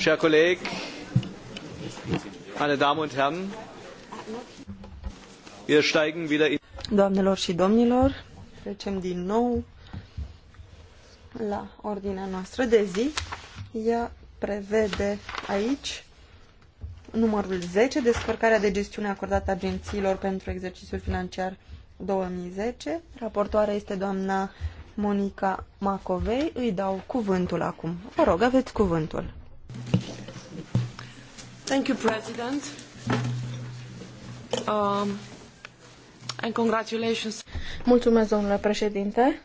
Cher Kollege, meine Damen und Herren, wir steigen wieder in. Doamnelor și domnilor, trecem din nou la ordinea noastră de zi. Ea prevede aici numărul 10, descărcarea de gestiune acordată agențiilor pentru exercițiul financiar 2010. Raportoarea este doamna Monica Macovei. Îi dau cuvântul acum. Vă rog, aveți cuvântul. Thank you, President. Um, and congratulations. Mulțumesc, domnule președinte.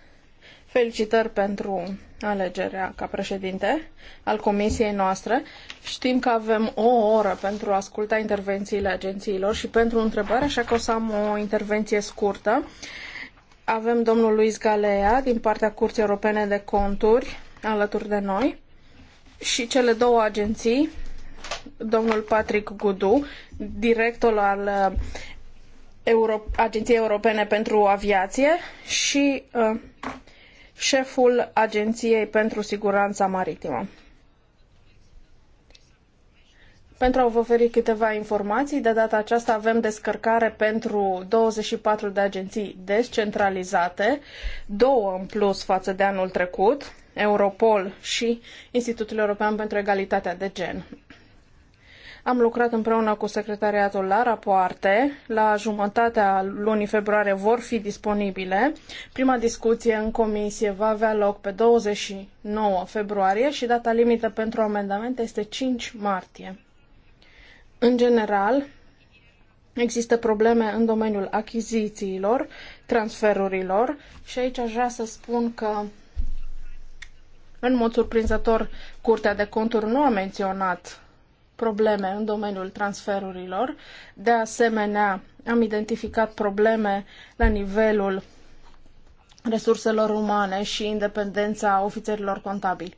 Felicitări pentru alegerea ca președinte al comisiei noastre. Știm că avem o oră pentru a asculta intervențiile agențiilor și pentru întrebări, așa că o să am o intervenție scurtă. Avem domnul Luis Galea din partea Curții Europene de Conturi alături de noi și cele două agenții, domnul Patrick Gudu, directorul al uh, Euro- Agenției Europene pentru Aviație și uh, șeful Agenției pentru Siguranța Maritimă. Pentru a vă oferi câteva informații, de data aceasta avem descărcare pentru 24 de agenții descentralizate, două în plus față de anul trecut, Europol și Institutul European pentru Egalitatea de Gen. Am lucrat împreună cu secretariatul la rapoarte. La jumătatea lunii februarie vor fi disponibile. Prima discuție în comisie va avea loc pe 29 februarie și data limită pentru amendamente este 5 martie. În general, există probleme în domeniul achizițiilor, transferurilor și aici aș vrea să spun că în mod surprinzător, Curtea de Conturi nu a menționat probleme în domeniul transferurilor. De asemenea, am identificat probleme la nivelul resurselor umane și independența ofițerilor contabili.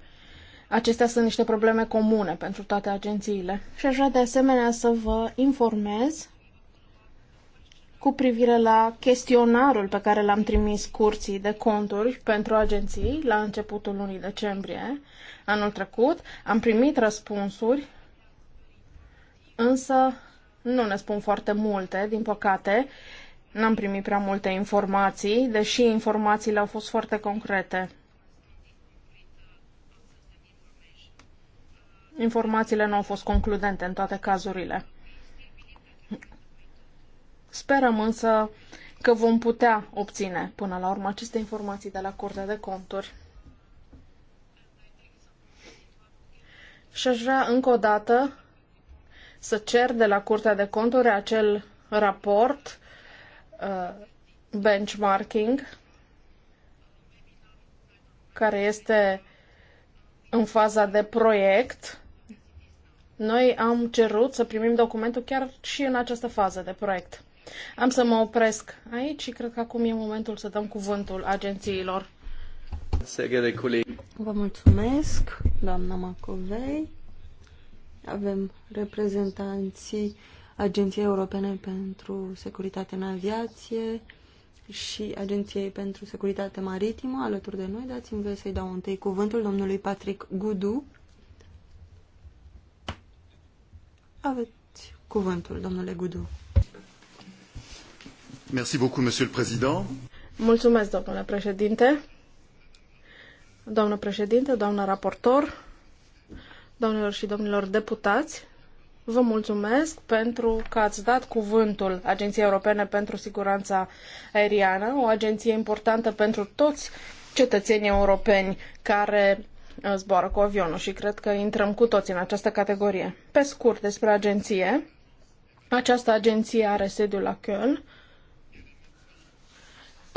Acestea sunt niște probleme comune pentru toate agențiile. Și aș vrea de asemenea să vă informez cu privire la chestionarul pe care l-am trimis curții de conturi pentru agenții la începutul lunii decembrie anul trecut. Am primit răspunsuri, însă nu ne spun foarte multe, din păcate. N-am primit prea multe informații, deși informațiile au fost foarte concrete. Informațiile nu au fost concludente în toate cazurile. Sperăm însă că vom putea obține până la urmă aceste informații de la Curtea de Conturi. Și aș vrea încă o dată să cer de la Curtea de Conturi acel raport uh, benchmarking care este în faza de proiect. Noi am cerut să primim documentul chiar și în această fază de proiect. Am să mă opresc aici și cred că acum e momentul să dăm cuvântul agențiilor. Vă mulțumesc, doamna Macovei. Avem reprezentanții Agenției Europene pentru Securitate în Aviație și Agenției pentru Securitate Maritimă alături de noi. Dați-mi voie să-i dau întâi cuvântul domnului Patrick Gudu. Aveți cuvântul, domnule Gudu. Merci beaucoup, Monsieur le Président. Mulțumesc, domnule președinte. Doamnă președinte, doamnă raportor, doamnelor și domnilor deputați, vă mulțumesc pentru că ați dat cuvântul Agenției Europene pentru Siguranța Aeriană, o agenție importantă pentru toți cetățenii europeni care uh, zboară cu avionul și cred că intrăm cu toți în această categorie. Pe scurt despre agenție, această agenție are sediul la Köln,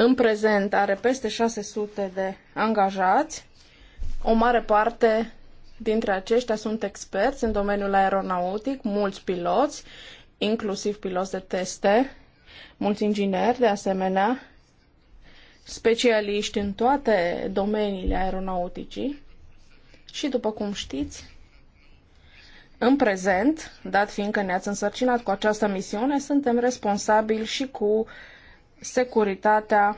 în prezent are peste 600 de angajați. O mare parte dintre aceștia sunt experți în domeniul aeronautic, mulți piloți, inclusiv piloți de teste, mulți ingineri de asemenea, specialiști în toate domeniile aeronauticii. Și după cum știți, în prezent, dat fiindcă ne-ați însărcinat cu această misiune, suntem responsabili și cu uh, securitatea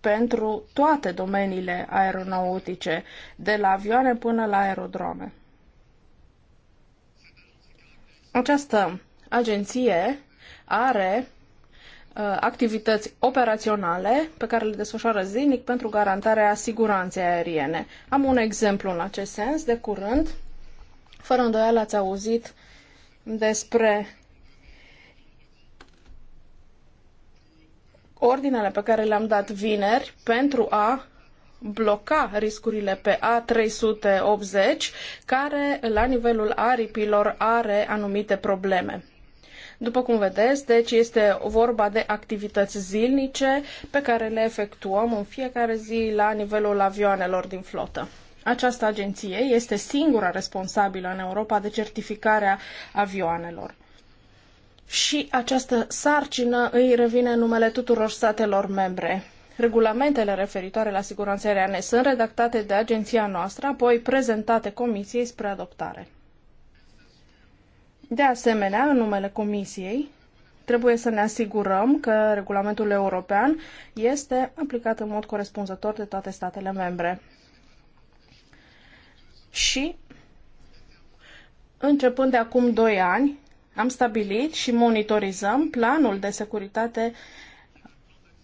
pentru toate domeniile aeronautice, de la avioane până la aerodrome. Această agenție are uh, activități operaționale pe care le desfășoară zilnic pentru garantarea siguranței aeriene. Am un exemplu în acest sens. De curând, fără îndoială ați auzit despre ordinele pe care le-am dat vineri pentru a bloca riscurile pe A380, care la nivelul aripilor are anumite probleme. După cum vedeți, deci este vorba de activități zilnice pe care le efectuăm în fiecare zi la nivelul avioanelor din flotă. Această agenție este singura responsabilă în Europa de certificarea avioanelor și această sarcină îi revine în numele tuturor statelor membre. Regulamentele referitoare la siguranța aeriană sunt redactate de agenția noastră, apoi prezentate Comisiei spre adoptare. De asemenea, în numele Comisiei, trebuie să ne asigurăm că regulamentul european este aplicat în mod corespunzător de toate statele membre. Și, începând de acum 2 ani, am stabilit și monitorizăm planul de securitate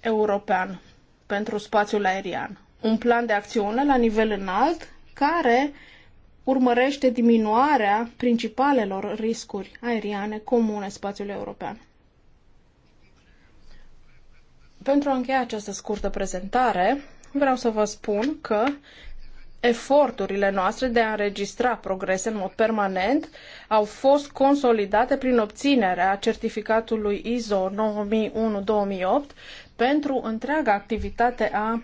european pentru spațiul aerian. Un plan de acțiune la nivel înalt care urmărește diminuarea principalelor riscuri aeriane comune spațiului european. Pentru a încheia această scurtă prezentare, vreau să vă spun că eforturile noastre de a înregistra progrese în mod permanent au fost consolidate prin obținerea certificatului ISO 9001-2008 pentru întreaga activitate a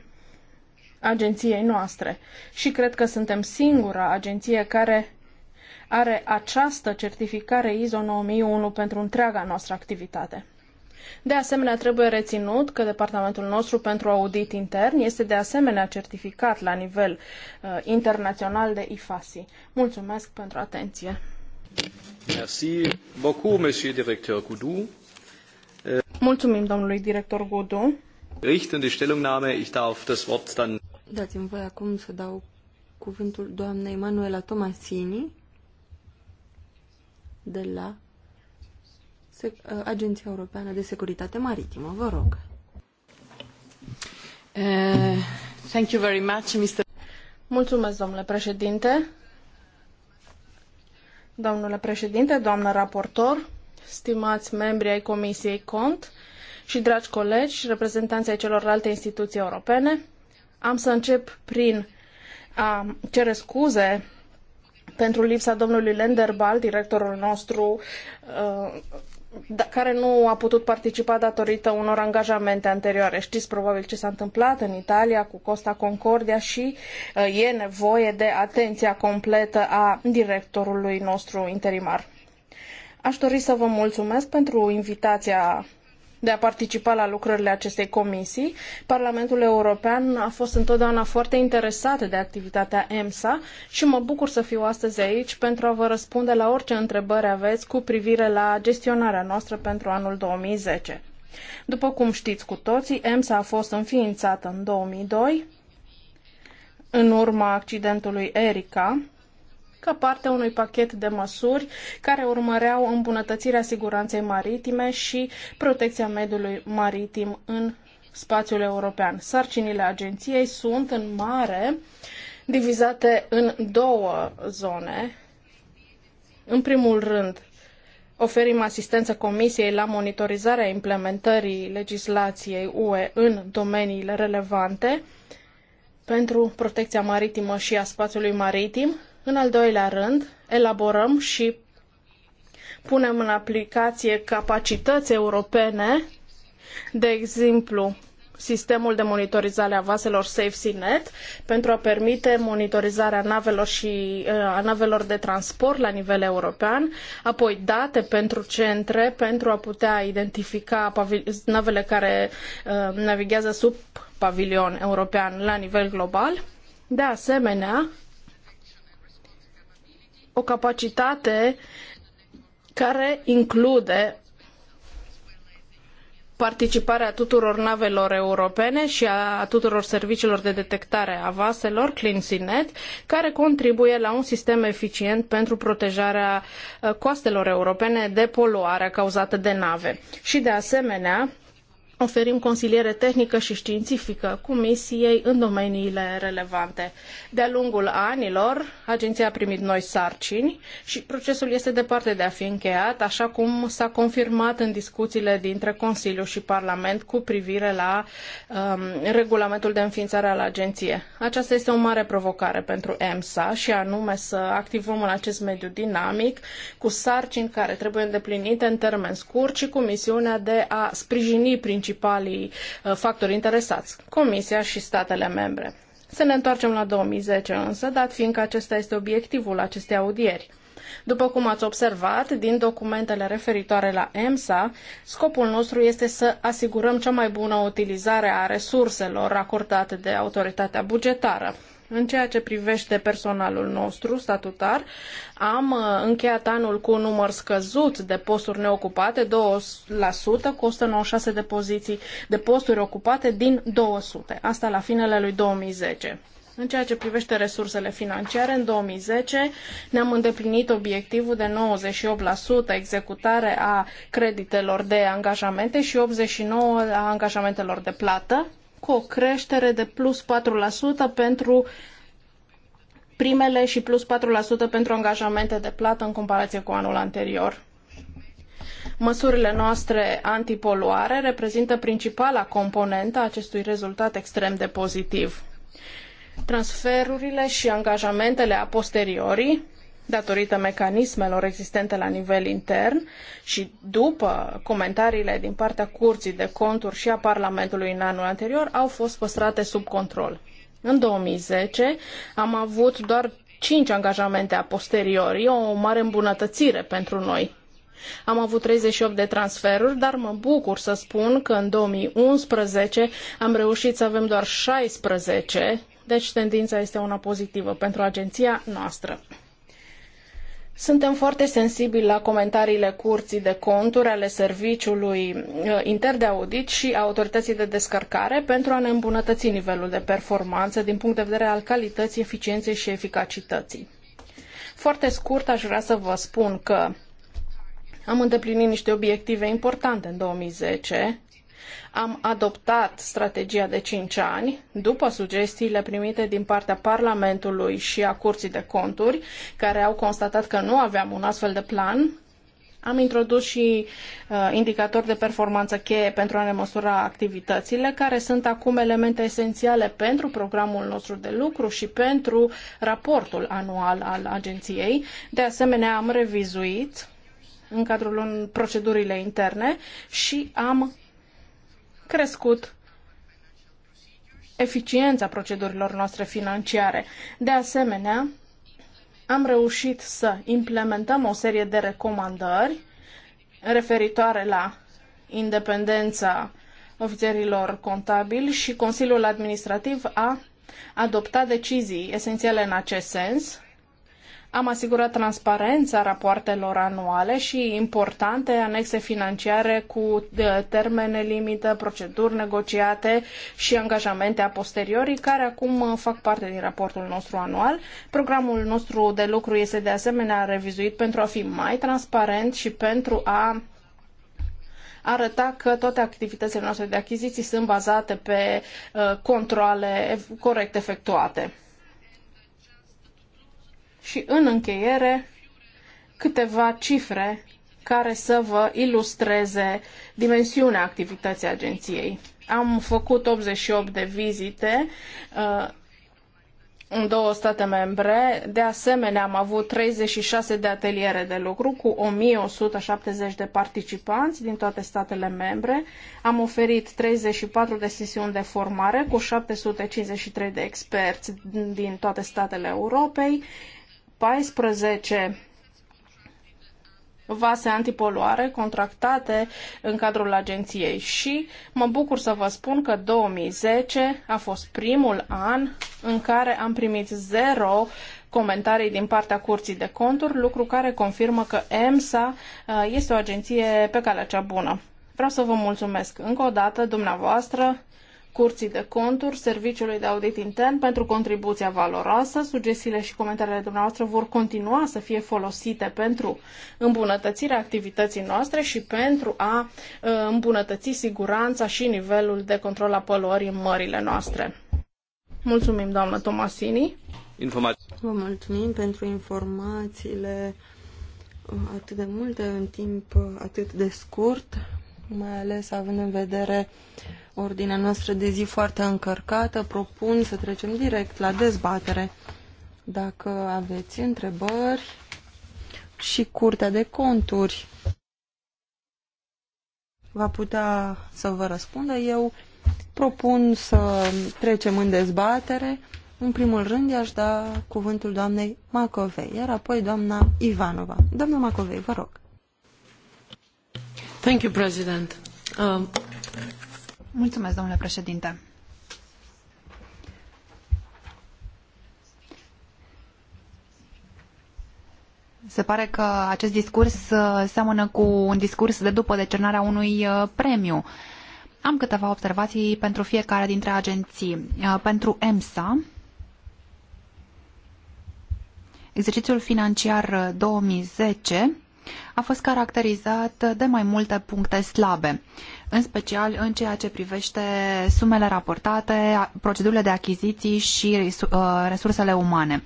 agenției noastre. Și cred că suntem singura agenție care are această certificare ISO 9001 pentru întreaga noastră activitate. De asemenea, trebuie reținut că departamentul nostru pentru audit intern este de asemenea certificat la nivel uh, internațional de IFASI. Mulțumesc pentru atenție. Merci beaucoup, monsieur directeur Goudou. Mulțumim domnului director Goudou. Richtende Stellungnahme, ich darf das Wort dann Dați-mi voi acum să dau cuvântul doamnei Manuela Tomasini de la Uh, Agenția Europeană de Securitate Maritimă. Vă rog. Uh, thank you very much, Mr. Mulțumesc, domnule președinte. Domnule președinte, doamnă raportor, stimați membri ai Comisiei CONT și dragi colegi și reprezentanții celorlalte instituții europene, am să încep prin a cere scuze pentru lipsa domnului Lenderbal, directorul nostru uh, da, care nu a putut participa datorită unor angajamente anterioare. Știți probabil ce s-a întâmplat în Italia cu Costa Concordia și uh, e nevoie de atenția completă a directorului nostru interimar. Aș dori să vă mulțumesc pentru invitația de a participa la lucrările acestei comisii. Parlamentul European a fost întotdeauna foarte interesat de activitatea EMSA și mă bucur să fiu astăzi aici pentru a vă răspunde la orice întrebări aveți cu privire la gestionarea noastră pentru anul 2010. După cum știți cu toții, EMSA a fost înființată în 2002 în urma accidentului Erika, ca parte a unui pachet de măsuri care urmăreau îmbunătățirea siguranței maritime și protecția mediului maritim în spațiul european. Sarcinile agenției sunt în mare divizate în două zone. În primul rând, oferim asistență Comisiei la monitorizarea implementării legislației UE în domeniile relevante pentru protecția maritimă și a spațiului maritim în al doilea rând, elaborăm și punem în aplicație capacități europene, de exemplu, sistemul de monitorizare a vaselor SafeSeaNet pentru a permite monitorizarea navelor și uh, a navelor de transport la nivel european, apoi date pentru centre pentru a putea identifica navele care uh, navighează sub pavilion european la nivel global. De asemenea, o capacitate care include participarea tuturor navelor europene și a tuturor serviciilor de detectare a vaselor, CleanSeaNet, care contribuie la un sistem eficient pentru protejarea eh, coastelor europene de poluarea cauzată de nave. Și de asemenea, oferim consiliere tehnică și științifică Comisiei în domeniile relevante. De-a lungul anilor, agenția a primit noi sarcini și procesul este departe de a fi încheiat, așa cum s-a confirmat în discuțiile dintre Consiliu și Parlament cu privire la um, regulamentul de înființare al agenției. Aceasta este o mare provocare pentru EMSA și anume să activăm în acest mediu dinamic cu sarcini care trebuie îndeplinite în termen scurt și cu misiunea de a sprijini principiul principalii uh, factori interesați, Comisia și statele membre. Să ne întoarcem la 2010 însă, dat fiindcă acesta este obiectivul acestei audieri. După cum ați observat din documentele referitoare la EMSA, scopul nostru este să asigurăm cea mai bună utilizare a resurselor acordate de autoritatea bugetară. În ceea ce privește personalul nostru statutar, am uh, încheiat anul cu un număr scăzut de posturi neocupate, 2% costă 96 de poziții de posturi ocupate din 200. Asta la finele lui 2010. În ceea ce privește resursele financiare, în 2010 ne-am îndeplinit obiectivul de 98% executare a creditelor de angajamente și 89% a angajamentelor de plată cu o creștere de plus 4% pentru primele și plus 4% pentru angajamente de plată în comparație cu anul anterior. Măsurile noastre antipoluare reprezintă principala componentă a acestui rezultat extrem de pozitiv. Transferurile și angajamentele a posteriori datorită mecanismelor existente la nivel intern și după comentariile din partea Curții de Conturi și a Parlamentului în anul anterior, au fost păstrate sub control. În 2010 am avut doar cinci angajamente a posteriori, o mare îmbunătățire pentru noi. Am avut 38 de transferuri, dar mă bucur să spun că în 2011 am reușit să avem doar 16, deci tendința este una pozitivă pentru agenția noastră. Suntem foarte sensibili la comentariile curții de conturi ale serviciului uh, inter de audit și autorității de descărcare pentru a ne îmbunătăți nivelul de performanță din punct de vedere al calității, eficienței și eficacității. Foarte scurt aș vrea să vă spun că am îndeplinit niște obiective importante în 2010 am adoptat strategia de 5 ani după sugestiile primite din partea Parlamentului și a Curții de Conturi, care au constatat că nu aveam un astfel de plan. Am introdus și uh, indicatori de performanță cheie pentru a ne măsura activitățile, care sunt acum elemente esențiale pentru programul nostru de lucru și pentru raportul anual al agenției. De asemenea, am revizuit în cadrul în procedurile interne și am crescut eficiența procedurilor noastre financiare. De asemenea, am reușit să implementăm o serie de recomandări referitoare la independența ofițerilor contabili și Consiliul Administrativ a adoptat decizii esențiale în acest sens, am asigurat transparența rapoartelor anuale și importante anexe financiare cu termene limită, proceduri negociate și angajamente a posteriori care acum uh, fac parte din raportul nostru anual. Programul nostru de lucru este de asemenea revizuit pentru a fi mai transparent și pentru a arăta că toate activitățile noastre de achiziții sunt bazate pe uh, controle corect efectuate. Și în încheiere, câteva cifre care să vă ilustreze dimensiunea activității agenției. Am făcut 88 de vizite uh, în două state membre. De asemenea, am avut 36 de ateliere de lucru cu 1170 de participanți din toate statele membre. Am oferit 34 de sesiuni de formare cu 753 de experți din toate statele Europei 14 vase antipoluare contractate în cadrul agenției și mă bucur să vă spun că 2010 a fost primul an în care am primit zero comentarii din partea Curții de Conturi, lucru care confirmă că EMSA uh, este o agenție pe calea cea bună. Vreau să vă mulțumesc încă o dată dumneavoastră, Curții de Conturi, Serviciului de Audit Intern pentru contribuția valoroasă. Sugestiile și comentariile dumneavoastră vor continua să fie folosite pentru îmbunătățirea activității noastre și pentru a uh, îmbunătăți siguranța și nivelul de control a poluării în mările noastre. Mulțumim, doamnă Tomasini. Informații. Vă mulțumim pentru informațiile uh, atât de multe în timp uh, atât de scurt, mai ales având în vedere ordinea noastră de zi foarte încărcată, propun să trecem direct la dezbatere. Dacă aveți întrebări și Curtea de Conturi va putea să vă răspundă, eu propun să trecem în dezbatere. În primul rând i-aș da cuvântul doamnei Macovei, iar apoi doamna Ivanova. Doamna Macovei, vă rog. Thank you, President. Um... Mulțumesc, domnule președinte. Se pare că acest discurs uh, seamănă cu un discurs de după decernarea unui uh, premiu. Am câteva observații pentru fiecare dintre agenții. Uh, pentru EMSA, exercițiul financiar 2010 a fost caracterizat de mai multe puncte slabe în special în ceea ce privește sumele raportate, procedurile de achiziții și uh, resursele umane.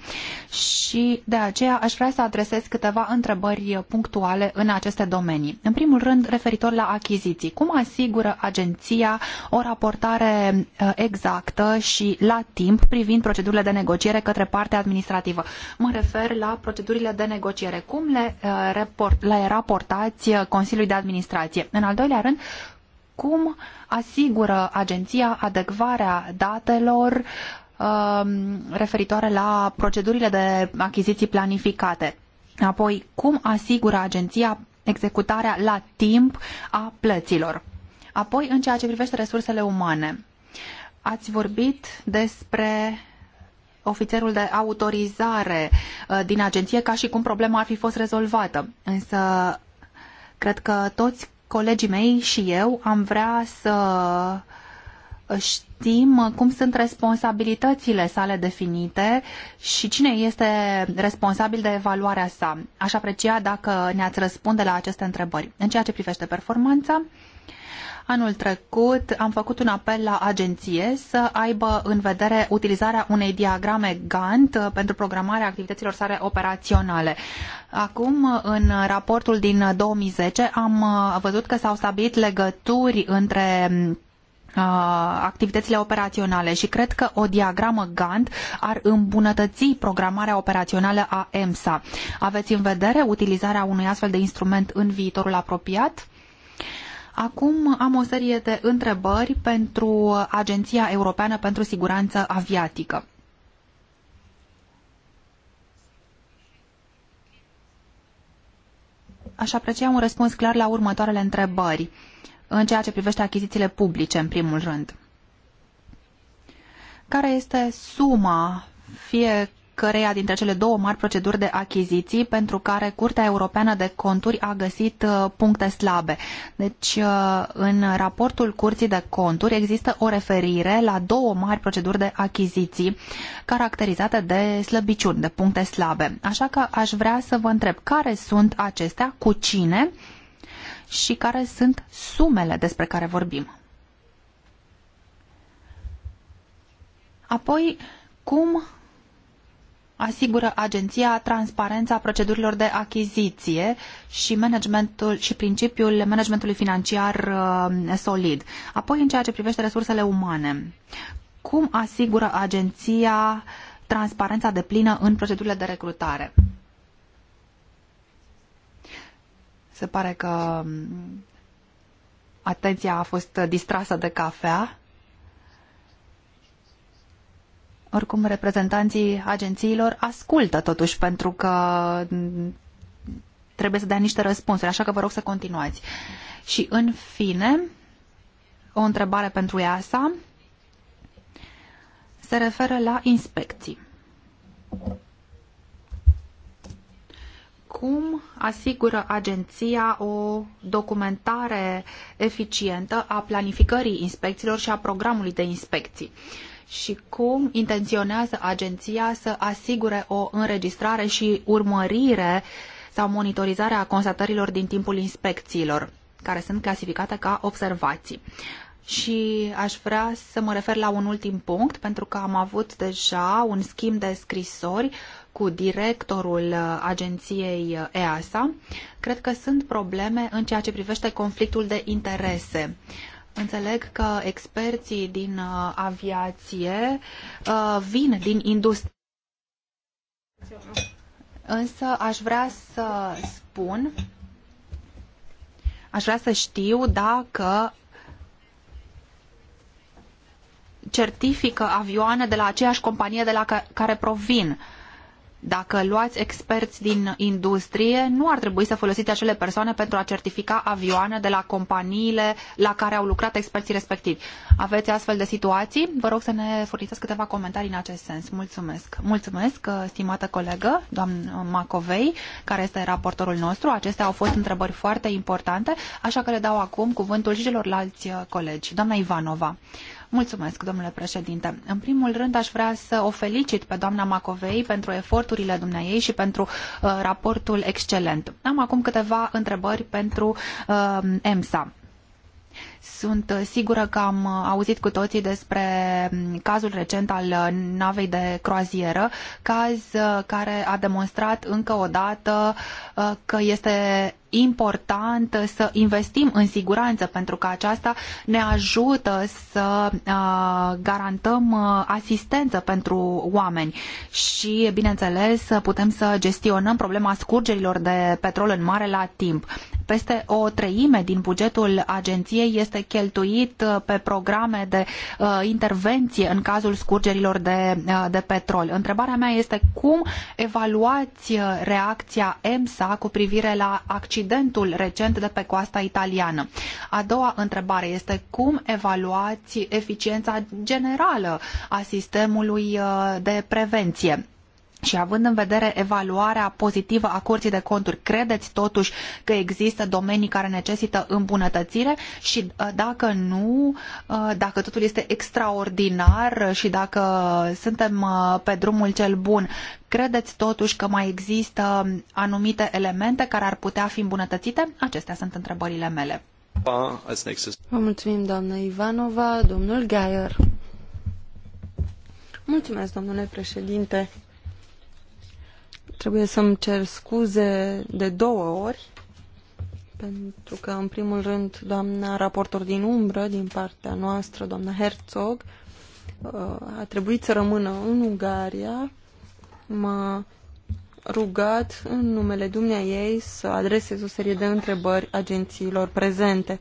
Și de aceea aș vrea să adresez câteva întrebări punctuale în aceste domenii. În primul rând, referitor la achiziții. Cum asigură agenția o raportare uh, exactă și la timp privind procedurile de negociere către partea administrativă? Mă refer la procedurile de negociere. Cum le, uh, report, le raportați Consiliului de Administrație? În al doilea rând, cum asigură agenția adecvarea datelor um, referitoare la procedurile de achiziții planificate. Apoi, cum asigură agenția executarea la timp a plăților. Apoi, în ceea ce privește resursele umane, ați vorbit despre ofițerul de autorizare uh, din agenție ca și cum problema ar fi fost rezolvată. Însă, cred că toți colegii mei și eu am vrea să știm cum sunt responsabilitățile sale definite și cine este responsabil de evaluarea sa. Aș aprecia dacă ne-ați răspunde la aceste întrebări. În ceea ce privește performanța, Anul trecut am făcut un apel la agenție să aibă în vedere utilizarea unei diagrame Gantt uh, pentru programarea activităților sale operaționale. Acum, uh, în raportul din 2010, uh, am văzut că s-au stabilit legături între mm, activitățile operaționale și cred că o diagramă Gantt ar îmbunătăți programarea operațională a EMSA. Aveți în vedere utilizarea unui astfel de instrument în viitorul apropiat? Acum am o serie de întrebări pentru Agenția Europeană pentru Siguranță Aviatică. Aș aprecia un răspuns clar la următoarele întrebări, în ceea ce privește achizițiile publice, în primul rând. Care este suma fie căreia dintre cele două mari proceduri de achiziții pentru care Curtea Europeană de Conturi a găsit uh, puncte slabe. Deci, uh, în raportul Curții de Conturi există o referire la două mari proceduri de achiziții caracterizate de slăbiciuni, de puncte slabe. Așa că aș vrea să vă întreb care sunt acestea, cu cine și care sunt sumele despre care vorbim. Apoi, cum asigură agenția transparența procedurilor de achiziție și, managementul, și principiul managementului financiar uh, solid. Apoi, în ceea ce privește resursele umane, cum asigură agenția transparența deplină în procedurile de recrutare? Se pare că um, atenția a fost distrasă de cafea. Oricum, reprezentanții agențiilor ascultă totuși pentru că trebuie să dea niște răspunsuri, așa că vă rog să continuați. Și în fine, o întrebare pentru EASA se referă la inspecții. Cum asigură agenția o documentare eficientă a planificării inspecțiilor și a programului de inspecții? Uh, și cum intenționează agenția să asigure o înregistrare și urmărire sau monitorizare a constatărilor din timpul inspecțiilor, care sunt clasificate ca observații. Și aș vrea să mă refer la un ultim punct, pentru că am avut deja un schimb de scrisori cu directorul uh, agenției uh, EASA. Cred că sunt probleme în ceea ce privește conflictul de interese. Uh, Înțeleg că experții din uh, aviație uh, vin din industrie. Însă aș vrea să spun, aș vrea să știu dacă certifică avioane de la aceeași companie de la care provin. Dacă luați experți din industrie, nu ar trebui să folosiți acele persoane pentru a certifica avioane de la companiile la care au lucrat experții respectivi. Aveți astfel de situații? Vă rog să ne furnizați câteva comentarii în acest sens. Mulțumesc. Mulțumesc, uh, stimată colegă, doamnă Macovei, care este raportorul nostru. Acestea au fost întrebări foarte importante, așa că le dau acum cuvântul și celorlalți uh, colegi. Doamna Ivanova. Mulțumesc, domnule președinte. În primul rând, aș vrea să o felicit pe doamna Macovei pentru eforturile dumneai și pentru uh, raportul excelent. Am acum câteva întrebări pentru uh, EMSA. Sunt uh, sigură că am uh, auzit cu toții despre um, cazul recent al uh, navei de croazieră, caz care a demonstrat încă o dată că este important să investim în siguranță pentru că aceasta ne ajută să uh, garantăm uh, asistență pentru oameni și, bineînțeles, putem să gestionăm problema scurgerilor de petrol în mare la timp. Peste o treime din bugetul agenției este cheltuit uh, pe programe de intervenție în cazul scurgerilor de, de petrol. Întrebarea mea este cum evaluați reacția EMSA cu privire la accidentul incidentul recent de pe coasta italiană. A doua întrebare este cum evaluați eficiența generală a sistemului uh, de prevenție? Și având în vedere evaluarea pozitivă a Curții de Conturi, credeți totuși că există domenii care necesită îmbunătățire și uh, dacă nu, uh, dacă totul este extraordinar și dacă suntem uh, pe drumul cel bun, credeți totuși că mai există anumite elemente care ar putea fi îmbunătățite? Acestea sunt întrebările mele. Vă mulțumim, doamnă Ivanova, domnul Gaier. Mulțumesc, domnule președinte. Trebuie să-mi cer scuze de două ori, pentru că, în primul rând, doamna raportor din umbră, din partea noastră, doamna Herzog, uh, a trebuit să rămână în Ungaria. M-a rugat în numele dumnea ei să adresez o serie de întrebări agențiilor prezente.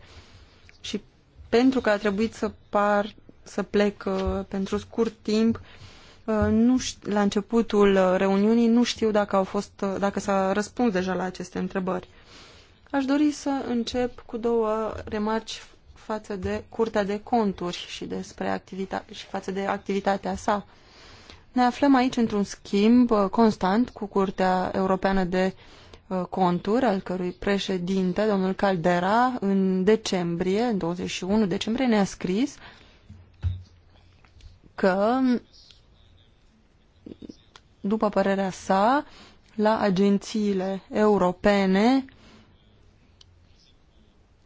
Și pentru că a trebuit să par să plec uh, pentru scurt timp, Uh, nu la începutul uh, reuniunii nu știu dacă, au fost, uh, dacă s-a răspuns deja la aceste întrebări. Aș dori să încep cu două remarci față de Curtea de Conturi și, despre activita- și față de activitatea sa. Ne aflăm aici într-un schimb constant cu Curtea Europeană de Conturi, al cărui președinte, domnul Caldera, în decembrie, în 21 decembrie, ne-a scris că după părerea sa, la agențiile europene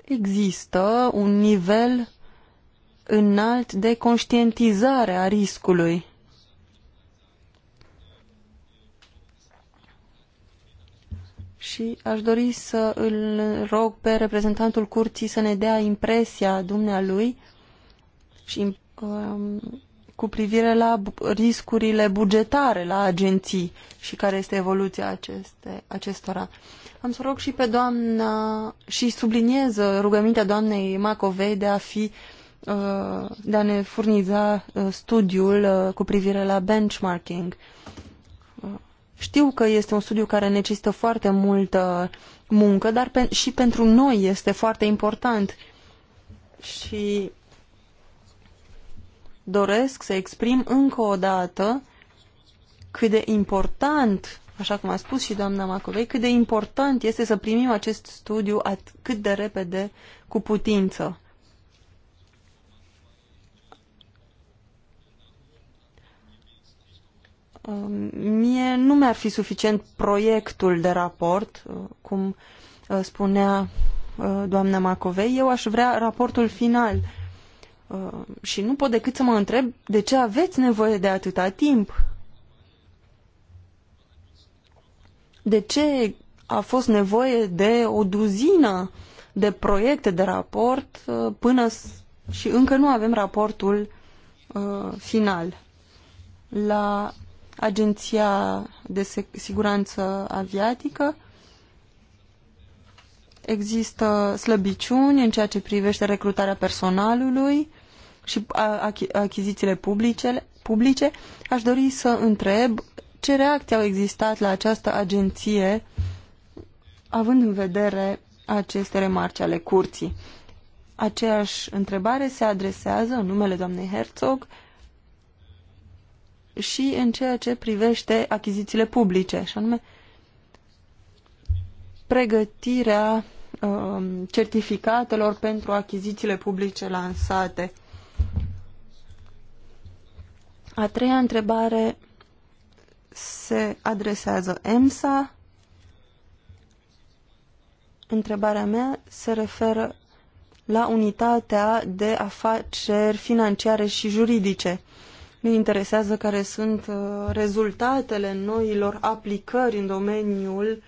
există un nivel înalt de conștientizare a riscului. Și aș dori să îl rog pe reprezentantul curții să ne dea impresia dumnealui și um, cu privire la riscurile bugetare la agenții și care este evoluția aceste, acestora. Am să rog și pe doamna și subliniez rugămintea doamnei Macovei de a fi uh, de a ne furniza uh, studiul uh, cu privire la benchmarking. Știu că este un studiu care necesită foarte multă muncă, dar pe, și pentru noi este foarte important. Și doresc să exprim încă o dată cât de important, așa cum a spus și doamna Macovei, cât de important este să primim acest studiu cât de repede cu putință. Um, mie nu mi-ar fi suficient proiectul de raport, uh, cum uh, spunea uh, doamna Macovei, eu aș vrea raportul final Uh, și nu pot decât să mă întreb de ce aveți nevoie de atâta timp. De ce a fost nevoie de o duzină de proiecte de raport uh, până și încă nu avem raportul uh, final. La Agenția de Siguranță Aviatică există slăbiciuni în ceea ce privește recrutarea personalului și achizițiile publice, publice, aș dori să întreb ce reacții au existat la această agenție având în vedere aceste remarci ale curții. Aceeași întrebare se adresează în numele doamnei Herzog și în ceea ce privește achizițiile publice, și anume pregătirea um, certificatelor pentru achizițiile publice lansate. A treia întrebare se adresează EMSA. Întrebarea mea se referă la unitatea de afaceri financiare și juridice. Ne interesează care sunt uh, rezultatele noilor aplicări în domeniul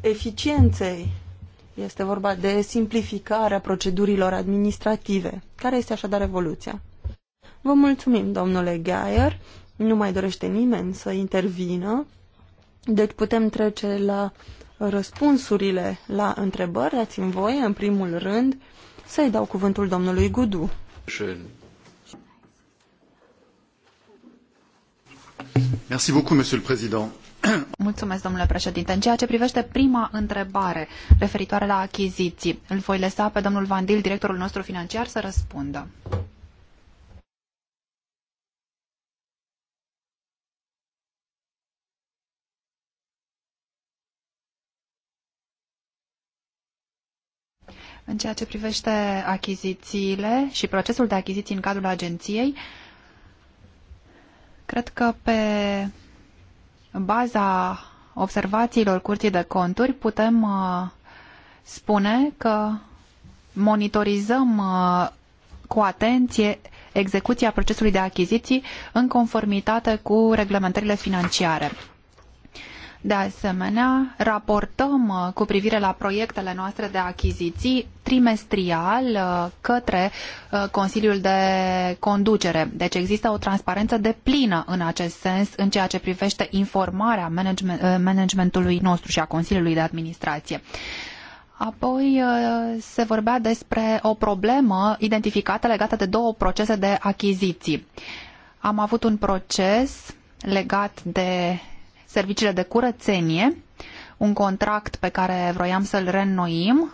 eficienței. Este vorba de simplificarea procedurilor administrative. Care este așadar evoluția? Vă mulțumim, domnule Geier. Nu mai dorește nimeni să intervină. Deci putem trece la răspunsurile la întrebări. Dați-mi voie, în primul rând, să-i dau cuvântul domnului Gudu. Schön. Merci beaucoup, monsieur le président. Mulțumesc, domnule președinte. În ceea ce privește prima întrebare referitoare la achiziții, îl voi lăsa pe domnul Vandil, directorul nostru financiar, să răspundă. În ceea ce privește achizițiile și procesul de achiziții în cadrul agenției, cred că pe baza observațiilor curții de conturi putem uh, spune că monitorizăm uh, cu atenție execuția procesului de achiziții în conformitate cu reglementările financiare. De asemenea, raportăm uh, cu privire la proiectele noastre de achiziții trimestrial uh, către uh, Consiliul de Conducere. Deci există o transparență deplină în acest sens în ceea ce privește informarea management, managementului nostru și a Consiliului de Administrație. Apoi se vorbea despre o problemă identificată legată de două procese de achiziții. Am avut un proces legat de serviciile de curățenie, un contract pe care vroiam să-l reînnoim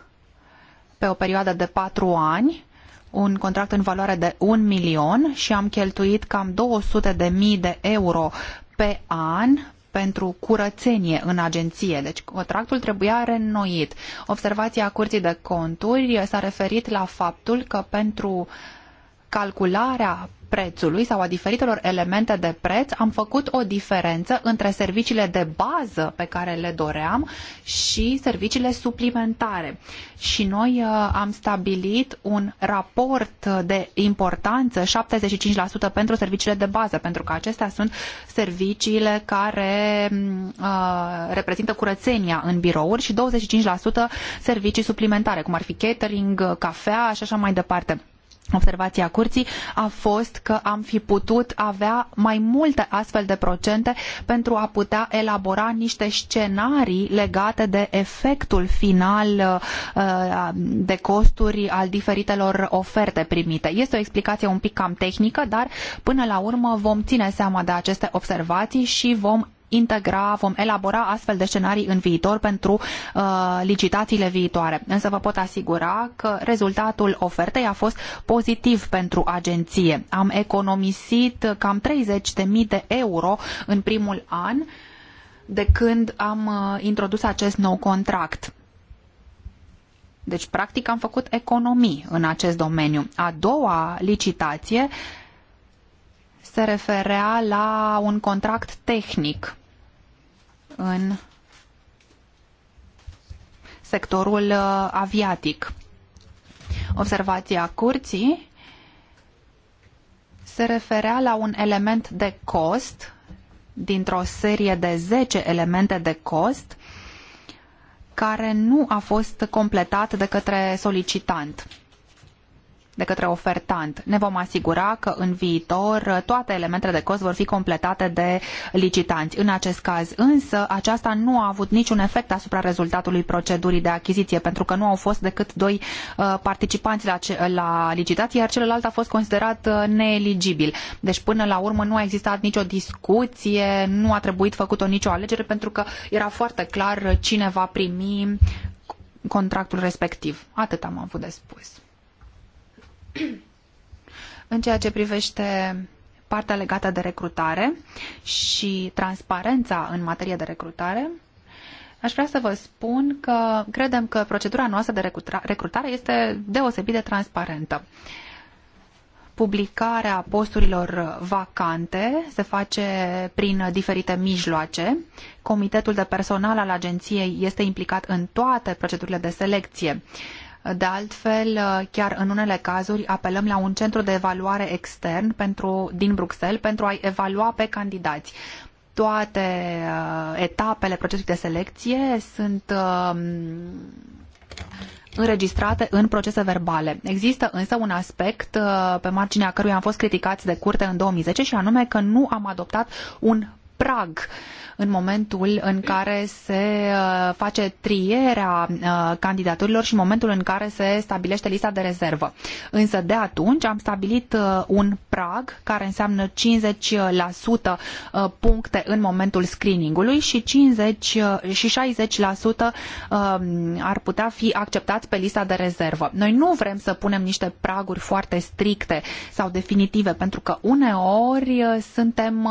pe o perioadă de patru ani, un contract în valoare de un milion și am cheltuit cam 200 de mii de euro pe an pentru curățenie în agenție. Deci contractul trebuia reînnoit. Observația Curții de Conturi s-a referit la faptul că pentru calcularea prețului sau a diferitelor elemente de preț, am făcut o diferență între serviciile de bază pe care le doream și serviciile suplimentare. Și noi uh, am stabilit un raport de importanță 75% pentru serviciile de bază, pentru că acestea sunt serviciile care mm, uh, reprezintă curățenia în birouri și 25% servicii suplimentare, cum ar fi catering, cafea și așa mai departe observația curții a fost că am fi putut avea mai multe astfel de procente pentru a putea elabora niște scenarii legate de efectul final uh, uh, de costuri al diferitelor oferte primite. Este o explicație un pic cam tehnică, dar până la urmă vom ține seama de aceste observații și vom integra, vom elabora astfel de scenarii în viitor pentru uh, licitațiile viitoare. Însă vă pot asigura că rezultatul ofertei a fost pozitiv pentru agenție. Am economisit cam 30.000 de euro în primul an de când am uh, introdus acest nou contract. Deci, practic, am făcut economii în acest domeniu. A doua licitație se referea la un contract tehnic în sectorul uh, aviatic. Observația curții se referea la un element de cost dintr-o serie de zece elemente de cost care nu a fost completat de către solicitant de către ofertant. Ne vom asigura că în viitor toate elementele de cost vor fi completate de licitanți. În acest caz însă, aceasta nu a avut niciun efect asupra rezultatului procedurii de achiziție, pentru că nu au fost decât doi uh, participanți la, ce, la licitație, iar celălalt a fost considerat uh, neeligibil. Deci până la urmă nu a existat nicio discuție, nu a trebuit făcut-o nicio alegere, pentru că era foarte clar cine va primi contractul respectiv. Atât am avut de spus. În ceea ce privește partea legată de recrutare și transparența în materie de recrutare, aș vrea să vă spun că credem că procedura noastră de recrutare este deosebit de transparentă. Publicarea posturilor vacante se face prin diferite mijloace. Comitetul de personal al agenției este implicat în toate procedurile de selecție. Uh, de altfel, chiar în unele cazuri apelăm la un centru de evaluare extern pentru, din Bruxelles pentru a-i evalua pe candidați. Toate uh, etapele procesului de selecție sunt um, înregistrate în procese verbale. Există însă un aspect uh, pe marginea căruia am fost criticați de curte în 2010 și anume că nu am adoptat un prag uh, în momentul în care se uh, face trierea uh, candidaturilor și în momentul în care se stabilește lista de rezervă. Însă de atunci am stabilit uh, un prag care înseamnă 50% puncte în momentul screeningului și 50 și 60% ar putea fi acceptați pe lista de rezervă. Noi nu vrem să punem niște praguri foarte stricte sau definitive pentru că uneori suntem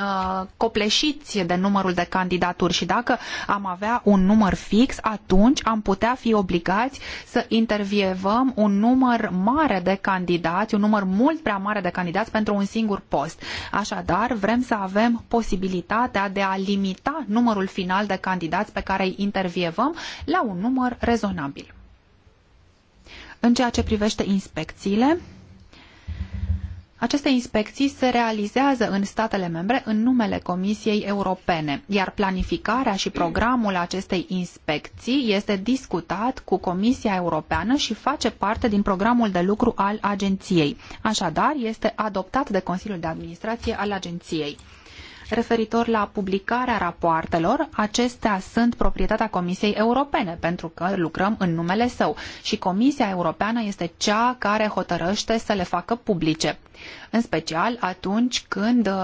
uh, copleșiți de numărul de candidaturi și dacă am avea un număr fix, atunci am putea fi obligați să intervievăm un număr mare de candidați, un număr mult prea mare de candidați pentru un singur post. Așadar, vrem să avem posibilitatea de a limita numărul final de candidați pe care îi intervievăm la un număr rezonabil. În ceea ce privește inspecțiile, aceste inspecții se realizează în statele membre în numele Comisiei Europene, iar planificarea și programul acestei inspecții este discutat cu Comisia Europeană și face parte din programul de lucru al agenției. Așadar, este adoptat de Consiliul de Administrație al agenției. Referitor la publicarea rapoartelor, acestea sunt proprietatea Comisiei Europene, pentru că lucrăm în numele său și Comisia Europeană este cea care hotărăște să le facă publice în special atunci când uh,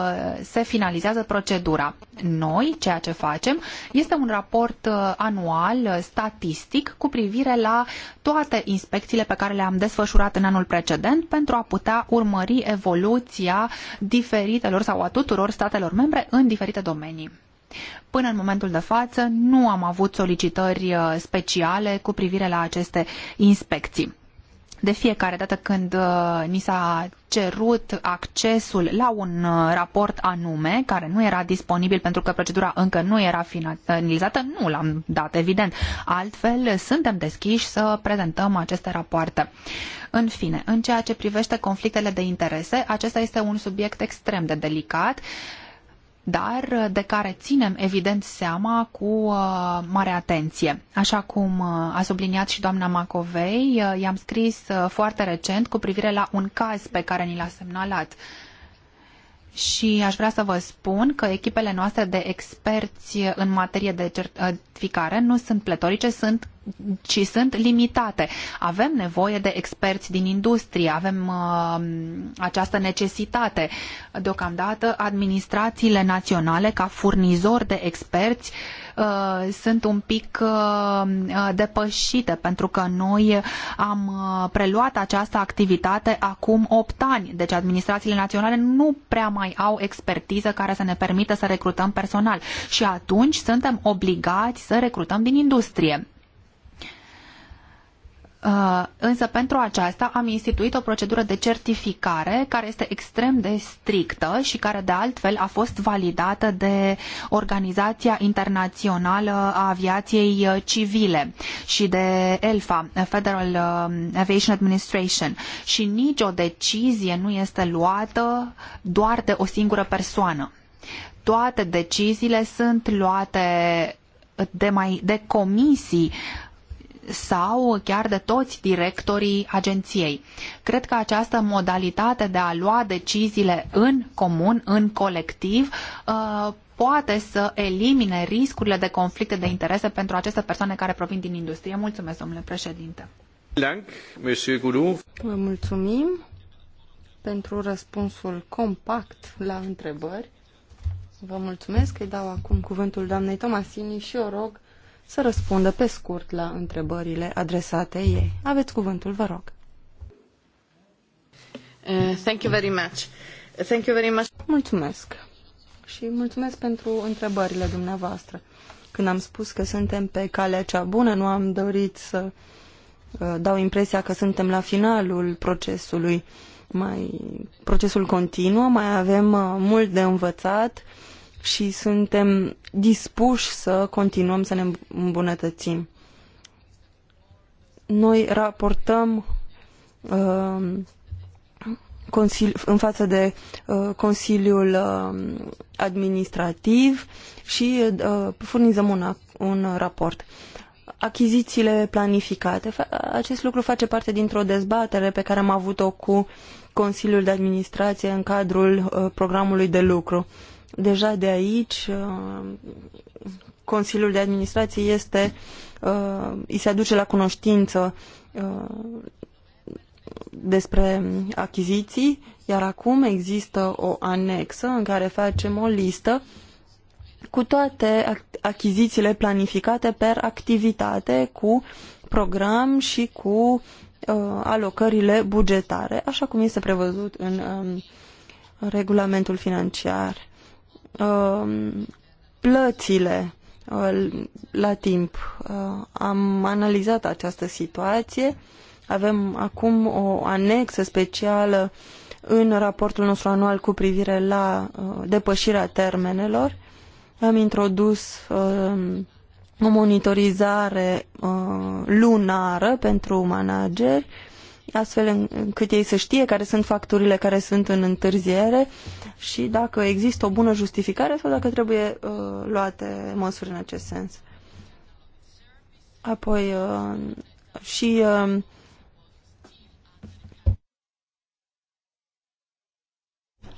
se finalizează procedura. Noi, ceea ce facem, este un raport uh, anual uh, statistic cu privire la toate inspecțiile pe care le-am desfășurat în anul precedent pentru a putea urmări evoluția diferitelor sau a tuturor statelor membre în diferite domenii. Până în momentul de față nu am avut solicitări speciale cu privire la aceste inspecții. De fiecare dată când uh, ni s-a cerut accesul la un uh, raport anume, care nu era disponibil pentru că procedura încă nu era finalizată, nu l-am dat, evident. Altfel, suntem deschiși să prezentăm aceste rapoarte. În fine, în ceea ce privește conflictele de interese, acesta este un subiect extrem de delicat dar uh, de care ținem evident seama cu uh, mare atenție. Așa cum uh, a subliniat și doamna Macovei, i-am scris foarte recent cu privire la un caz pe care ni l-a semnalat și aș vrea să vă spun că echipele noastre de experți în materie de certificare nu sunt pletorice, sunt ci sunt limitate. Avem nevoie de experți din industrie, avem uh, această necesitate. Deocamdată, administrațiile naționale, ca furnizori de experți, uh, sunt un pic uh, uh, depășite pentru că noi am preluat această activitate acum opt ani. Deci administrațiile naționale nu prea mai au expertiză care să ne permită să recrutăm personal și atunci suntem obligați să recrutăm din industrie. Uh, însă pentru aceasta am instituit o procedură de certificare care este extrem de strictă și care de altfel a fost validată de Organizația Internațională a Aviației uh, Civile și de ELFA, uh, Federal Aviation Administration. Și nicio decizie nu este luată doar de o singură persoană. Toate deciziile sunt luate de, mai, de comisii uh, sau chiar de toți directorii agenției. Cred că această modalitate de a lua deciziile în comun, în colectiv, uh, poate să elimine riscurile de conflicte de interese pentru aceste persoane care provin din industrie. Mulțumesc, domnule președinte. Vă mulțumim pentru răspunsul compact la întrebări. Vă mulțumesc, îi dau acum cuvântul doamnei Tomasini și o rog să răspundă pe scurt la întrebările adresate ei. Aveți cuvântul, vă rog. Uh, thank you very much. Thank you very much. Mulțumesc. Și mulțumesc pentru întrebările dumneavoastră. Când am spus că suntem pe calea cea bună, nu am dorit să uh, dau impresia că suntem la finalul procesului. Mai, procesul continuă, mai avem uh, mult de învățat și suntem dispuși să continuăm să ne îmbunătățim. Noi raportăm uh, în față de uh, Consiliul uh, Administrativ și uh, furnizăm un, un raport. Achizițiile planificate. Acest lucru face parte dintr-o dezbatere pe care am avut-o cu Consiliul de Administrație în cadrul uh, programului de lucru. Uh, Deja de aici, uh, Consiliul de Administrație este, uh, îi se aduce la cunoștință uh, despre achiziții, iar acum există o anexă în care facem o listă cu toate achizițiile planificate per activitate, cu program și cu uh, alocările bugetare, așa cum este prevăzut în um, regulamentul financiar. Um, uh, plățile la timp. Uh, am analizat această situație. Avem acum o anexă specială în raportul nostru anual cu privire la uh, depășirea termenelor. Am introdus um, o monitorizare uh, lunară pentru manageri astfel încât ei să știe care sunt facturile care sunt în întârziere și dacă există o bună justificare sau dacă trebuie uh, luate măsuri în acest sens. Apoi uh, și uh,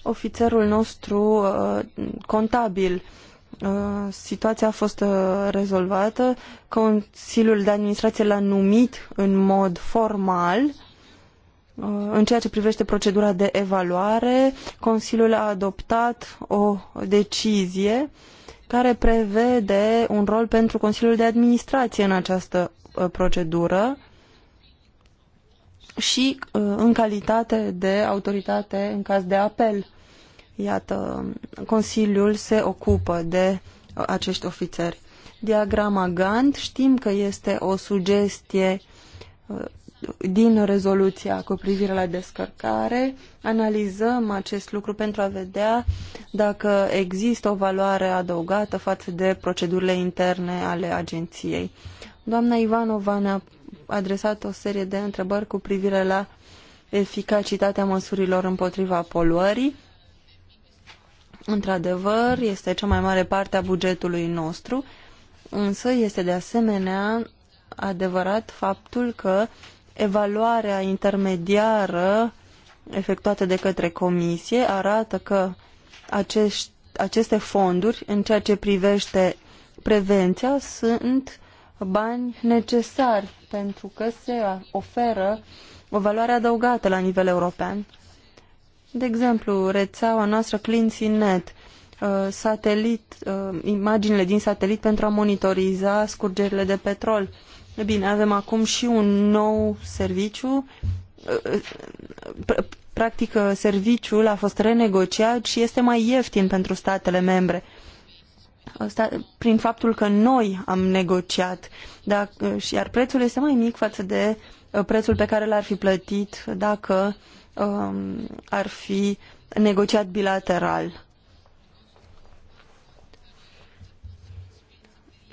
ofițerul nostru uh, contabil uh, situația a fost uh, rezolvată, Consiliul de Administrație l-a numit în mod formal Uh, în ceea ce privește procedura de evaluare, Consiliul a adoptat o decizie care prevede un rol pentru Consiliul de Administrație în această uh, procedură și uh, în calitate de autoritate în caz de apel. Iată, Consiliul se ocupă de acești ofițeri. Diagrama Gantt știm că este o sugestie din rezoluția cu privire la descărcare. Analizăm acest lucru pentru a vedea dacă există o valoare adăugată față de procedurile interne ale agenției. Doamna Ivanova ne-a adresat o serie de întrebări cu privire la eficacitatea măsurilor împotriva poluării. Într-adevăr, este cea mai mare parte a bugetului nostru, însă este de asemenea adevărat faptul că Evaluarea intermediară efectuată de către comisie arată că acești, aceste fonduri, în ceea ce privește prevenția, sunt bani necesari pentru că se oferă o valoare adăugată la nivel european. De exemplu, rețeaua noastră CleanSeaNet, uh, satelit, uh, imaginile din satelit pentru a monitoriza scurgerile de petrol, Bine, avem acum și un nou serviciu. Practic, serviciul a fost renegociat și este mai ieftin pentru statele membre prin faptul că noi am negociat și iar prețul este mai mic față de uh, prețul pe care l-ar fi plătit dacă um, ar fi negociat bilateral.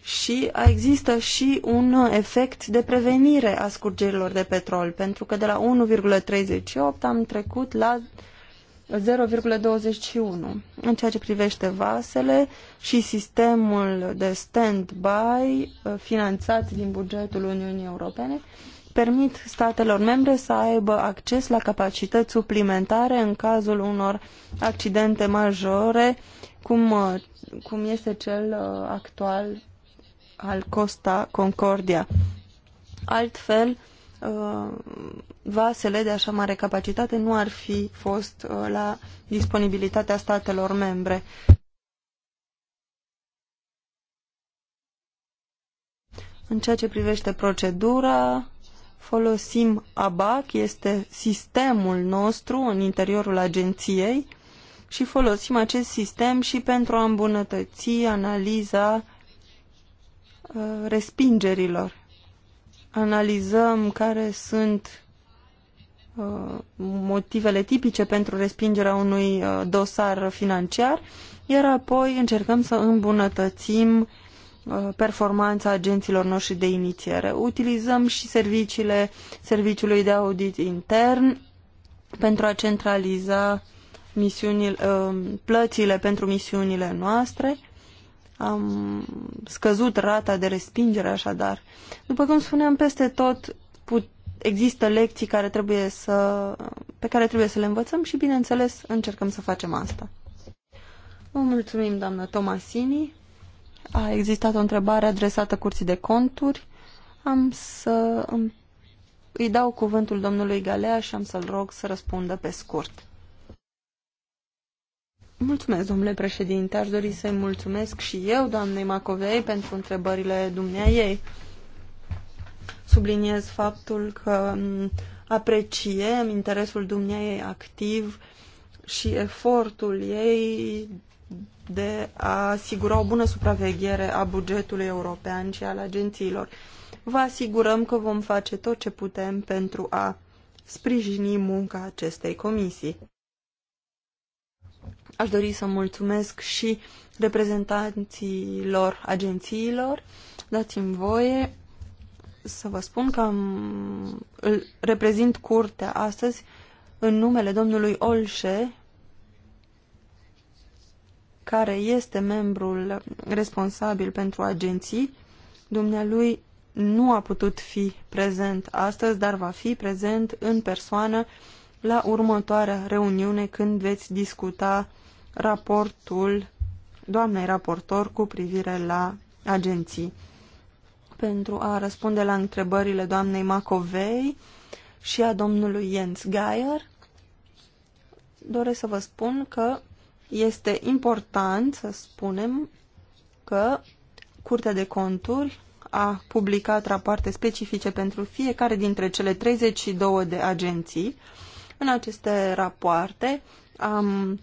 și există și un efect de prevenire a scurgerilor de petrol, pentru că de la 1,38 am trecut la 0,21. În ceea ce privește vasele și sistemul de stand-by uh, finanțat din bugetul Uniunii Europene, permit statelor membre să aibă acces la capacități suplimentare în cazul unor accidente majore, cum, uh, cum este cel uh, actual al Costa Concordia. Altfel, uh, vasele de așa mare capacitate nu ar fi fost uh, la disponibilitatea statelor membre. În ceea ce privește procedura, folosim ABAC, este sistemul nostru în interiorul agenției și folosim acest sistem și pentru a îmbunătăți analiza Uh, respingerilor. Analizăm care sunt uh, motivele tipice pentru respingerea unui uh, dosar financiar, iar apoi încercăm să îmbunătățim performanța agenților noștri de inițiere. Utilizăm și serviciile Serviciului de Audit Intern pentru a centraliza misiunile, plățile pentru misiunile noastre am scăzut rata de respingere așadar. După cum spuneam, peste tot put, există lecții care trebuie să, pe care trebuie să le învățăm și, bineînțeles, încercăm să facem asta. Vă mulțumim, doamnă Tomasini. A existat o întrebare adresată Curții de Conturi. Am să îi dau cuvântul domnului Galea și am să-l rog să răspundă pe scurt. Mulțumesc, domnule președinte. Aș dori să-i mulțumesc și eu, doamnei Macovei, pentru întrebările dumnea ei. Subliniez faptul că mm, apreciem interesul dumnea ei activ și efortul ei de a asigura o bună supraveghere a bugetului european și al agențiilor. Vă asigurăm că vom face tot ce putem pentru a sprijini munca acestei comisii. Aș dori să mulțumesc și reprezentanților agențiilor. Dați-mi voie să vă spun că îl reprezint curtea astăzi în numele domnului Olșe, care este membrul responsabil pentru agenții. Dumnealui nu a putut fi prezent astăzi, dar va fi prezent în persoană la următoarea reuniune când veți discuta raportul doamnei raportor cu privire la agenții. Pentru a răspunde la întrebările doamnei Macovei și a domnului Jens Geier, doresc să vă spun că este important să spunem că Curtea de Conturi a publicat rapoarte specifice pentru fiecare dintre cele 32 de agenții. În aceste rapoarte am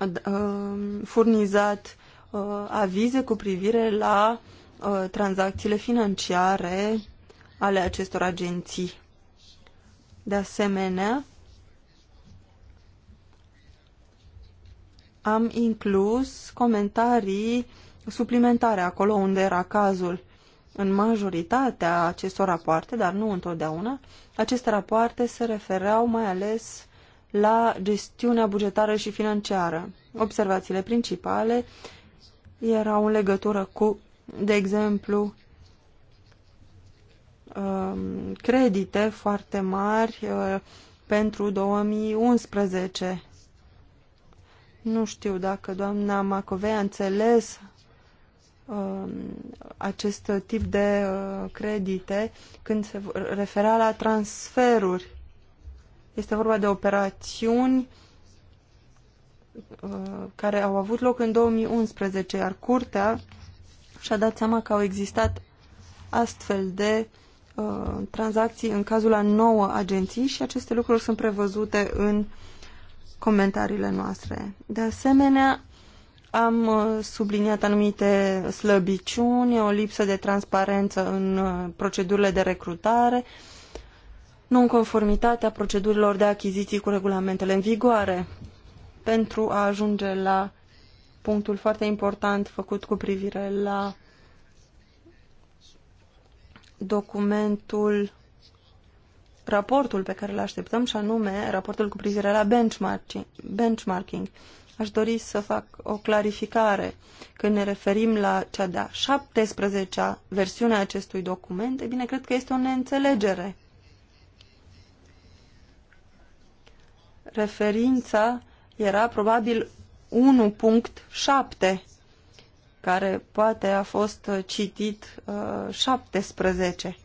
Uh, furnizat uh, avize cu privire la uh, tranzacțiile financiare ale acestor agenții. De asemenea, am inclus comentarii suplimentare acolo unde era cazul. În majoritatea acestor rapoarte, dar nu întotdeauna, aceste rapoarte se refereau mai ales la gestiunea bugetară și financiară. Observațiile principale erau în legătură cu, de exemplu, um, credite foarte mari uh, pentru 2011. Nu știu dacă doamna Macovei a înțeles um, acest tip de uh, credite când se referea la transferuri. Este vorba de operațiuni uh, care au avut loc în 2011, iar curtea și-a dat seama că au existat astfel de uh, tranzacții în cazul a nouă agenții și aceste lucruri sunt prevăzute în comentariile noastre. De asemenea, am uh, subliniat anumite slăbiciuni, o lipsă de transparență în uh, procedurile de recrutare, uh, nonconformitatea procedurilor de achiziții cu regulamentele în vigoare pentru a ajunge la punctul foarte important făcut cu privire la documentul, raportul pe care îl așteptăm și anume raportul cu privire la benchmarking. benchmarking. Aș dori să fac o clarificare. Când ne referim la cea de-a 17-a versiune a acestui document, e bine, cred că este o neînțelegere. referința era probabil 1.7, care poate a fost uh, citit uh, 17.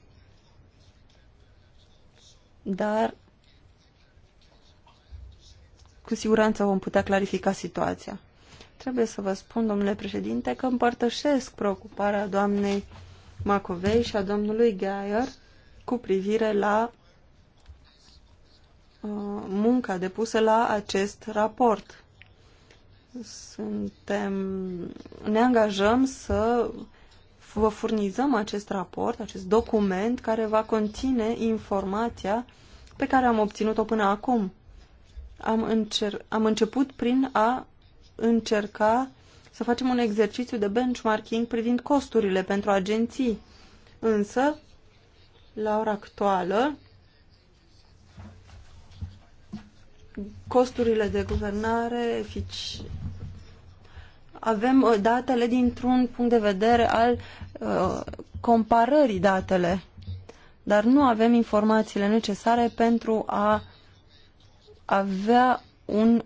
Dar cu siguranță vom putea clarifica situația. Trebuie să vă spun, domnule președinte, că împărtășesc preocuparea doamnei Macovei și a domnului Geier cu privire la Uh, munca depusă la acest raport. Suntem, ne angajăm să vă furnizăm acest raport, acest document care va conține informația pe care am obținut-o până acum. Am, încer- am început prin a încerca să facem un exercițiu de benchmarking privind costurile pentru agenții. Însă, la ora actuală, costurile de guvernare, fici... avem uh, datele dintr-un punct de vedere al uh, comparării datele, dar nu avem informațiile necesare pentru a avea un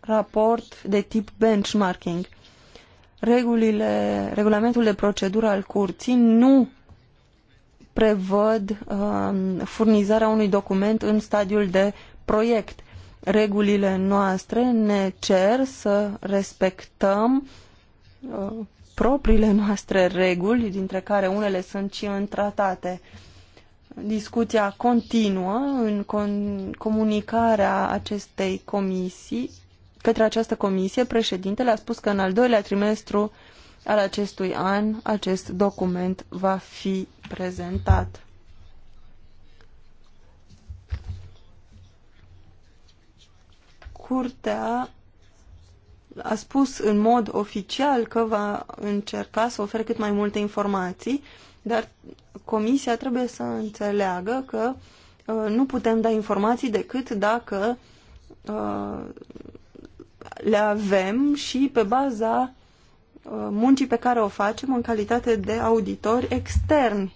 raport de tip benchmarking. Regulile, regulamentul de procedură al curții nu prevăd uh, furnizarea unui document în stadiul de uh, proiect. Regulile noastre ne cer să respectăm uh, propriile noastre reguli, dintre care unele sunt și în tratate. Discuția continuă în con comunicarea acestei comisii către această comisie, președintele a spus că în al doilea trimestru al acestui an acest document va fi prezentat. Curtea a spus în mod oficial că va încerca să ofere cât mai multe informații, dar Comisia trebuie să înțeleagă că uh, nu putem da informații decât dacă uh, le avem și pe baza uh, muncii pe care o facem în calitate de auditori externi.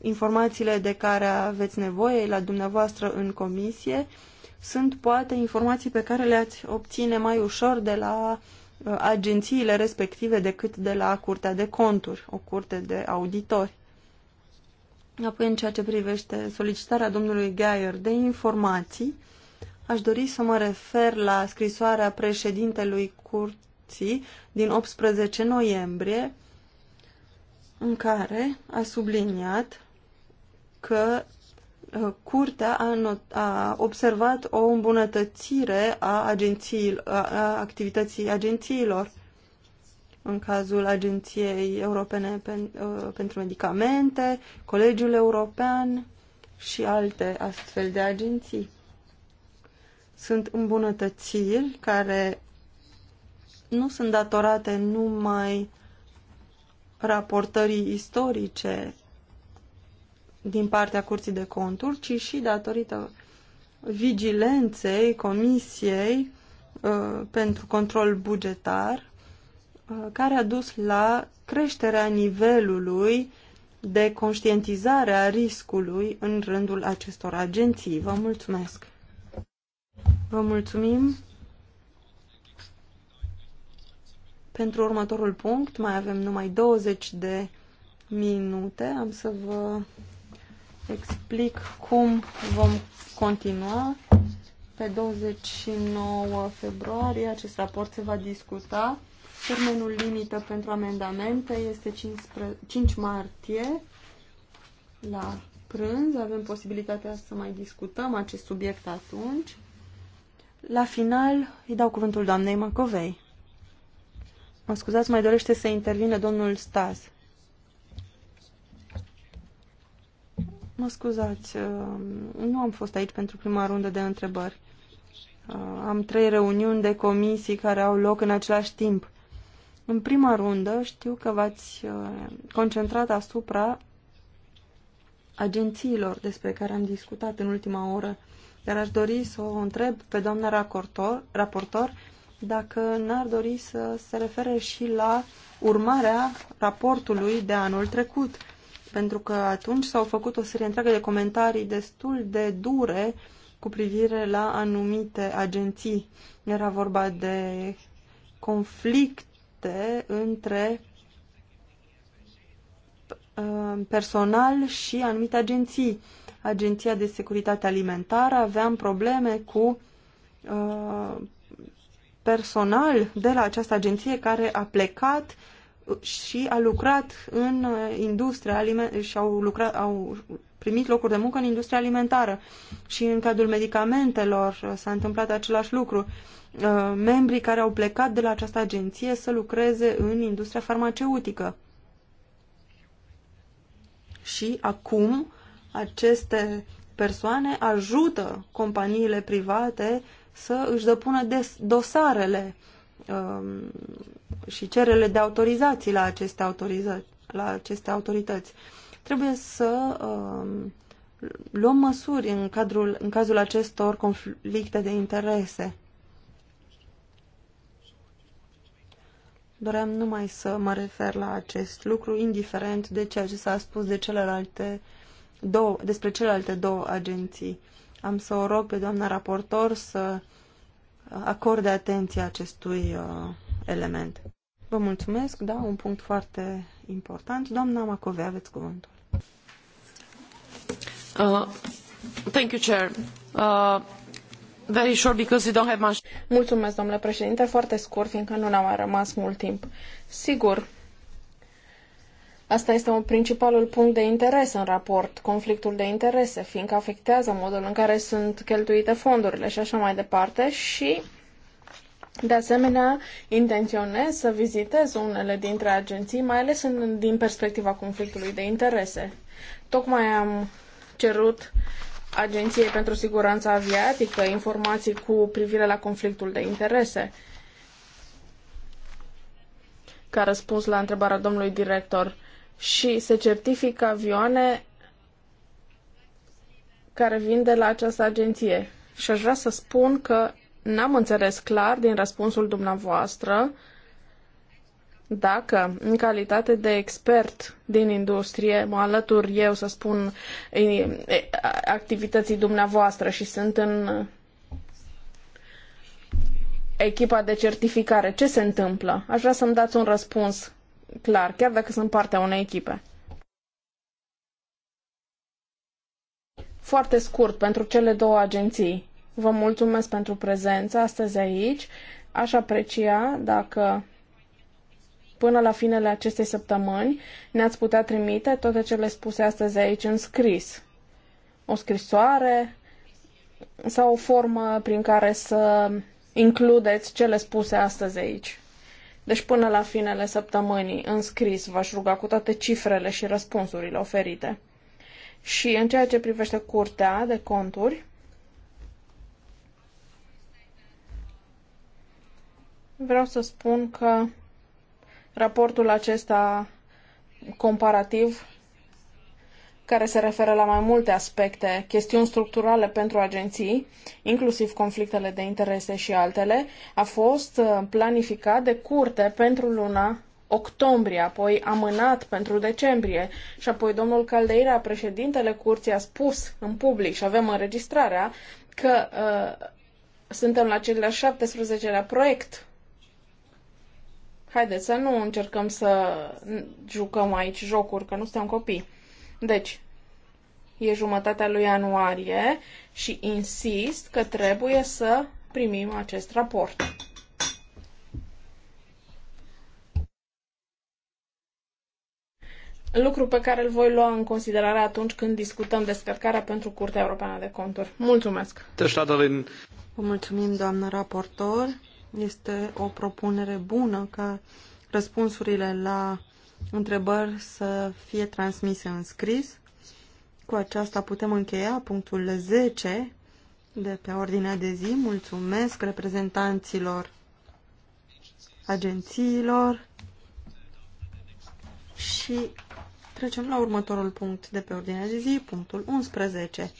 Informațiile de care aveți nevoie la dumneavoastră în comisie uh, sunt poate informații pe care le-ați obține mai ușor de la uh, agențiile respective decât de la Curtea de Conturi, o curte de auditori. Apoi, în ceea ce privește solicitarea domnului Geier de informații, aș dori să mă refer la scrisoarea președintelui Curții din 18 noiembrie, în care a subliniat că Uh, curtea a, not, a observat o îmbunătățire a, agenții, a activității agențiilor. În cazul Agenției Europene pen, uh, pentru Medicamente, Colegiul European și alte astfel de agenții. Sunt îmbunătățiri care nu sunt datorate numai raportării istorice din partea Curții de Conturi, ci și datorită vigilenței Comisiei uh, pentru control bugetar, uh, care a dus la creșterea nivelului de conștientizare a riscului în rândul acestor agenții. Vă mulțumesc! Vă mulțumim! Pentru următorul punct mai avem numai 20 de minute. Am să vă explic cum vom continua. Pe 29 februarie acest raport se va discuta. Termenul limită pentru amendamente este 5 martie la prânz. Avem posibilitatea să mai discutăm acest subiect atunci. La final îi dau cuvântul doamnei Macovei. Mă scuzați, mai dorește să intervine domnul Stas. Mă scuzați, uh, nu am fost aici pentru prima rundă de întrebări. Uh, am trei reuniuni de comisii care au loc în același timp. În prima rundă știu că v-ați uh, concentrat asupra agențiilor despre care am discutat în ultima oră, dar aș dori să o întreb pe doamna raportor, raportor dacă n-ar dori să se refere și la urmarea raportului de anul trecut pentru că atunci s-au făcut o serie întreagă de comentarii destul de dure cu privire la anumite agenții. Era vorba de conflicte între uh, personal și anumite agenții. Agenția de Securitate Alimentară aveam probleme cu uh, personal de la această agenție care a plecat uh, și a lucrat în uh, industria și au, lucrat, au primit locuri de muncă în industria alimentară. Și în cadrul medicamentelor uh, s-a întâmplat același lucru. Uh, membrii care au plecat de la această agenție să lucreze în industria farmaceutică. Și acum aceste persoane ajută companiile private să își depună dosarele uh, Um, și cerele de autorizații la aceste, autoriza la aceste autorități. Trebuie să um, luăm măsuri în, cadrul, în cazul acestor conflicte de interese. Doream numai să mă refer la acest lucru, indiferent de ceea ce s-a spus de celelalte două, despre celelalte două agenții. Am să o rog pe doamna raportor să acorde atenție acestui uh, element. Vă mulțumesc, da, un punct foarte important. Doamna Macove, aveți cuvântul. Uh, thank you, Chair. Uh, very short because we don't have much... Mulțumesc, domnule președinte. Foarte scurt, fiindcă nu ne-a mai rămas mult timp. Sigur, Asta este un principalul punct de interes în raport, conflictul de interese, fiindcă afectează modul în care sunt cheltuite fondurile și așa mai departe și de asemenea, intenționez să vizitez unele dintre agenții, mai ales în, din perspectiva conflictului de interese. Tocmai am cerut Agenției pentru Siguranța Aviatică informații cu privire la conflictul de interese. Ca răspuns la întrebarea domnului director, și se certifică avioane care vin de la această agenție. Și aș vrea să spun că n-am înțeles clar din răspunsul dumneavoastră dacă, în calitate de expert din industrie, mă alătur eu, să spun, activității dumneavoastră și sunt în echipa de certificare, ce se întâmplă? Aș vrea să-mi dați un răspuns clar, chiar dacă sunt partea unei echipe. Foarte scurt pentru cele două agenții. Vă mulțumesc pentru prezența astăzi aici. Aș aprecia dacă până la finele acestei săptămâni ne-ați putea trimite toate cele spuse astăzi aici în scris. O scrisoare sau o formă prin care să includeți cele spuse astăzi aici. Deci până la finele săptămânii, în scris, v-aș ruga cu toate cifrele și răspunsurile oferite. Și în ceea ce privește curtea de conturi, vreau să spun că raportul acesta comparativ care se referă la mai multe aspecte, chestiuni structurale pentru agenții, inclusiv conflictele de interese și altele, a fost uh, planificat de curte pentru luna octombrie, apoi amânat pentru decembrie și apoi domnul Caldeira, președintele curții, a spus în public și avem înregistrarea că uh, suntem la cel de-al 17-lea proiect. Haideți să nu încercăm să jucăm aici jocuri, că nu suntem copii. Deci, e jumătatea lui ianuarie și insist că trebuie să primim acest raport. lucru pe care îl voi lua în considerare atunci când discutăm descărcarea pentru Curtea Europeană de Conturi. Mulțumesc! Vă mulțumim, doamnă raportor. Este o propunere bună ca răspunsurile la întrebări să fie transmise în scris. Cu aceasta putem încheia punctul 10 de pe ordinea de zi. Mulțumesc reprezentanților agențiilor și trecem la următorul punct de pe ordinea de zi, punctul 11.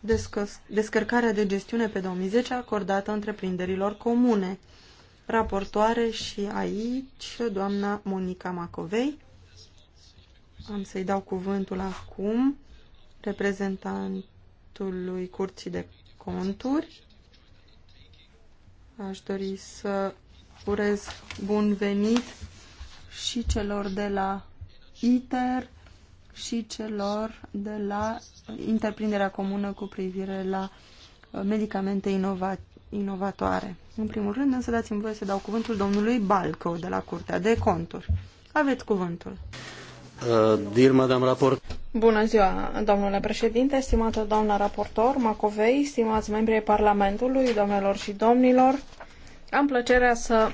Descă descărcarea de gestiune pe 2010 acordată întreprinderilor comune raportoare și aici doamna Monica Macovei. Am să-i dau cuvântul acum reprezentantului Curții de Conturi. Aș dori să urez bun venit și celor de la ITER și celor de la întreprinderea comună cu privire la uh, medicamente inova inovatoare. În primul rând, însă dați-mi voie să dau cuvântul domnului Balco de la Curtea de Conturi. Aveți cuvântul. Uh, dear Madam Raport. Bună ziua, domnule președinte, stimată doamna raportor, Macovei, stimați membrii Parlamentului, domnilor și domnilor. Am plăcerea să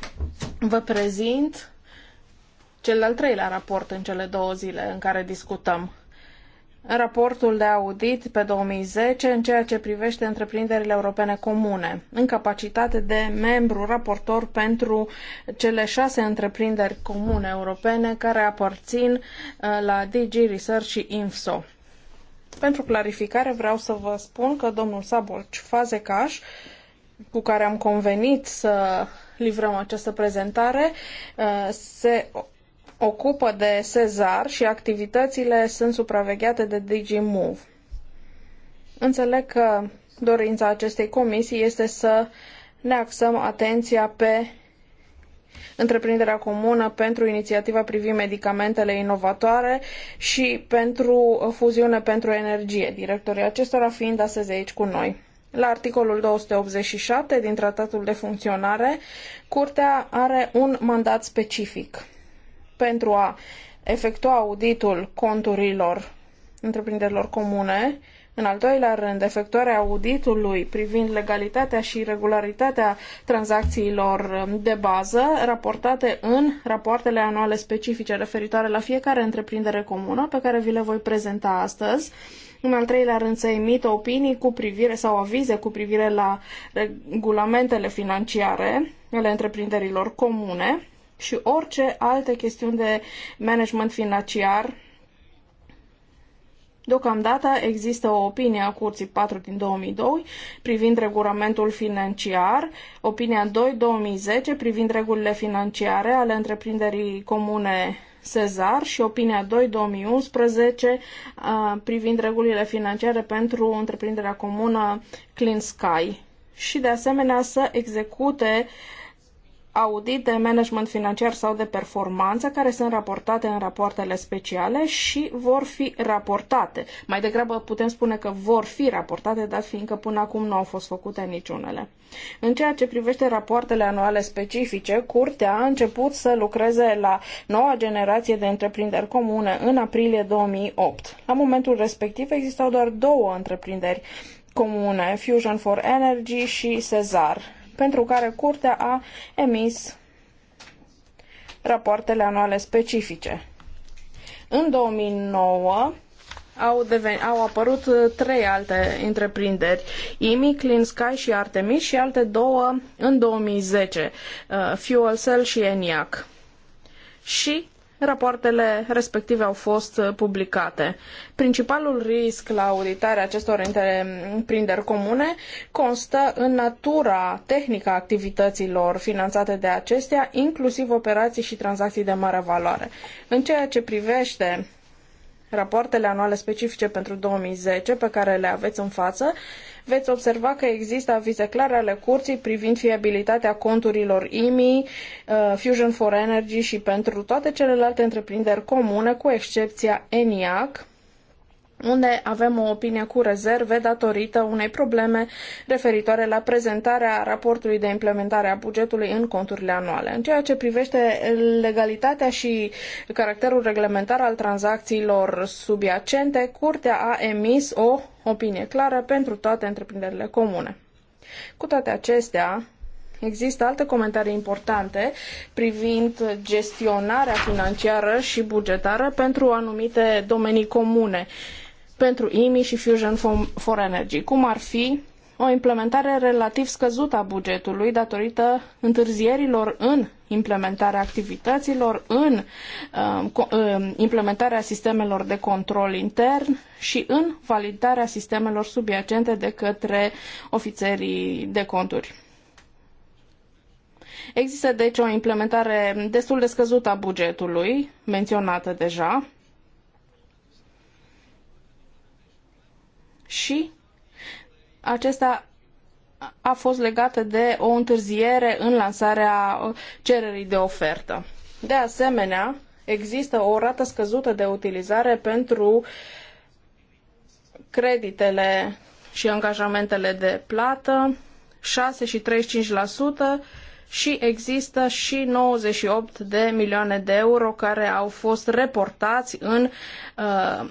vă prezint cel de-al treilea raport în cele două zile în care discutăm raportul de audit pe 2010 în ceea ce privește întreprinderile europene comune, în capacitate de membru raportor pentru cele șase întreprinderi comune europene care aparțin uh, la DG Research și INFSO. Pentru clarificare vreau să vă spun că domnul Sabolci Fazecaș, cu care am convenit să livrăm această prezentare, uh, se ocupă de Cezar și activitățile sunt supravegheate de DigiMove. Înțeleg că dorința acestei comisii este să ne axăm atenția pe întreprinderea comună pentru inițiativa privind medicamentele inovatoare și pentru fuziune pentru energie, directorii acestora fiind astăzi aici cu noi. La articolul 287 din Tratatul de Funcționare, Curtea are un mandat specific pentru a efectua auditul conturilor întreprinderilor comune, în al doilea rând, efectuarea auditului privind legalitatea și regularitatea tranzacțiilor de bază raportate în rapoartele anuale specifice referitoare la fiecare întreprindere comună pe care vi le voi prezenta astăzi. În al treilea rând, să emită opinii cu privire sau avize cu privire la regulamentele financiare ale întreprinderilor comune și orice alte chestiuni de management financiar. Deocamdată există o opinie a Curții 4 din 2002 privind regulamentul financiar, opinia 2 2010 privind regulile financiare ale întreprinderii comune Sezar și opinia 2 2011 uh, privind regulile financiare pentru întreprinderea comună Clean Sky și de asemenea să execute uh, audit de management financiar sau de performanță, care sunt raportate în rapoartele speciale și vor fi raportate. Mai degrabă putem spune că vor fi raportate, dat fiindcă până acum nu au fost făcute niciunele. În ceea ce privește rapoartele anuale specifice, Curtea a început să lucreze la noua generație de întreprinderi comune în aprilie 2008. La momentul respectiv existau doar două întreprinderi comune, Fusion for Energy și Cezar pentru care Curtea a emis rapoartele anuale specifice. În 2009 au, deveni, au apărut uh, trei alte întreprinderi, IMI, Clean Sky și Artemis și alte două în 2010, uh, Fuel Cell și ENIAC. Și rapoartele respective au fost uh, publicate. Principalul risc la auditarea acestor întreprinderi comune constă în natura tehnică a activităților finanțate de acestea, inclusiv operații și tranzacții de mare valoare. În ceea ce privește rapoartele anuale specifice pentru 2010 pe care le aveți în față, veți observa că există avize clare ale curții privind fiabilitatea conturilor IMI, uh, Fusion for Energy și pentru toate celelalte întreprinderi comune, cu excepția ENIAC, unde avem o opinie cu rezerve datorită unei probleme referitoare la prezentarea raportului de implementare a bugetului în conturile anuale. În ceea ce privește legalitatea și caracterul reglementar al tranzacțiilor subiacente, Curtea a emis o opinie clară pentru toate întreprinderile comune. Cu toate acestea, Există alte comentarii importante privind gestionarea financiară și bugetară pentru anumite domenii comune. Uh, pentru IMI și Fusion for Energy, cum ar fi o implementare relativ scăzută a bugetului datorită întârzierilor în implementarea activităților, în uh, implementarea sistemelor de control intern și în validarea sistemelor subiacente de către ofițerii de conturi. Există deci o implementare destul de scăzută a bugetului, menționată deja, și acesta a fost legată de o întârziere în lansarea cererii de ofertă. De asemenea, există o rată scăzută de utilizare pentru creditele și angajamentele de plată, 6 și 35% și există și 98 de milioane de euro care au fost reportați în uh,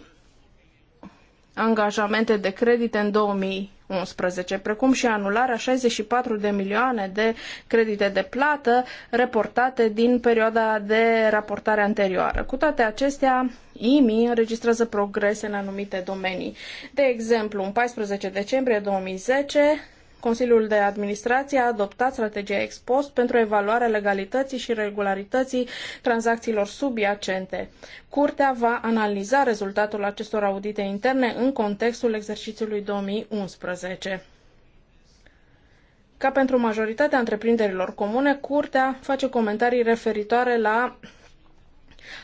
angajamente de credite în 2011, precum și anularea 64 de milioane de credite de plată reportate din perioada de raportare anterioară. Cu toate acestea, IMI înregistrează progrese în anumite domenii. De exemplu, în 14 decembrie 2010, Consiliul de Administrație a adoptat strategia expost pentru evaluarea legalității și regularității tranzacțiilor subiacente. Curtea va analiza rezultatul acestor audite interne în contextul exercițiului 2011. Ca pentru majoritatea întreprinderilor comune, Curtea face comentarii referitoare la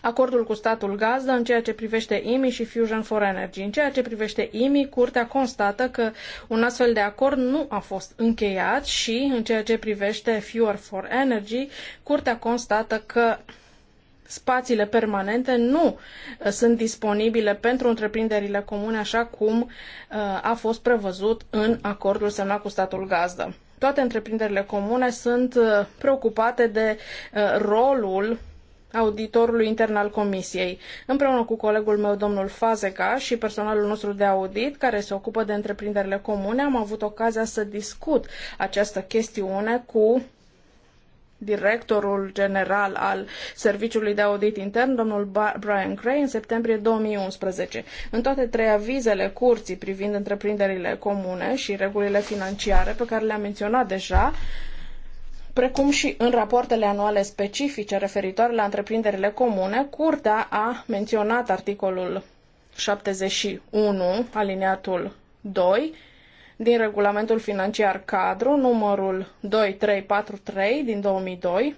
acordul cu statul gazdă în ceea ce privește IMI și Fusion for Energy. În ceea ce privește IMI, Curtea constată că un astfel de acord nu a fost încheiat și, în ceea ce privește Fuel for Energy, Curtea constată că spațiile permanente nu uh, sunt disponibile pentru întreprinderile comune așa cum uh, a fost prevăzut în acordul semnat cu statul gazdă. Toate întreprinderile comune sunt uh, preocupate de rolul auditorului intern al Comisiei, împreună cu colegul meu, domnul Fazeca, și personalul nostru de audit, care se ocupă de întreprinderile comune, am avut ocazia să discut această chestiune cu directorul general al Serviciului de Audit Intern, domnul Brian Gray, în septembrie 2011. În toate trei avizele curții privind întreprinderile comune și regulile financiare pe care le-am menționat deja, precum și în rapoartele anuale specifice referitoare la întreprinderile comune, Curtea a menționat articolul 71, alineatul 2, din regulamentul financiar cadru numărul 2343 din 2002,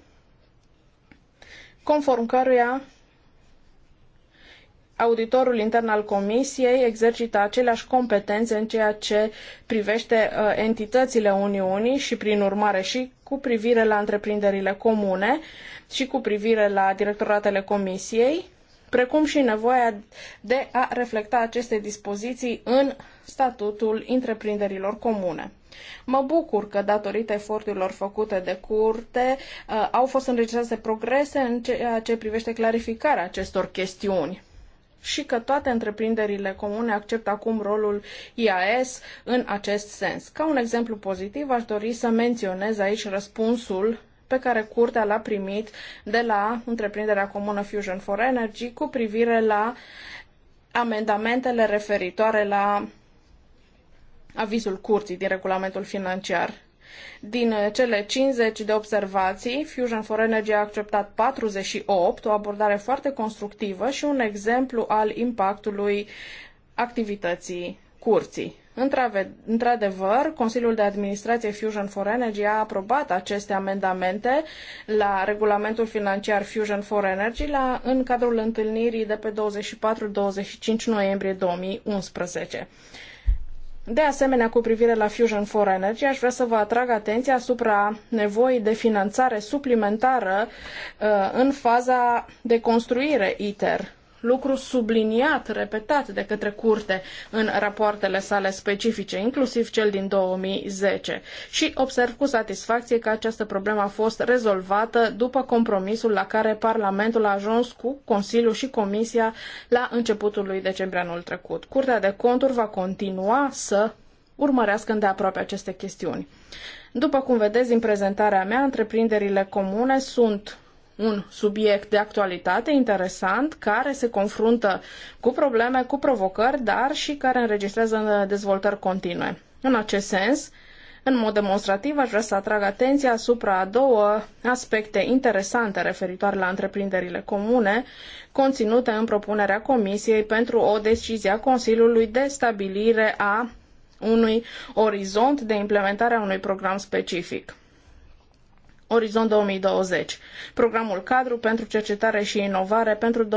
conform căruia auditorul intern al Comisiei exercită aceleași competențe în ceea ce privește uh, entitățile Uniunii și, prin urmare, și cu privire la întreprinderile comune și cu privire la directoratele Comisiei, precum și nevoia de a reflecta aceste dispoziții în statutul întreprinderilor comune. Mă bucur că, datorită eforturilor făcute de curte, uh, au fost înregistrate progrese în ceea ce privește clarificarea acestor chestiuni și că toate întreprinderile comune acceptă acum rolul IAS în acest sens. Ca un exemplu pozitiv, aș dori să menționez aici răspunsul pe care curtea l-a primit de la întreprinderea comună Fusion for Energy cu privire la amendamentele referitoare la avizul curții din regulamentul financiar din uh, cele 50 de observații, Fusion for Energy a acceptat 48, o abordare foarte constructivă și un exemplu al impactului activității curții. Într-adevăr, Consiliul de Administrație Fusion for Energy a aprobat aceste amendamente la regulamentul financiar Fusion for Energy la, în cadrul întâlnirii de pe 24-25 noiembrie 2011. De asemenea, cu privire la Fusion for Energy, aș vrea să vă atrag atenția asupra nevoii de finanțare suplimentară uh, în faza de construire ITER lucru subliniat, repetat de către curte în rapoartele sale specifice, inclusiv cel din 2010. Și observ cu satisfacție că această problemă a fost rezolvată după compromisul la care Parlamentul a ajuns cu Consiliul și Comisia la începutul lui decembrie anul trecut. Curtea de conturi va continua să urmărească îndeaproape aceste chestiuni. După cum vedeți din prezentarea mea, întreprinderile comune sunt un subiect de actualitate interesant care se confruntă cu probleme, cu provocări, dar și care înregistrează dezvoltări continue. În acest sens, în mod demonstrativ, aș vrea să atrag atenția asupra a două aspecte interesante referitoare la întreprinderile comune, conținute în propunerea Comisiei pentru o decizie a Consiliului de stabilire a unui orizont de implementare a unui program specific. Orizont 2020, programul cadru pentru cercetare și inovare pentru 2014-2020,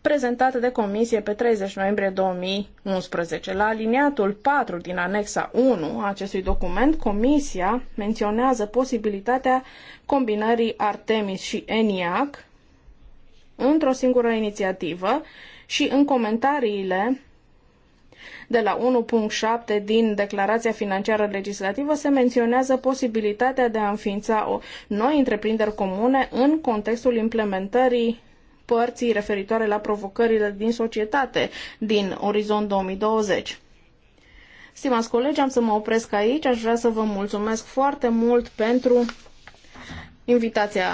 prezentat de Comisie pe 30 noiembrie 2011. La aliniatul 4 din anexa 1 a acestui document, Comisia menționează posibilitatea combinării Artemis și ENIAC într-o singură inițiativă și în comentariile de la 1.7 din Declarația Financiară Legislativă se menționează posibilitatea de a înființa o noi întreprinderi comune în contextul implementării părții referitoare la provocările din societate din Orizont 2020. Stimați colegi, am să mă opresc aici. Aș vrea să vă mulțumesc foarte mult pentru invitația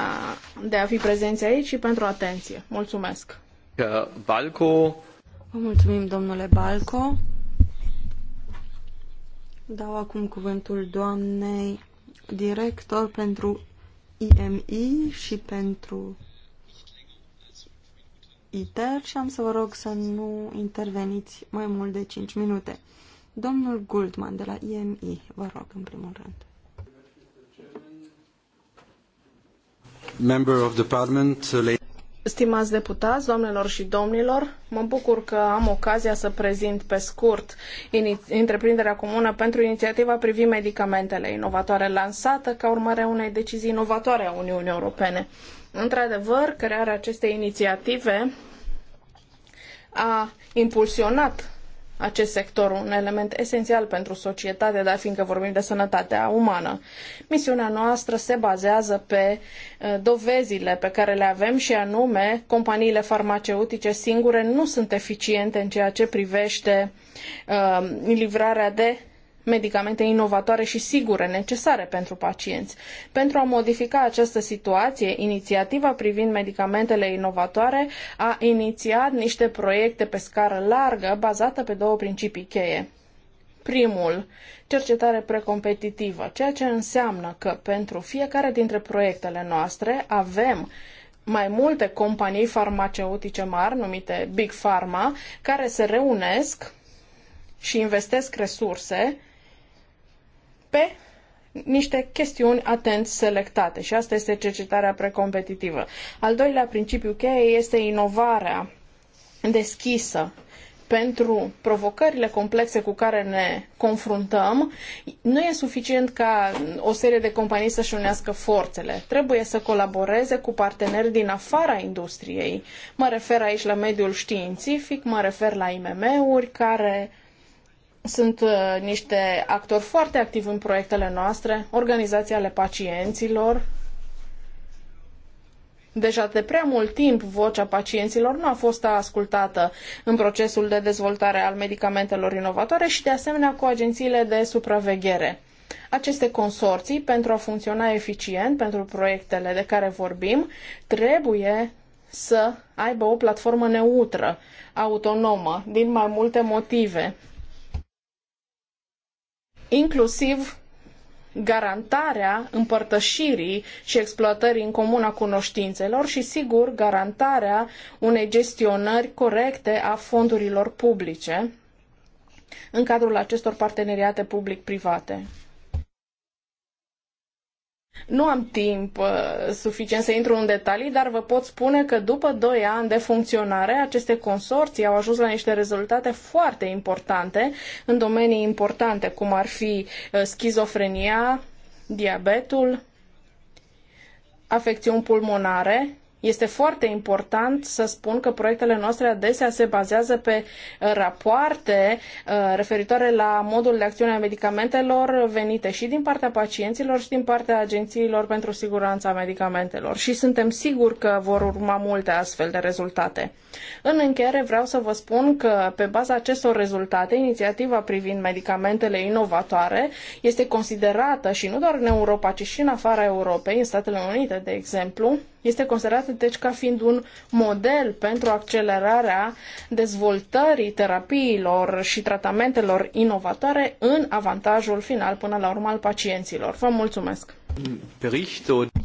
de a fi prezenți aici și pentru atenție. Mulțumesc! Balco. Vă mulțumim, domnule Balco. Dau acum cuvântul doamnei director pentru IMI și pentru ITER și am să vă rog să nu interveniți mai mult de 5 minute. Domnul Guldman de la IMI, vă rog în primul rând. Member of the Parliament, stimați deputați, doamnelor și domnilor, mă bucur că am ocazia să prezint pe scurt întreprinderea comună pentru inițiativa privind medicamentele inovatoare lansată ca urmare a unei decizii inovatoare a Uniunii Europene. Într-adevăr, crearea acestei inițiative a impulsionat acest sector un element esențial pentru societate, dar fiindcă vorbim de sănătatea umană. Misiunea noastră se bazează pe uh, dovezile pe care le avem și anume companiile farmaceutice singure nu sunt eficiente în ceea ce privește uh, livrarea de medicamente inovatoare și sigure necesare pentru pacienți. Pentru a modifica această situație, inițiativa privind medicamentele inovatoare a inițiat niște proiecte pe scară largă bazată pe două principii cheie. Primul, cercetare precompetitivă, ceea ce înseamnă că pentru fiecare dintre proiectele noastre avem mai multe companii farmaceutice mari, numite Big Pharma, care se reunesc și investesc resurse pe niște chestiuni atent selectate și asta este cercetarea precompetitivă. Al doilea principiu cheie este inovarea deschisă pentru provocările complexe cu care ne confruntăm, nu e suficient ca o serie de companii să-și unească forțele. Trebuie să colaboreze cu parteneri din afara industriei. Mă refer aici la mediul științific, mă refer la IMM-uri care sunt uh, niște actori foarte activi în proiectele noastre, organizații ale pacienților. Deja de prea mult timp vocea pacienților nu a fost ascultată în procesul de dezvoltare al medicamentelor inovatoare și de asemenea cu agențiile de supraveghere. Aceste consorții, pentru a funcționa eficient pentru proiectele de care vorbim, trebuie să aibă o platformă neutră, autonomă, din mai multe motive inclusiv garantarea împărtășirii și exploatării în comun a cunoștințelor și, sigur, garantarea unei gestionări corecte a fondurilor publice în cadrul acestor parteneriate public-private. Nu am timp uh, suficient să intru în detalii, dar vă pot spune că după 2 ani de funcționare, aceste consorții au ajuns la niște rezultate foarte importante în domenii importante, cum ar fi uh, schizofrenia, diabetul, afecțiuni pulmonare, este foarte important să spun că proiectele noastre adesea se bazează pe uh, rapoarte uh, referitoare la modul de acțiune a medicamentelor venite și din partea pacienților și din partea agențiilor pentru siguranța medicamentelor și suntem siguri că vor urma multe astfel de rezultate. În încheiere vreau să vă spun că pe baza acestor rezultate, inițiativa privind medicamentele inovatoare este considerată și nu doar în Europa, ci și în afara Europei, în Statele Unite, de exemplu, este considerat deci ca fiind un model pentru accelerarea dezvoltării terapiilor și tratamentelor inovatoare în avantajul final până la urmă al pacienților. Vă mulțumesc!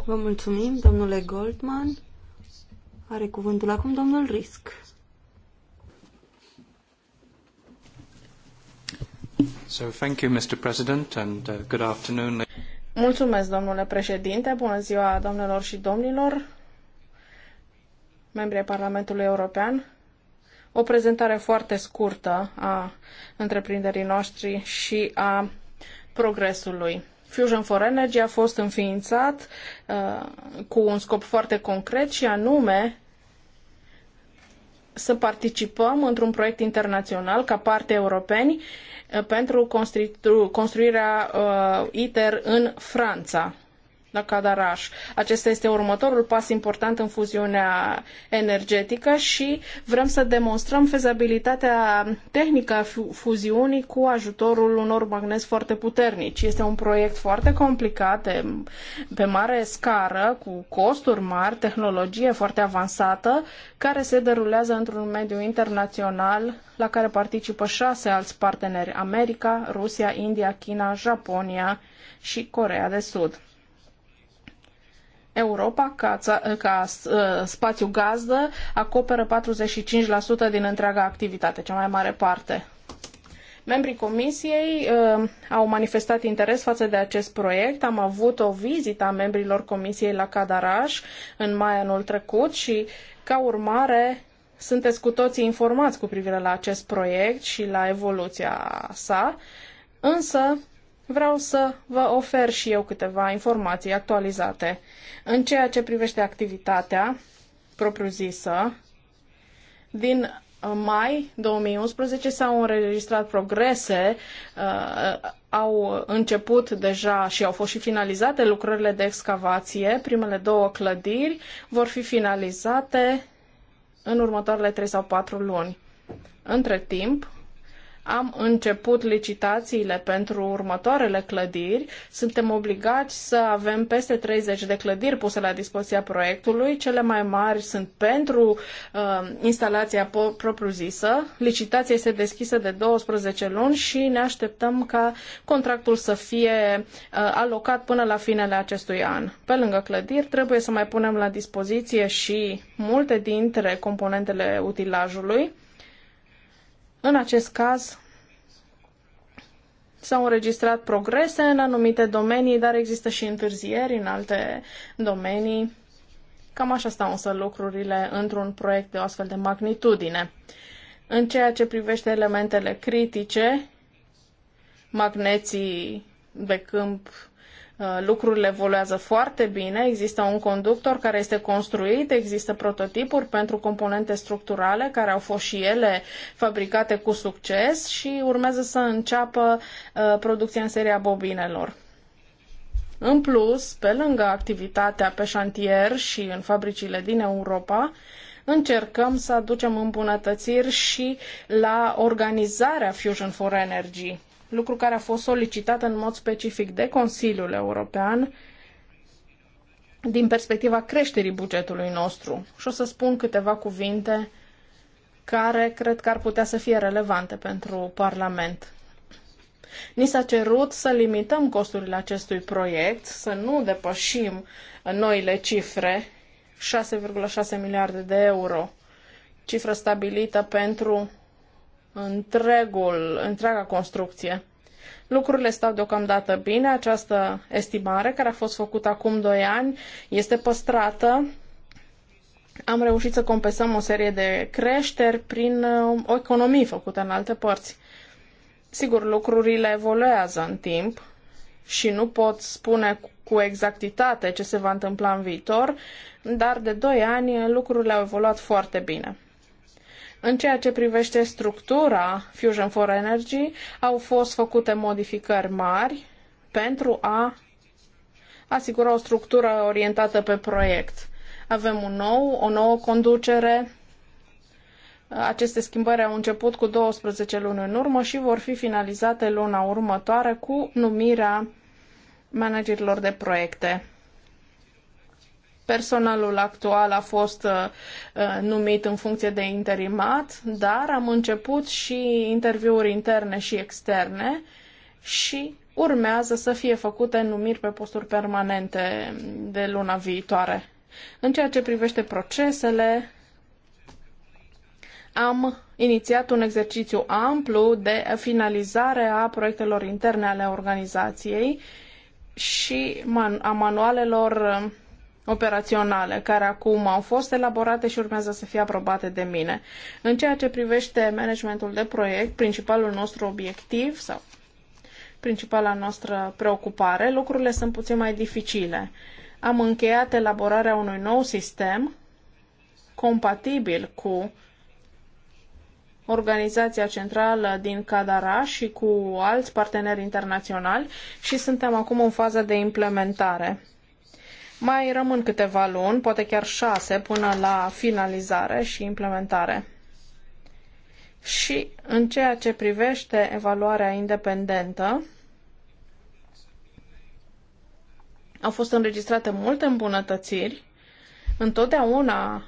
Vă mulțumim, domnule Goldman. Are cuvântul acum domnul Risc. So thank you, Mr. President, and uh, good afternoon. Mulțumesc, domnule președinte. Bună ziua, domnilor și domnilor, membrii Parlamentului European. O prezentare foarte scurtă a întreprinderii noștri și a progresului. Fusion for Energy a fost înființat uh, cu un scop foarte concret și anume să participăm într-un proiect internațional ca parte europeni pentru construirea uh, ITER în Franța la Cadaraș. Acesta este următorul pas important în fuziunea energetică și vrem să demonstrăm fezabilitatea tehnică a fuziunii cu ajutorul unor magneți foarte puternici. Este un proiect foarte complicat, pe mare scară, cu costuri mari, tehnologie foarte avansată, care se derulează într-un mediu internațional la care participă șase alți parteneri, America, Rusia, India, China, Japonia și Coreea de Sud. Europa, ca, ca ă, spațiu gazdă, acoperă 45% din întreaga activitate, cea mai mare parte. Membrii comisiei uh, au manifestat interes față de acest proiect. Am avut o vizită a membrilor comisiei la Cadaraș în mai anul trecut și, ca urmare, sunteți cu toții informați cu privire la acest proiect și la evoluția sa. Însă, vreau să vă ofer și eu câteva informații actualizate. În ceea ce privește activitatea propriu-zisă, din uh, mai 2011 s-au înregistrat progrese, uh, au început deja și au fost și finalizate lucrările de excavație. Primele două clădiri vor fi finalizate în următoarele 3 sau 4 luni. Între timp, am început licitațiile pentru următoarele clădiri. Suntem obligați să avem peste 30 de clădiri puse la dispoziția proiectului. Cele mai mari sunt pentru uh, instalația propriu-zisă. Licitația este deschisă de 12 luni și ne așteptăm ca contractul să fie uh, alocat până la finele acestui an. Pe lângă clădiri trebuie să mai punem la dispoziție și multe dintre componentele utilajului în acest caz, s-au înregistrat progrese în anumite domenii, dar există și întârzieri în alte domenii. Cam așa stau însă lucrurile într-un proiect de o astfel de magnitudine. În ceea ce privește elementele critice, magneții de câmp Uh, lucrurile evoluează foarte bine, există un conductor care este construit, există prototipuri pentru componente structurale care au fost și ele fabricate cu succes și urmează să înceapă uh, producția în seria bobinelor. În plus, pe lângă activitatea pe șantier și în fabricile din Europa, încercăm să aducem îmbunătățiri și la organizarea Fusion for Energy lucru care a fost solicitat în mod specific de Consiliul European din perspectiva creșterii bugetului nostru. Și o să spun câteva cuvinte care cred că ar putea să fie relevante pentru Parlament. Ni s-a cerut să limităm costurile acestui proiect, să nu depășim noile cifre, 6,6 miliarde de euro, cifră stabilită pentru întregul, întreaga construcție. Lucrurile stau deocamdată bine, această estimare care a fost făcută acum 2 ani este păstrată. Am reușit să compensăm o serie de creșteri prin uh, o economie făcută în alte părți. Sigur, lucrurile evoluează în timp și nu pot spune cu exactitate ce se va întâmpla în viitor, dar de 2 ani lucrurile au evoluat foarte bine. În ceea ce privește structura Fusion for Energy, au fost făcute modificări mari pentru a asigura o structură orientată pe proiect. Avem un nou, o nouă conducere. Aceste schimbări au început cu 12 luni în urmă și vor fi finalizate luna următoare cu numirea managerilor de proiecte. Personalul actual a fost uh, uh, numit în funcție de interimat, dar am început și interviuri interne și externe și urmează să fie făcute numiri pe posturi permanente de luna viitoare. În ceea ce privește procesele, am inițiat un exercițiu amplu de finalizare a proiectelor interne ale organizației și a manualelor uh, operaționale, care acum au fost elaborate și urmează să fie aprobate de mine. În ceea ce privește managementul de proiect, principalul nostru obiectiv sau principala noastră preocupare, lucrurile sunt puțin mai dificile. Am încheiat elaborarea unui nou sistem compatibil cu organizația centrală din Cadara și cu alți parteneri internaționali și suntem acum în faza de implementare. Mai rămân câteva luni, poate chiar șase, până la finalizare și implementare. Și în ceea ce privește evaluarea independentă, au fost înregistrate multe îmbunătățiri. Întotdeauna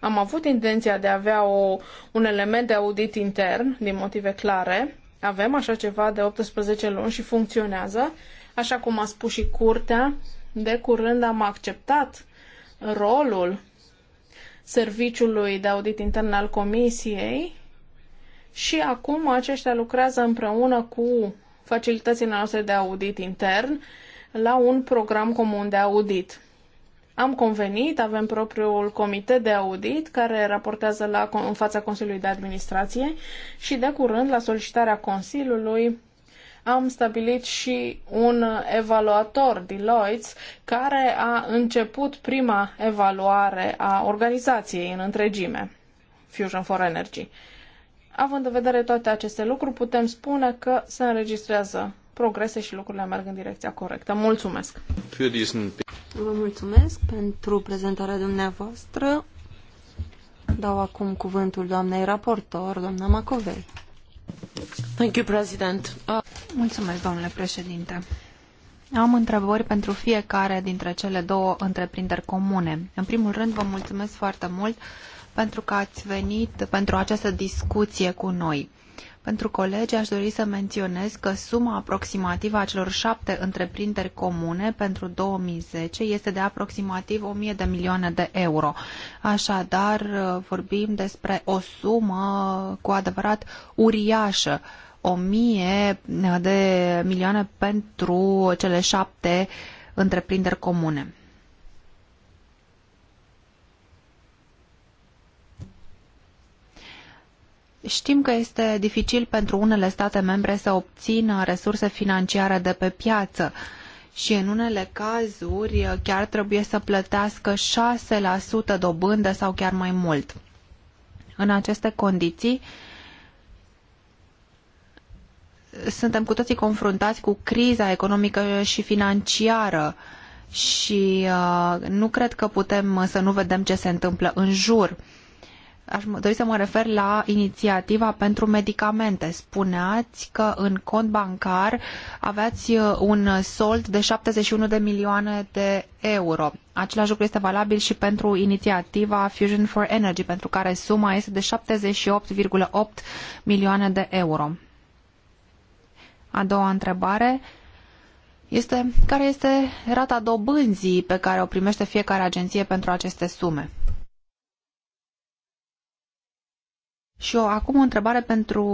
am avut intenția de a avea o, un element de audit intern, din motive clare. Avem așa ceva de 18 luni și funcționează, așa cum a spus și curtea, de curând am acceptat rolul Serviciului de Audit Intern al Comisiei și acum aceștia lucrează împreună cu facilitățile noastre de audit intern la un program comun de audit. Am convenit, avem propriul comitet de audit care raportează la, în fața Consiliului de Administrație și de curând, la solicitarea Consiliului, am stabilit și un evaluator Deloitte care a început prima evaluare a organizației în întregime, Fusion for Energy. Având în vedere toate aceste lucruri, putem spune că se înregistrează progrese și lucrurile merg în direcția corectă. Mulțumesc! Vă mulțumesc pentru prezentarea dumneavoastră. Dau acum cuvântul doamnei raportor, doamna Macovei. Uh, mulțumesc, domnule președinte. Am întrebări pentru fiecare dintre cele două întreprinderi comune. În primul rând, vă mulțumesc foarte mult pentru că ați venit pentru această discuție cu noi. Pentru colegi, aș dori să menționez că suma aproximativă a celor șapte întreprinderi comune pentru 2010 este de aproximativ 1000 de milioane de euro. Așadar, vorbim despre o sumă cu adevărat uriașă. 1000 de milioane pentru cele șapte întreprinderi comune. Știm că este dificil pentru unele state membre să obțină resurse financiare de pe piață și în unele cazuri chiar trebuie să plătească 6% dobândă sau chiar mai mult. În aceste condiții, suntem cu toții confruntați cu criza economică și financiară și uh, nu cred că putem să nu vedem ce se întâmplă în jur. Uh, Aș dori să mă refer la inițiativa pentru medicamente. Spuneați că în cont bancar aveați uh, un sold de 71 de milioane de euro. Același lucru este valabil și pentru inițiativa Fusion for Energy, pentru care suma este de 78,8 milioane de euro. A doua întrebare este care este rata dobânzii pe care o primește fiecare agenție pentru aceste sume? Și o, acum o întrebare pentru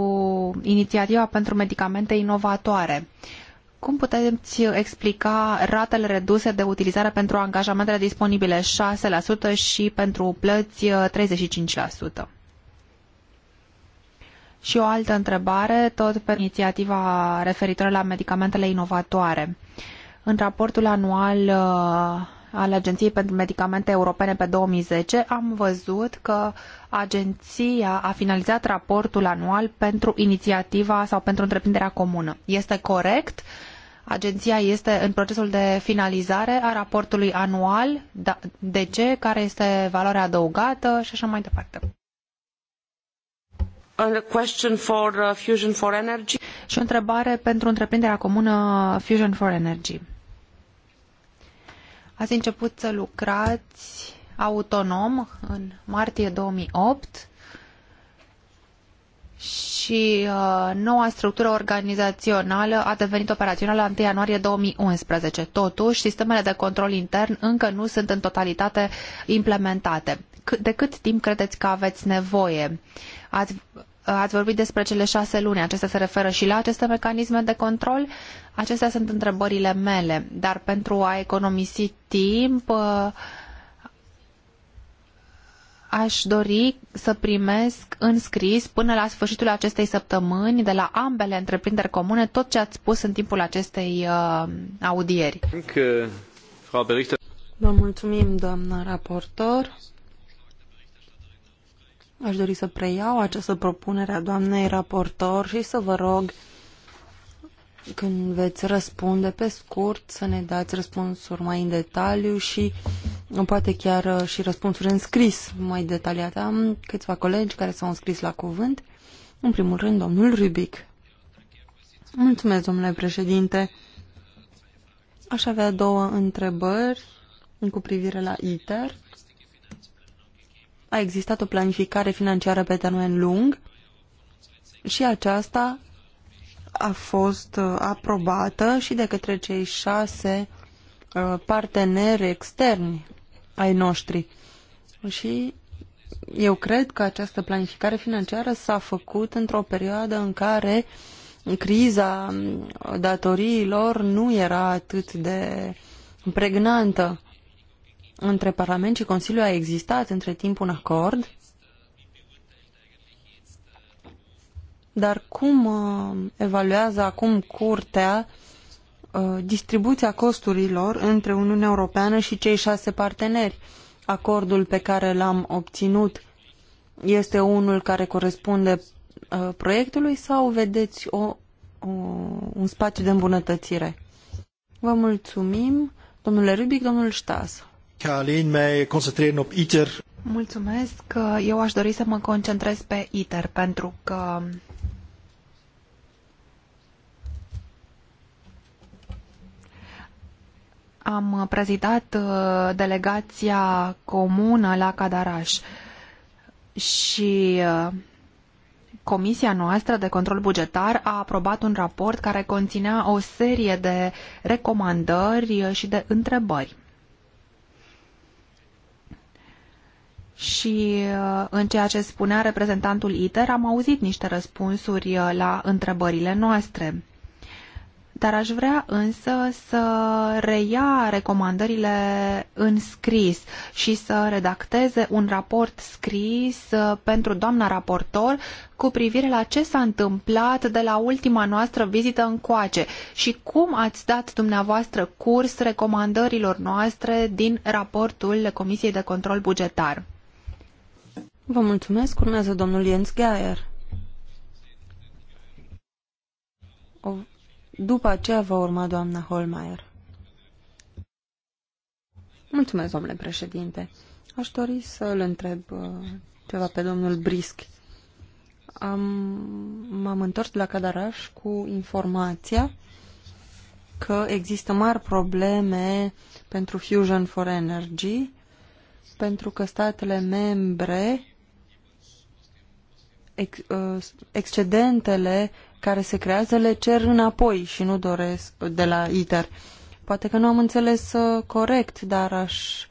inițiativa pentru medicamente inovatoare. Cum puteți explica ratele reduse de utilizare pentru angajamentele disponibile 6% și pentru plăți 35%? Și o altă întrebare, tot pe inițiativa referitoare la medicamentele inovatoare. În raportul anual al Agenției pentru Medicamente Europene pe 2010, am văzut că agenția a finalizat raportul anual pentru inițiativa sau pentru întreprinderea comună. Este corect? Agenția este în procesul de finalizare a raportului anual, da, de ce, care este valoarea adăugată și așa mai departe. For, uh, Fusion for Energy. Și o întrebare pentru întreprinderea comună Fusion for Energy. Ați început să lucrați autonom în martie 2008 și uh, noua structură organizațională a devenit operațională în 1 ianuarie 2011. Totuși, sistemele de control intern încă nu sunt în totalitate implementate. C de cât timp credeți că aveți nevoie? Ați Ați vorbit despre cele șase luni. Acestea se referă și la aceste mecanisme de control? Acestea sunt întrebările mele. Dar pentru a economisi timp, uh, aș dori să primesc în scris până la sfârșitul acestei săptămâni de la ambele întreprinderi comune tot ce ați spus în timpul acestei uh, audieri. Uh, Vă mulțumim, doamnă raportor. Aș dori să preiau această propunere a doamnei raportor și să vă rog, când veți răspunde pe scurt, să ne dați răspunsuri mai în detaliu și uh, poate chiar uh, și răspunsuri în scris mai detaliate. Am câțiva colegi care s-au înscris la cuvânt. În primul rând, domnul Rubic. Mulțumesc, domnule președinte. Aș avea două întrebări cu privire la ITER a existat o planificare financiară pe termen lung și aceasta a fost uh, aprobată și de către cei șase uh, parteneri externi ai noștri. Și eu cred că această planificare financiară s-a făcut într-o perioadă în care criza um, datoriilor nu era atât de pregnantă între Parlament și Consiliu a existat între timp un acord, dar cum uh, evaluează acum Curtea uh, distribuția costurilor între Uniunea Europeană și cei șase parteneri? Acordul pe care l-am obținut este unul care corespunde uh, proiectului sau vedeți o, o, un spațiu de îmbunătățire? Vă mulțumim, domnule Rubic, domnul Ștasă ca alleen mij concentreren ITER. Mulțumesc. Eu aș dori să mă concentrez pe ITER pentru că am prezidat uh, delegația comună la Cadaraș și uh, Comisia noastră de control bugetar a aprobat un raport care conținea o serie de recomandări și de întrebări. și uh, în ceea ce spunea reprezentantul ITER am auzit niște răspunsuri uh, la întrebările noastre. Dar aș vrea însă să reia recomandările în scris și să redacteze un raport scris uh, pentru doamna raportor cu privire la ce s-a întâmplat de la ultima noastră vizită încoace și cum ați dat dumneavoastră curs recomandărilor noastre din raportul Comisiei de Control Bugetar. Vă mulțumesc. Urmează domnul Jens Geier. O... După aceea va urma doamna Holmeier. Mulțumesc, domnule președinte. Aș dori să îl întreb uh, ceva pe domnul Brisk. Am, am întors la Cadaraș cu informația că există mari probleme pentru Fusion for Energy, pentru că statele membre ex, uh, excedentele care se creează le cer înapoi și nu doresc de la ITER. Poate că nu am înțeles uh, corect, dar aș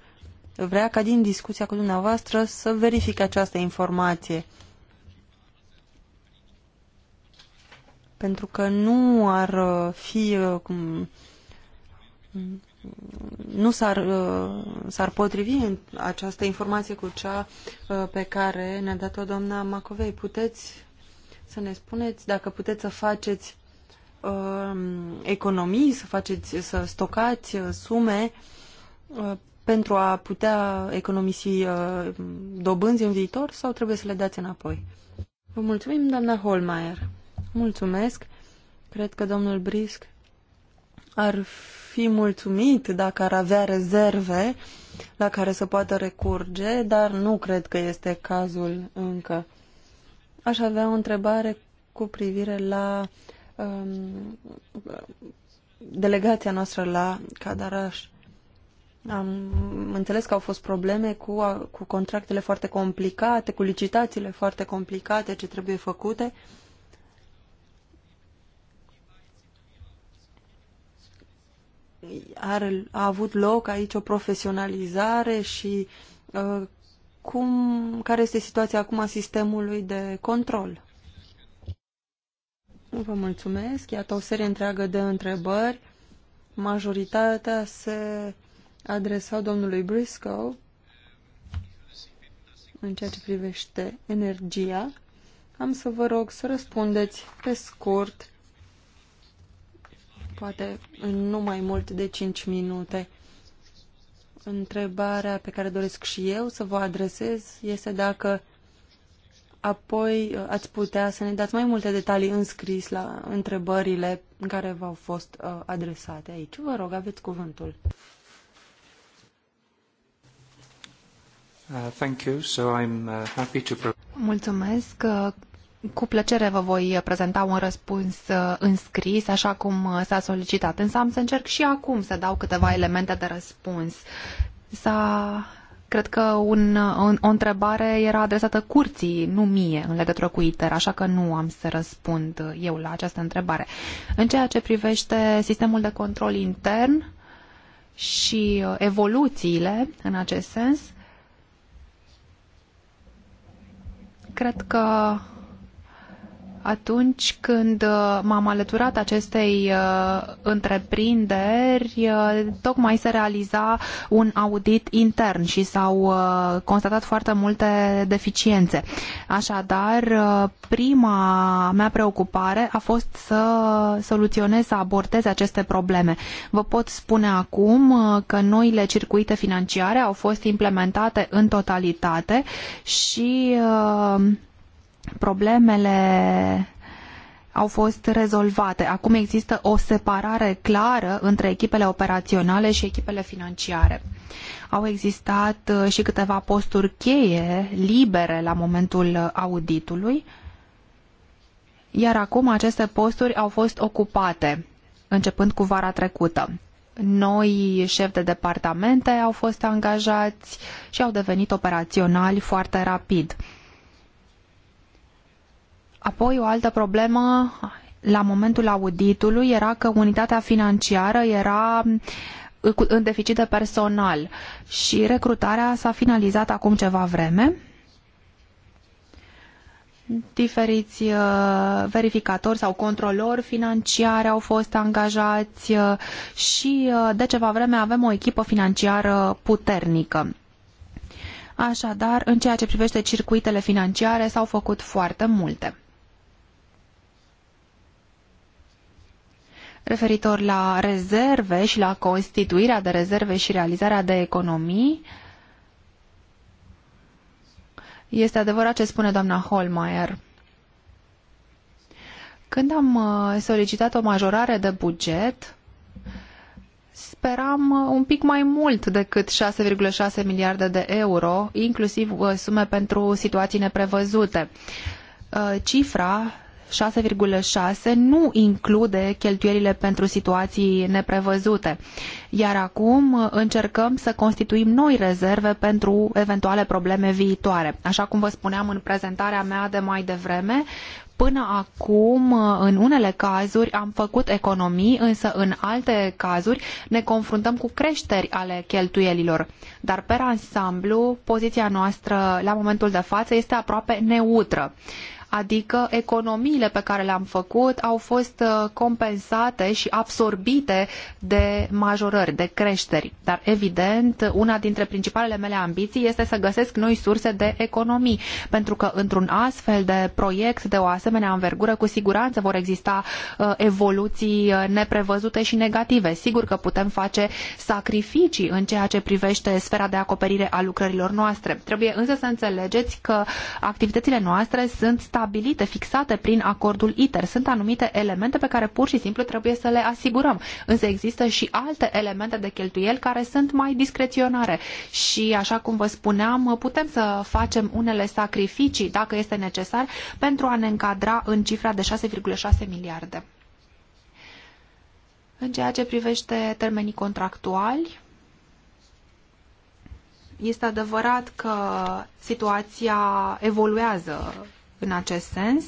vrea ca din discuția cu dumneavoastră să verific această informație. Pentru că nu ar uh, fi nu s-ar, uh, s-ar potrivi această informație cu cea uh, pe care ne-a dat-o doamna Macovei. Puteți să ne spuneți dacă puteți să faceți um, economii, să faceți, să stocați uh, sume pentru a putea economisi dobânzi în viitor sau trebuie să le dați înapoi? Vă mulțumim, doamna Holmeier. Mulțumesc. Cred că domnul Brisc ar fi mulțumit dacă ar avea rezerve la care să poată recurge, dar nu cred că este cazul încă. Aș avea o întrebare cu privire la um, delegația noastră la Cadaraș. Am înțeles că au fost probleme cu, cu contractele foarte complicate, cu licitațiile foarte complicate ce trebuie făcute. Uh, are, a avut loc aici o profesionalizare și uh, cum, care este situația acum a sistemului de control? Vă mulțumesc. Iată o serie întreagă de întrebări. Majoritatea se adresau domnului Briscoe în ceea ce privește energia. Am să vă rog să răspundeți pe scurt poate în nu mai mult de 5 minute. Întrebarea pe care doresc și eu să vă adresez este dacă apoi uh, ați putea să ne dați mai multe detalii înscris la întrebările care v-au fost uh, adresate aici. Vă rog, aveți cuvântul. Uh, thank you. So I'm, uh, happy to... Mulțumesc. Uh, cu plăcere vă voi prezenta un răspuns uh, înscris, așa cum uh, s-a solicitat, însă am să încerc și acum să dau câteva elemente de răspuns. S-a Cred că un, un, o întrebare era adresată curții, nu mie, în legătură cu ITER, așa că nu am să răspund uh, eu la această întrebare. În ceea ce privește sistemul de control intern și evoluțiile în acest sens, cred că atunci când uh, m-am alăturat acestei uh, întreprinderi, uh, tocmai se realiza un audit intern și s-au constatat foarte multe deficiențe. Așadar, prima mea preocupare a fost să soluționez, să abordez aceste probleme. Vă pot spune acum că noile circuite financiare au fost implementate în totalitate și problemele au fost rezolvate. Acum există o separare clară între echipele operaționale și echipele financiare. Au existat uh, și câteva posturi cheie libere la momentul auditului, iar acum aceste posturi au fost ocupate, începând cu vara trecută. Noi șefi de departamente au fost angajați și au devenit operaționali foarte rapid Apoi o altă problemă la momentul auditului era că unitatea financiară era uh, în deficit de personal și recrutarea s-a finalizat acum ceva vreme. Diferiți uh, verificatori sau controlori financiari au fost angajați uh, și de ceva vreme avem o echipă financiară puternică. Așadar, în ceea ce privește circuitele financiare, s-au făcut foarte multe. referitor la rezerve și la constituirea de rezerve și realizarea de economii. Este adevărat ce spune doamna Holmeier. Când am uh, solicitat o majorare de buget, speram uh, un pic mai mult decât 6,6 miliarde de euro, inclusiv uh, sume pentru situații neprevăzute. Cifra 6,6 nu include cheltuielile pentru situații neprevăzute, iar acum încercăm să constituim noi rezerve pentru eventuale probleme viitoare. Așa cum vă spuneam în prezentarea mea de mai devreme, Până acum, în unele cazuri, am făcut economii, însă în alte cazuri ne confruntăm cu creșteri ale cheltuielilor. Dar, per ansamblu, poziția noastră la momentul de față este aproape neutră adică economiile pe care le-am făcut au fost uh, compensate și absorbite de majorări, de creșteri. Dar, evident, una dintre principalele mele ambiții este să găsesc noi surse de economii, pentru că într-un astfel de proiect de o asemenea învergură, cu siguranță vor exista uh, evoluții uh, neprevăzute și negative. Sigur că putem face sacrificii în ceea ce privește sfera de acoperire a lucrărilor noastre. Trebuie însă să înțelegeți că activitățile noastre sunt stabilite, fixate prin acordul ITER. Sunt anumite elemente pe care pur și simplu trebuie să le asigurăm. Însă există și alte elemente de cheltuieli care sunt mai discreționare și, așa cum vă spuneam, putem să facem unele sacrificii, dacă este necesar, pentru a ne încadra în cifra de 6,6 miliarde. În ceea ce privește termenii contractuali, este adevărat că situația evoluează în acest sens.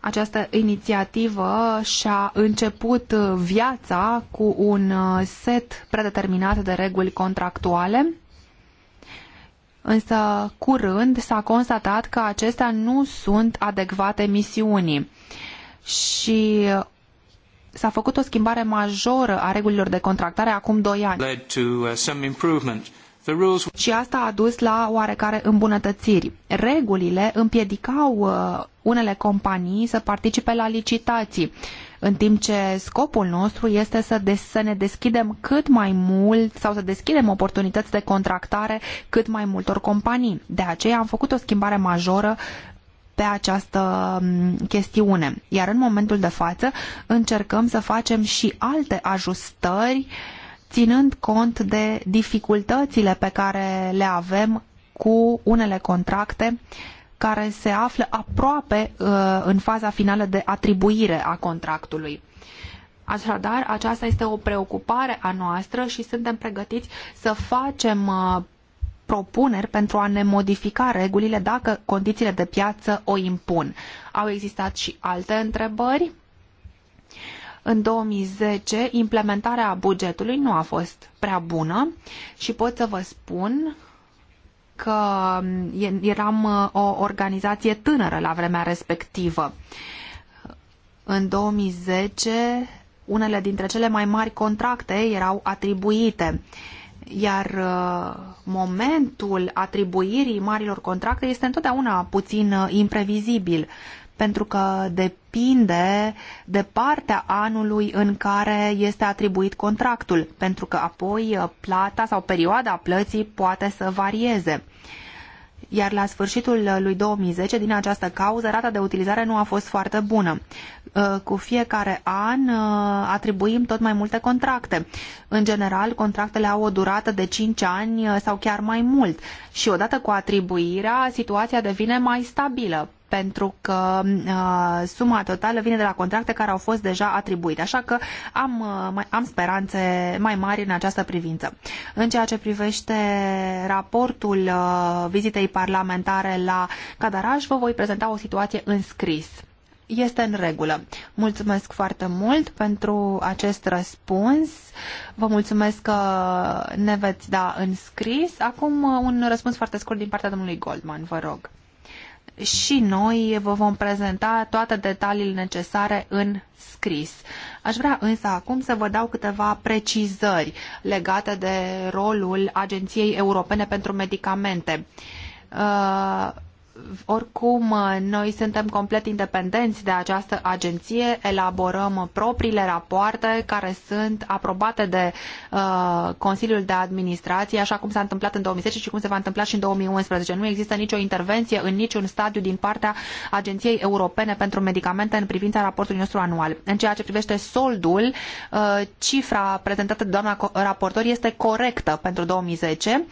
Această inițiativă și-a început viața cu un uh, set predeterminat de reguli contractuale, însă curând s-a constatat că acestea nu sunt adecvate misiunii și uh, s-a făcut o schimbare majoră a regulilor de contractare acum doi ani. Uh, și asta a dus la oarecare îmbunătățiri. Regulile împiedicau uh, unele companii să participe la licitații, în timp ce scopul nostru este să, des, să ne deschidem cât mai mult sau să deschidem oportunități de contractare cât mai multor companii. De aceea am făcut o schimbare majoră pe această um, chestiune. Iar în momentul de față încercăm să facem și alte ajustări uh, ținând cont de dificultățile pe care le avem cu unele contracte care se află aproape uh, în faza finală de atribuire a contractului. Așadar, aceasta este o preocupare a noastră și suntem pregătiți să facem uh, propuneri pentru a ne modifica regulile dacă condițiile de piață o impun. Au existat și alte întrebări în 2010, implementarea bugetului nu a fost prea bună și pot să vă spun că eram uh, o organizație tânără la vremea respectivă. În 2010, unele dintre cele mai mari contracte erau atribuite iar uh, momentul atribuirii marilor contracte este întotdeauna puțin uh, imprevizibil pentru că depinde de partea anului în care este atribuit contractul, pentru că apoi uh, plata sau perioada plății poate să varieze. Iar la sfârșitul uh, lui 2010, din această cauză, rata de utilizare nu a fost foarte bună. Uh, cu fiecare an atribuim tot mai multe contracte. În general, contractele au o durată de 5 ani sau chiar mai mult și odată cu atribuirea, situația devine mai stabilă pentru că uh, suma totală vine de la contracte care au fost deja atribuite, așa că am, uh, am speranțe mai mari în această privință. În ceea ce privește raportul uh, vizitei parlamentare la Cadaraș, vă voi prezenta o situație în scris este în regulă. Mulțumesc foarte mult pentru acest răspuns. Vă mulțumesc că ne veți da în scris. Acum un răspuns foarte scurt din partea domnului Goldman, vă rog și noi vă vom prezenta toate detaliile necesare în scris. Aș vrea însă acum să vă dau câteva precizări legate de rolul Agenției Europene pentru Medicamente. Uh, oricum, noi suntem complet independenți de această agenție, elaborăm propriile rapoarte care sunt aprobate de uh, Consiliul de Administrație, așa cum s-a întâmplat în 2010 și cum se va întâmpla și în 2011. Nu există nicio intervenție în niciun stadiu din partea Agenției Europene pentru Medicamente în privința raportului nostru anual. În ceea ce privește soldul, uh, cifra prezentată de doamna raportor este corectă pentru 2010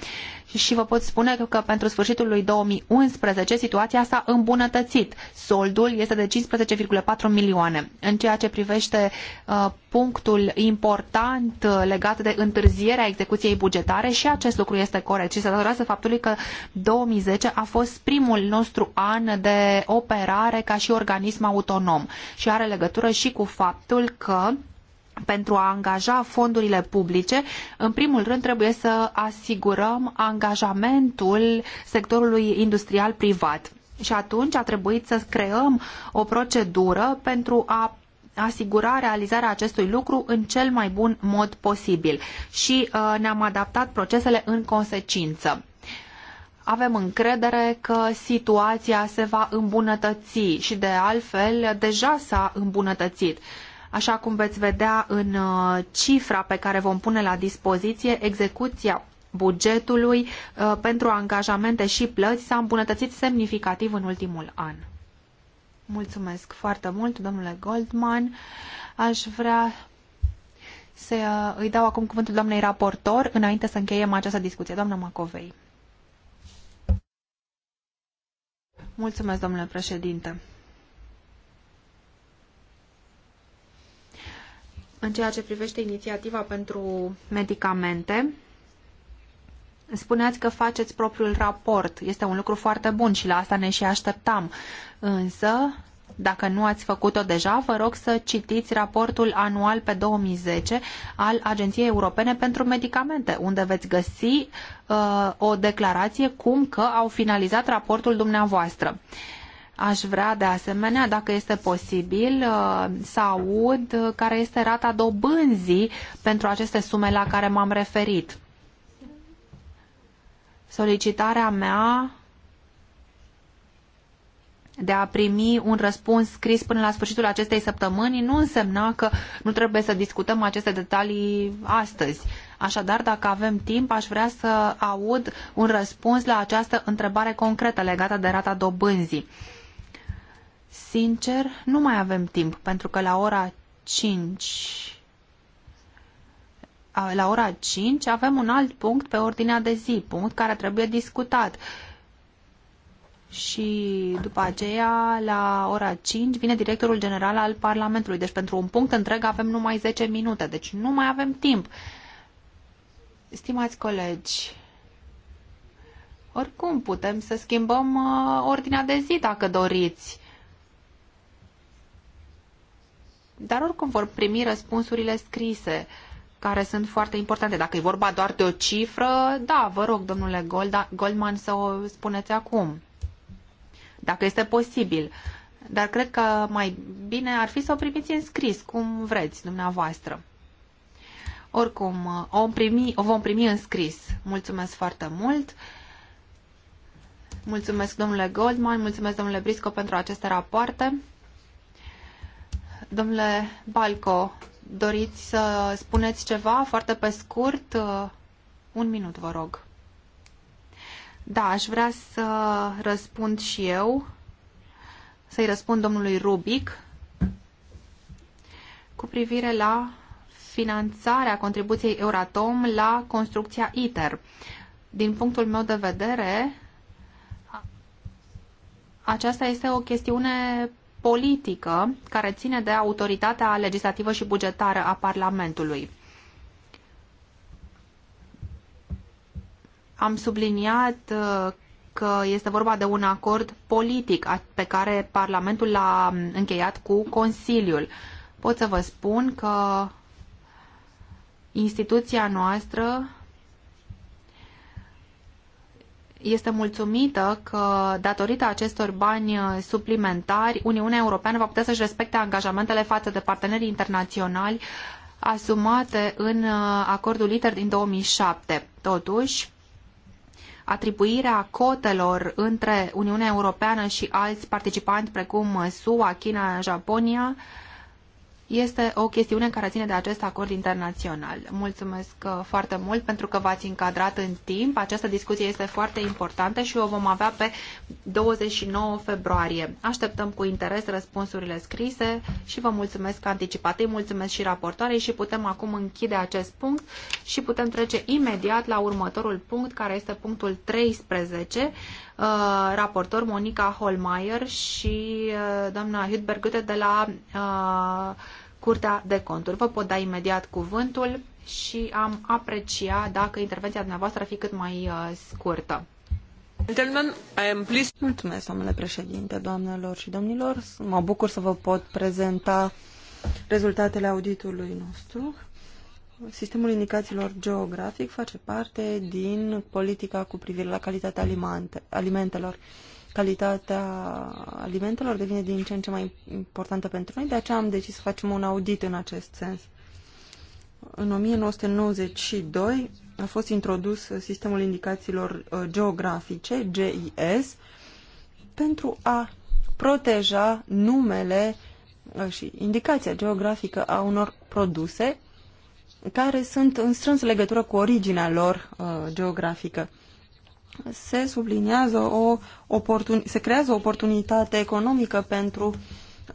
și vă pot spune că pentru sfârșitul lui 2011 situația s-a îmbunătățit. Soldul este de 15,4 milioane. În ceea ce privește uh, punctul important uh, legat de întârzierea execuției bugetare și acest lucru este corect și se datorează faptului că 2010 a fost primul nostru an de operare ca și organism autonom și are legătură și cu faptul că pentru a angaja fondurile publice, în primul rând trebuie să asigurăm angajamentul sectorului industrial privat. Și atunci a trebuit să creăm o procedură pentru a asigura realizarea acestui lucru în cel mai bun mod posibil și uh, ne-am adaptat procesele în consecință. Avem încredere că situația se va îmbunătăți și de altfel deja s-a îmbunătățit. Uh, Așa cum veți vedea în uh, cifra pe care vom pune la dispoziție, execuția bugetului uh, pentru angajamente și plăți s-a îmbunătățit semnificativ în ultimul an. Mulțumesc foarte mult, domnule Goldman. Aș vrea să uh, îi dau acum cuvântul doamnei raportor înainte să încheiem această discuție. Doamna Macovei. Mulțumesc, domnule președinte. În ceea ce privește inițiativa pentru medicamente, spuneați că faceți propriul raport. Este un lucru foarte bun și la asta ne și așteptam. Însă, dacă nu ați făcut-o deja, vă rog să citiți raportul anual pe 2010 al Agenției Europene pentru Medicamente, unde veți găsi uh, o declarație cum că au finalizat raportul dumneavoastră. Uh, Aș vrea de asemenea, dacă este posibil, uh, să aud care este rata dobânzii pentru aceste sume la care m-am referit. Solicitarea mea de a primi un răspuns scris până la sfârșitul acestei săptămâni nu însemna că nu trebuie să discutăm aceste detalii astăzi. Așadar, dacă avem timp, aș vrea să aud un răspuns la această întrebare concretă legată de rata dobânzii. Sincer, nu mai avem timp, pentru că la ora 5 la ora 5 avem un alt punct pe ordinea de zi, punct care trebuie discutat. Și după aceea, la ora 5, vine directorul general al Parlamentului. Deci pentru un punct întreg avem numai 10 minute, deci nu mai avem timp. Stimați colegi, oricum putem să schimbăm uh, ordinea de zi dacă doriți. dar oricum vor primi răspunsurile scrise, care sunt foarte importante. Dacă e vorba doar de o cifră, da, vă rog, domnule Goldman, să o spuneți acum, dacă este posibil. Dar cred că mai bine ar fi să o primiți în scris, cum vreți dumneavoastră. Oricum, o, primi, o vom primi în scris. Mulțumesc foarte mult! Mulțumesc, domnule Goldman, mulțumesc, domnule Brisco, pentru aceste rapoarte. Domnule Balco, doriți să spuneți ceva foarte pe scurt? Un minut, vă rog. Da, aș vrea să răspund și eu, să-i răspund domnului Rubic cu privire la finanțarea contribuției Euratom la construcția ITER. Din punctul meu de vedere, aceasta este o chestiune politică care ține de autoritatea legislativă și bugetară a Parlamentului. Am subliniat uh, că este vorba de un acord politic pe care Parlamentul l-a um, încheiat cu Consiliul. Pot să vă spun că instituția noastră este mulțumită că, datorită acestor bani uh, suplimentari, Uniunea Europeană va putea să-și respecte angajamentele față de partenerii internaționali asumate în uh, acordul ITER din 2007. Totuși, atribuirea cotelor între Uniunea Europeană și alți participanți precum uh, SUA, China, Japonia, uh, este o chestiune care ține de acest acord internațional. Mulțumesc uh, foarte mult pentru că v-ați încadrat în timp. Această discuție este foarte importantă și o vom avea pe 29 februarie. Așteptăm cu interes răspunsurile scrise și vă mulțumesc anticipat. Îi mulțumesc și raportoarei și putem acum închide acest punct și putem trece imediat la următorul punct, care este punctul 13, uh, raportor Monica Holmeier și uh, doamna Hüdberg de la Curtea de Conturi. Vă pot da imediat cuvântul și am aprecia dacă intervenția dumneavoastră ar fi cât mai uh, scurtă. Mulțumesc, domnule președinte, doamnelor și domnilor. Mă bucur să vă pot prezenta rezultatele auditului nostru. Sistemul indicațiilor geografic face parte din politica cu privire la calitatea alimentelor calitatea alimentelor devine din ce în ce mai importantă pentru noi, de aceea am decis să facem un audit în acest sens. În 1992 a fost introdus sistemul indicațiilor uh, geografice, GIS, pentru a proteja numele uh, și indicația geografică a unor produse care sunt în strâns legătură cu originea lor uh, geografică se subliniază o oportun se creează o oportunitate economică pentru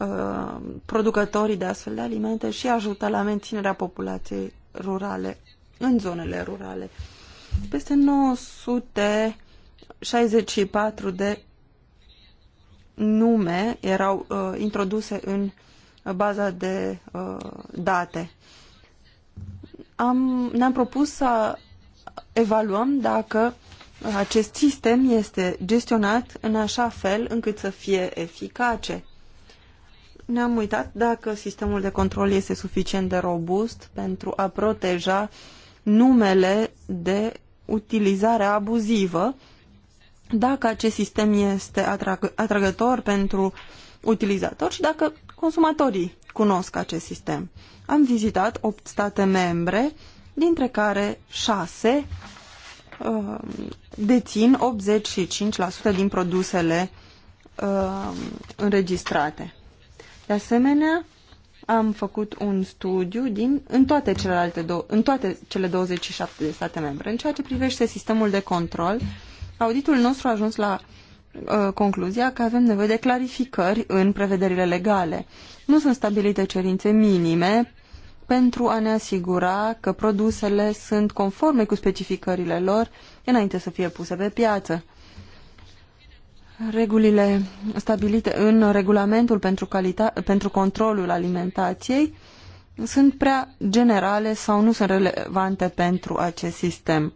uh, producătorii de astfel de alimente și ajută la menținerea populației rurale în zonele rurale. Peste 964 de nume erau uh, introduse în baza de uh, date. Am, ne-am propus să evaluăm dacă acest sistem este gestionat în așa fel încât să fie eficace. Ne-am uitat dacă sistemul de control este suficient de robust pentru a proteja numele de utilizare abuzivă, dacă acest sistem este atrag atragător pentru utilizator și dacă consumatorii cunosc acest sistem. Am vizitat 8 state membre, dintre care 6 uh, dețin 85% din produsele uh, înregistrate. De asemenea, am făcut un studiu din, în, toate celelalte do- în toate cele 27 de state membre. În ceea ce privește sistemul de control, auditul nostru a ajuns la uh, concluzia că avem nevoie de clarificări în prevederile legale. Nu sunt stabilite cerințe minime pentru a ne asigura că produsele sunt conforme cu specificările lor înainte să fie puse pe piață. Regulile stabilite în regulamentul pentru, pentru controlul alimentației sunt prea generale sau nu sunt relevante pentru acest sistem.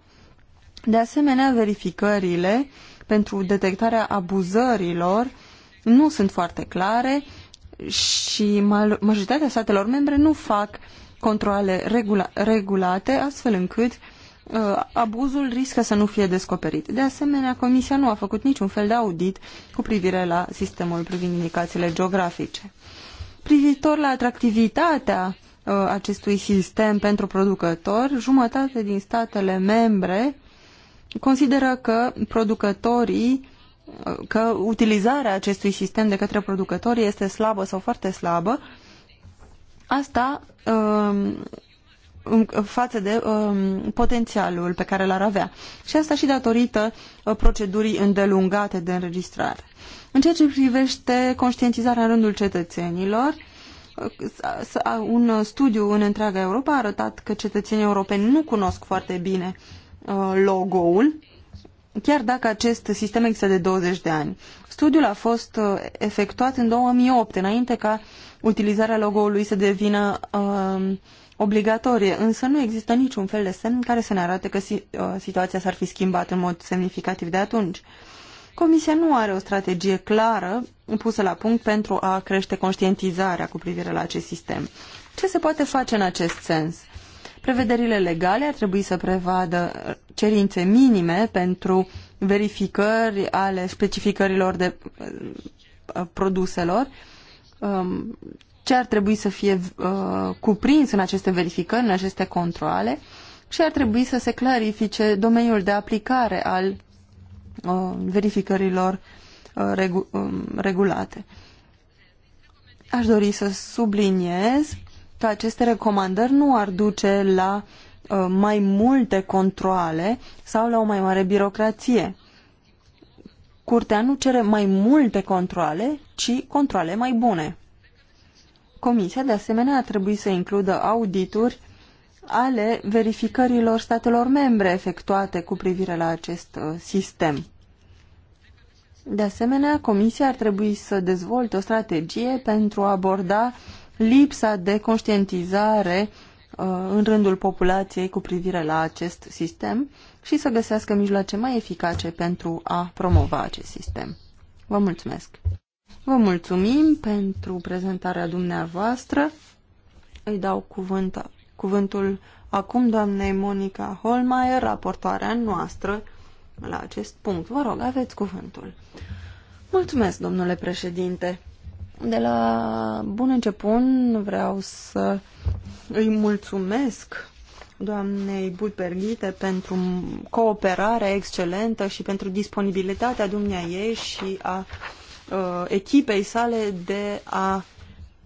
De asemenea, verificările pentru detectarea abuzărilor nu sunt foarte clare și majoritatea statelor membre nu fac controle regula regulate, astfel încât uh, abuzul riscă să nu fie descoperit. De asemenea, Comisia nu a făcut niciun fel de audit cu privire la sistemul privind indicațiile geografice. Privitor la atractivitatea uh, acestui sistem pentru producători, jumătate din statele membre consideră că producătorii că utilizarea acestui sistem de către producători este slabă sau foarte slabă, asta um, în față de um, potențialul pe care l-ar avea. Și asta și datorită uh, procedurii îndelungate de înregistrare. În ceea ce privește conștientizarea în rândul cetățenilor, uh, un studiu în întreaga Europa a arătat că cetățenii europeni nu cunosc foarte bine uh, logo-ul chiar dacă acest sistem există de 20 de ani. Studiul a fost uh, efectuat în 2008, înainte ca utilizarea logo-ului să devină uh, obligatorie, însă nu există niciun fel de semn care să ne arate că si, uh, situația s-ar fi schimbat în mod semnificativ de atunci. Comisia nu are o strategie clară pusă la punct pentru a crește conștientizarea cu privire la acest sistem. Ce se poate face în acest sens? Prevederile legale ar trebui să prevadă cerințe minime pentru verificări ale specificărilor de uh, produselor, um, ce ar trebui să fie uh, cuprins în aceste verificări, în aceste controle și ar trebui să se clarifice domeniul de aplicare al uh, verificărilor regu um, regulate. Aș dori să subliniez că aceste recomandări nu ar duce la uh, mai multe controle sau la o mai mare birocrație. Curtea nu cere mai multe controle, ci controle mai bune. Comisia, de asemenea, ar trebui să includă audituri ale verificărilor statelor membre efectuate cu privire la acest uh, sistem. De asemenea, Comisia ar trebui să dezvolte o strategie pentru a aborda lipsa de conștientizare uh, în rândul populației cu privire la acest sistem și să găsească mijloace mai eficace pentru a promova acest sistem. Vă mulțumesc! Vă mulțumim pentru prezentarea dumneavoastră. Îi dau cuvânt, cuvântul acum doamnei Monica Holmeier, raportoarea noastră la acest punct. Vă rog, aveți cuvântul. Mulțumesc, domnule președinte. De la bun început vreau să îi mulțumesc doamnei Budberghite pentru cooperarea excelentă și pentru disponibilitatea dumnea ei și a uh, echipei sale de a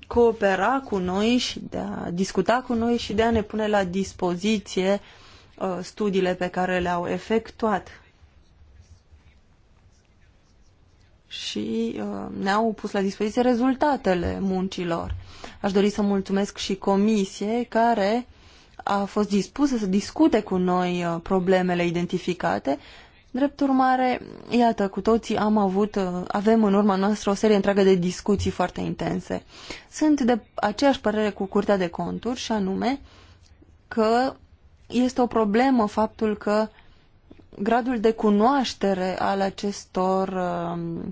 coopera cu noi și de a discuta cu noi și de a ne pune la dispoziție uh, studiile pe care le-au efectuat. și uh, ne-au pus la dispoziție rezultatele muncilor. Aș dori să mulțumesc și comisiei care a fost dispusă să discute cu noi uh, problemele identificate. Drept urmare, iată, cu toții am avut, uh, avem în urma noastră o serie întreagă de discuții foarte intense. Sunt de aceeași părere cu Curtea de Conturi și anume că este o problemă faptul că uh, gradul de cunoaștere al acestor uh,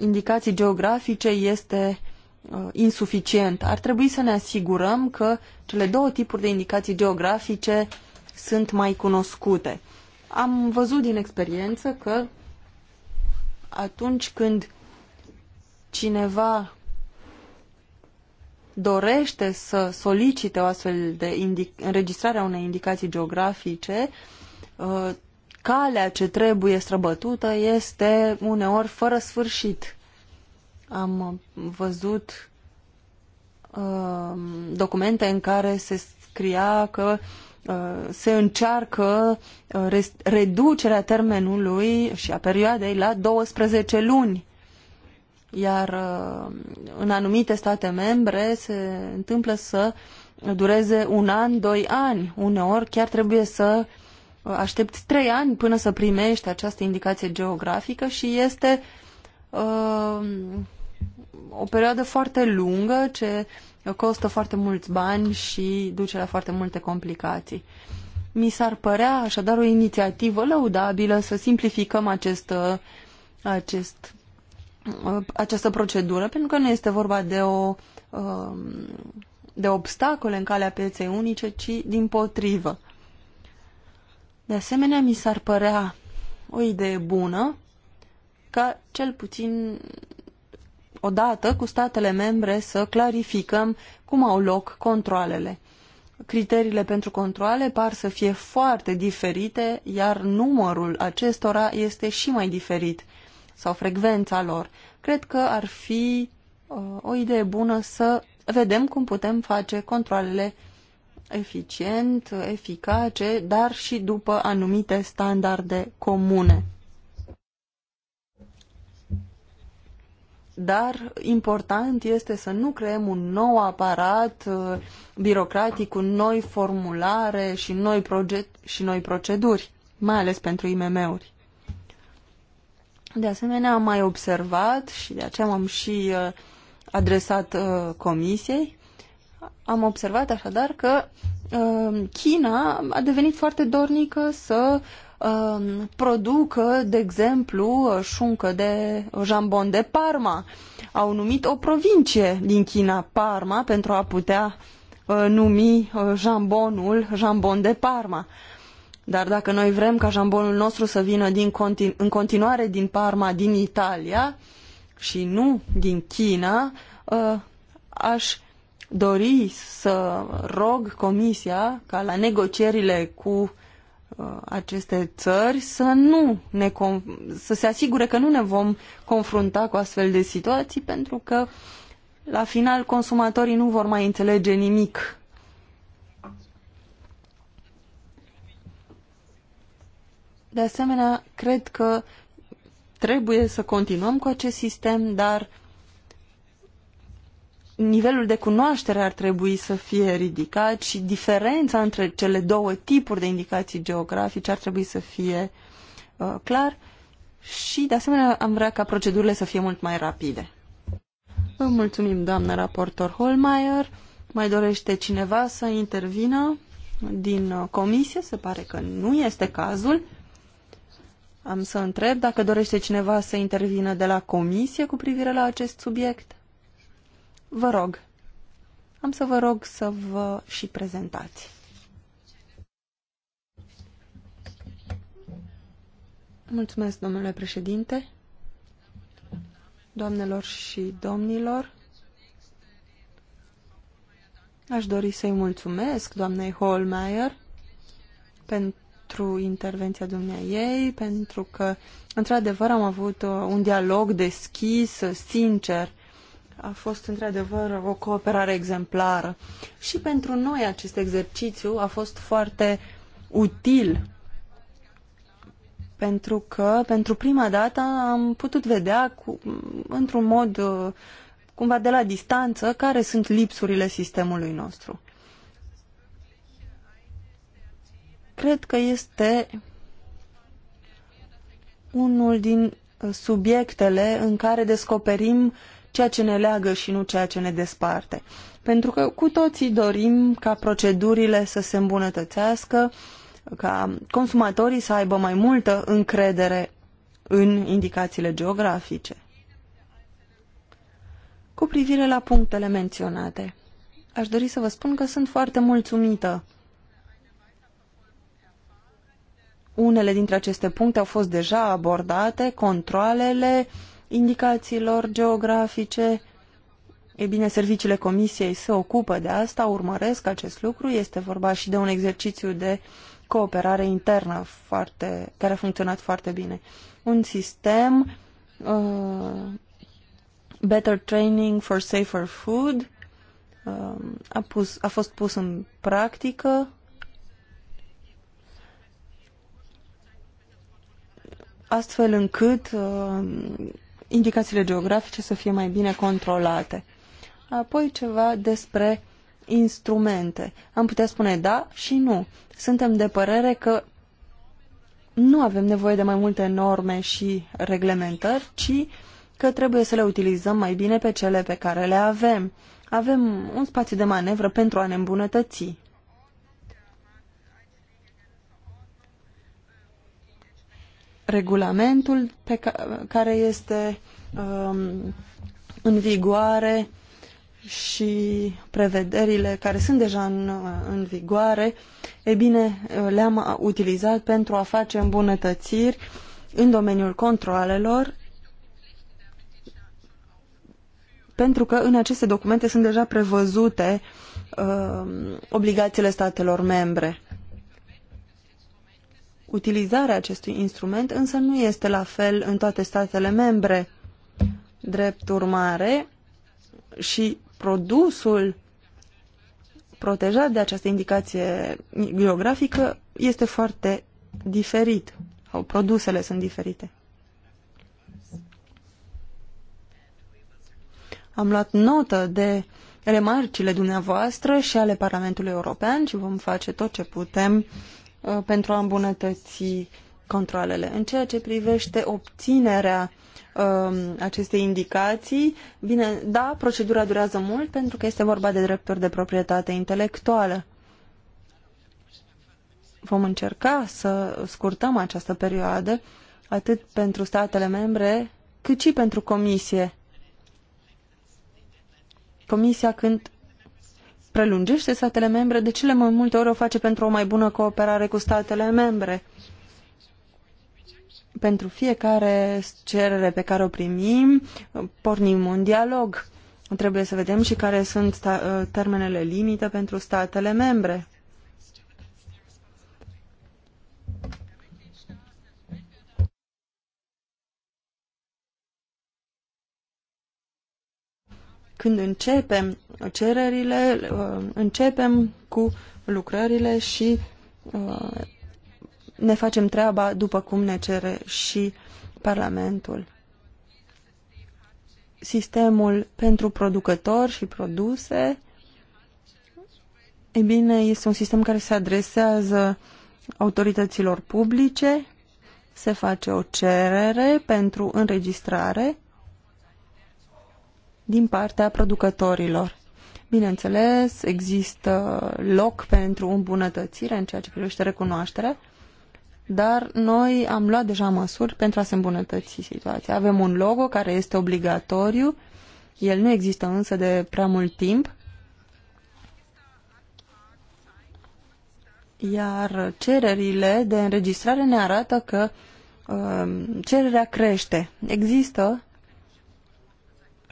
indicații geografice este uh, insuficient. Ar trebui să ne asigurăm că cele două tipuri de indicații geografice sunt mai cunoscute. Am văzut din experiență că atunci când cineva dorește să solicite o astfel de înregistrare a unei indicații geografice, uh, Uh, calea ce trebuie străbătută este uneori fără sfârșit. Am văzut uh, documente în care se scria că uh, se încearcă reducerea termenului și a perioadei la 12 luni. Iar în anumite state membre se întâmplă să dureze un an, doi ani. Uneori chiar trebuie să uh, aștept trei ani până să primești această indicație geografică și este uh, o perioadă foarte lungă ce costă foarte mulți bani și duce la foarte multe complicații. Mi s-ar părea așadar o inițiativă lăudabilă să simplificăm acest, uh, acest, uh, această procedură, pentru că nu este vorba de, o, uh, de obstacole în calea pieței unice, ci din potrivă de asemenea, mi s-ar părea o idee bună ca cel puțin odată cu statele membre să clarificăm cum au loc controlele. Criteriile pentru controle par să fie foarte diferite, iar numărul acestora este și mai diferit, sau frecvența lor. Cred că ar fi uh, o idee bună să vedem cum putem face controlele uh, eficient, eficace, dar și după anumite standarde comune. Dar important este să nu creăm un nou aparat uh, birocratic cu noi formulare și noi, și noi proceduri, mai ales pentru IMM-uri. De asemenea, am mai observat și de aceea am și uh, adresat uh, comisiei am observat așadar că um, China a devenit foarte dornică să um, producă, de exemplu, șuncă de jambon de Parma. Au numit o provincie din China Parma pentru a putea uh, numi uh, jambonul jambon de Parma. Dar dacă noi vrem ca jambonul nostru să vină din continu- în continuare din Parma, din Italia și nu din China, uh, aș dori să rog Comisia ca la negocierile cu uh, aceste țări să nu ne să se asigure că nu ne vom confrunta cu astfel de situații pentru că la final consumatorii nu vor mai înțelege nimic. De asemenea, cred că trebuie să continuăm cu acest sistem, dar nivelul de cunoaștere ar trebui să fie ridicat și diferența între cele două tipuri de indicații geografice ar trebui să fie uh, clar și, de asemenea, am vrea ca procedurile să fie mult mai rapide. Vă mulțumim, doamna raportor Holmeier. Mai dorește cineva să intervină din uh, comisie? Se pare că nu este cazul. Am să întreb dacă dorește cineva să intervină de la comisie cu privire la acest subiect. Vă rog, am să vă rog să vă și prezentați. Mulțumesc, domnule președinte, doamnelor și domnilor. Aș dori să-i mulțumesc doamnei Holmeier pentru intervenția ei, pentru că, într-adevăr, am avut uh, un dialog deschis, sincer, a fost într-adevăr o cooperare exemplară. Și pentru noi acest exercițiu a fost foarte util pentru că pentru prima dată am putut vedea într-un mod uh, cumva de la distanță care sunt lipsurile sistemului nostru. Cred că este unul din uh, subiectele în care descoperim uh, ceea ce ne leagă și nu ceea ce ne desparte. Pentru că cu toții dorim ca procedurile să se îmbunătățească, ca consumatorii să aibă mai multă încredere în indicațiile geografice. Cu privire la punctele menționate, aș dori să vă spun că sunt foarte mulțumită. Unele dintre aceste puncte au fost deja abordate, controlele, uh, indicațiilor geografice. E bine, serviciile comisiei se ocupă de asta, urmăresc acest lucru. Este vorba și de un exercițiu de cooperare internă foarte, care a funcționat foarte bine. Un sistem uh, Better Training for Safer Food uh, a, pus, a fost pus în practică astfel încât uh, indicațiile geografice să fie mai bine controlate. Apoi ceva despre instrumente. Am putea spune da și nu. Suntem de părere că nu avem nevoie de mai multe norme și reglementări, ci că trebuie să le utilizăm mai bine pe cele pe care le avem. Avem un spațiu de manevră pentru a ne îmbunătăți. regulamentul pe ca, care este um, în vigoare și prevederile care sunt deja în, în vigoare, e bine, le-am utilizat pentru a face îmbunătățiri în domeniul controalelor, pentru că în aceste documente sunt deja prevăzute uh, obligațiile statelor membre. Utilizarea acestui instrument însă nu este la fel în toate statele membre. Drept urmare, și produsul protejat de această indicație geografică este foarte diferit, sau produsele sunt diferite. Am luat notă de remarcile dumneavoastră și ale Parlamentului European și vom face tot ce putem uh, Uh, pentru a îmbunătăți controlele. În ceea ce privește obținerea um, acestei indicații, bine, da, procedura durează mult pentru că este vorba de drepturi de proprietate intelectuală. Vom încerca să scurtăm această perioadă atât pentru statele membre cât și pentru comisie. Comisia când prelungește statele membre, de cele mai multe ori o face pentru o mai bună cooperare cu statele membre. Pentru fiecare cerere pe care o primim, pornim un dialog. Trebuie să vedem și care sunt uh, termenele limită pentru statele membre. Când începem cererile, uh, începem cu lucrările și uh, ne facem treaba după cum ne cere și Parlamentul. Sistemul pentru producători și produse, e bine, este un sistem care se adresează autorităților publice, se face o cerere pentru înregistrare din partea producătorilor. Bineînțeles, există loc pentru îmbunătățire în ceea ce privește recunoașterea, dar noi am luat deja măsuri pentru a se îmbunătăți situația. Avem un logo care este obligatoriu, el nu există însă de prea mult timp, iar cererile de înregistrare ne arată că uh, cererea crește. Există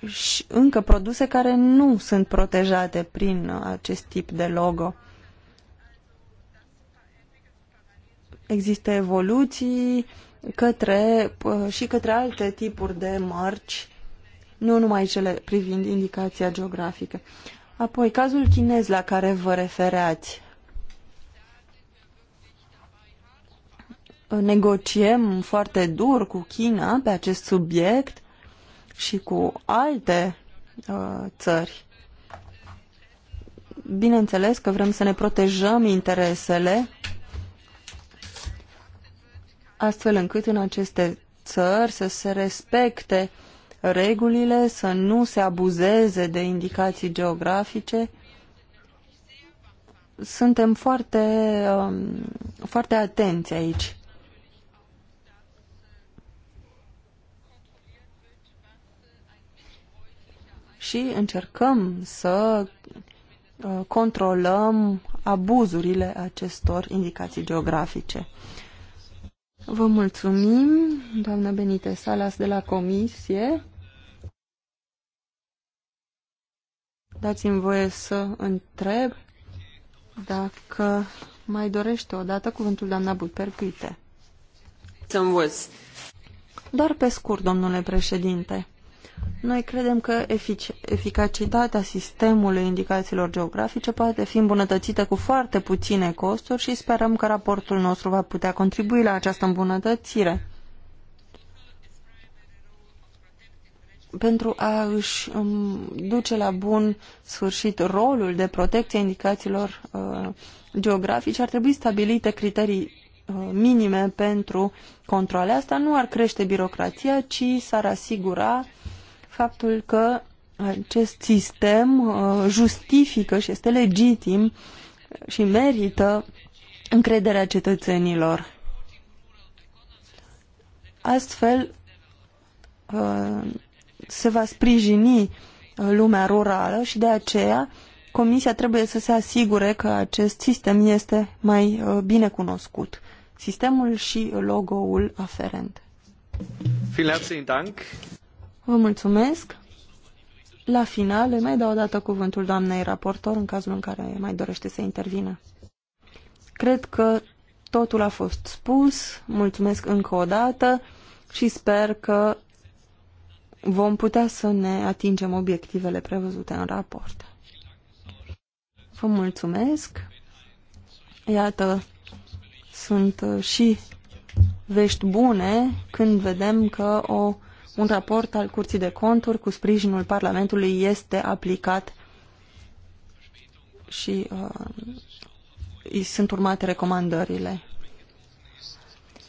și încă produse care nu sunt protejate prin acest tip de logo. Există evoluții către, și către alte tipuri de mărci, nu numai cele privind indicația geografică. Apoi, cazul chinez la care vă refereați. Negociem foarte dur cu China pe acest subiect și cu alte uh, țări. Bineînțeles că vrem să ne protejăm interesele astfel încât în aceste țări să se respecte regulile, să nu se abuzeze de indicații geografice. Suntem foarte, um, foarte atenți aici. și încercăm să uh, controlăm abuzurile acestor indicații geografice. Vă mulțumim, doamna Benite Salas de la Comisie. Dați-mi voie să întreb dacă mai dorește o dată cuvântul doamna Bupercuite. Doar pe scurt, domnule președinte. Noi credem că efic eficacitatea sistemului indicațiilor geografice poate fi îmbunătățită cu foarte puține costuri și sperăm că raportul nostru va putea contribui la această îmbunătățire. pentru a își um, duce la bun sfârșit rolul de protecție a indicațiilor uh, geografice, ar trebui stabilite criterii uh, minime pentru controle. Asta nu ar crește birocrația, ci s-ar asigura uh, faptul că acest sistem uh, justifică și este legitim și merită încrederea cetățenilor. Astfel uh, se va sprijini uh, lumea rurală și de aceea Comisia trebuie să se asigure că acest sistem este mai bine cunoscut. Sistemul și logo-ul aferent. Vielen herzlichen Dank. Vă mulțumesc. La final îi mai dau o dată cuvântul doamnei raportor în cazul în care mai dorește să intervină. Cred că totul a fost spus, mulțumesc încă o dată și sper că vom putea să ne atingem obiectivele prevăzute în raport. Vă mulțumesc. Iată, sunt și vești bune când vedem că o un raport al Curții de Conturi cu sprijinul Parlamentului este aplicat și uh, îi sunt urmate recomandările.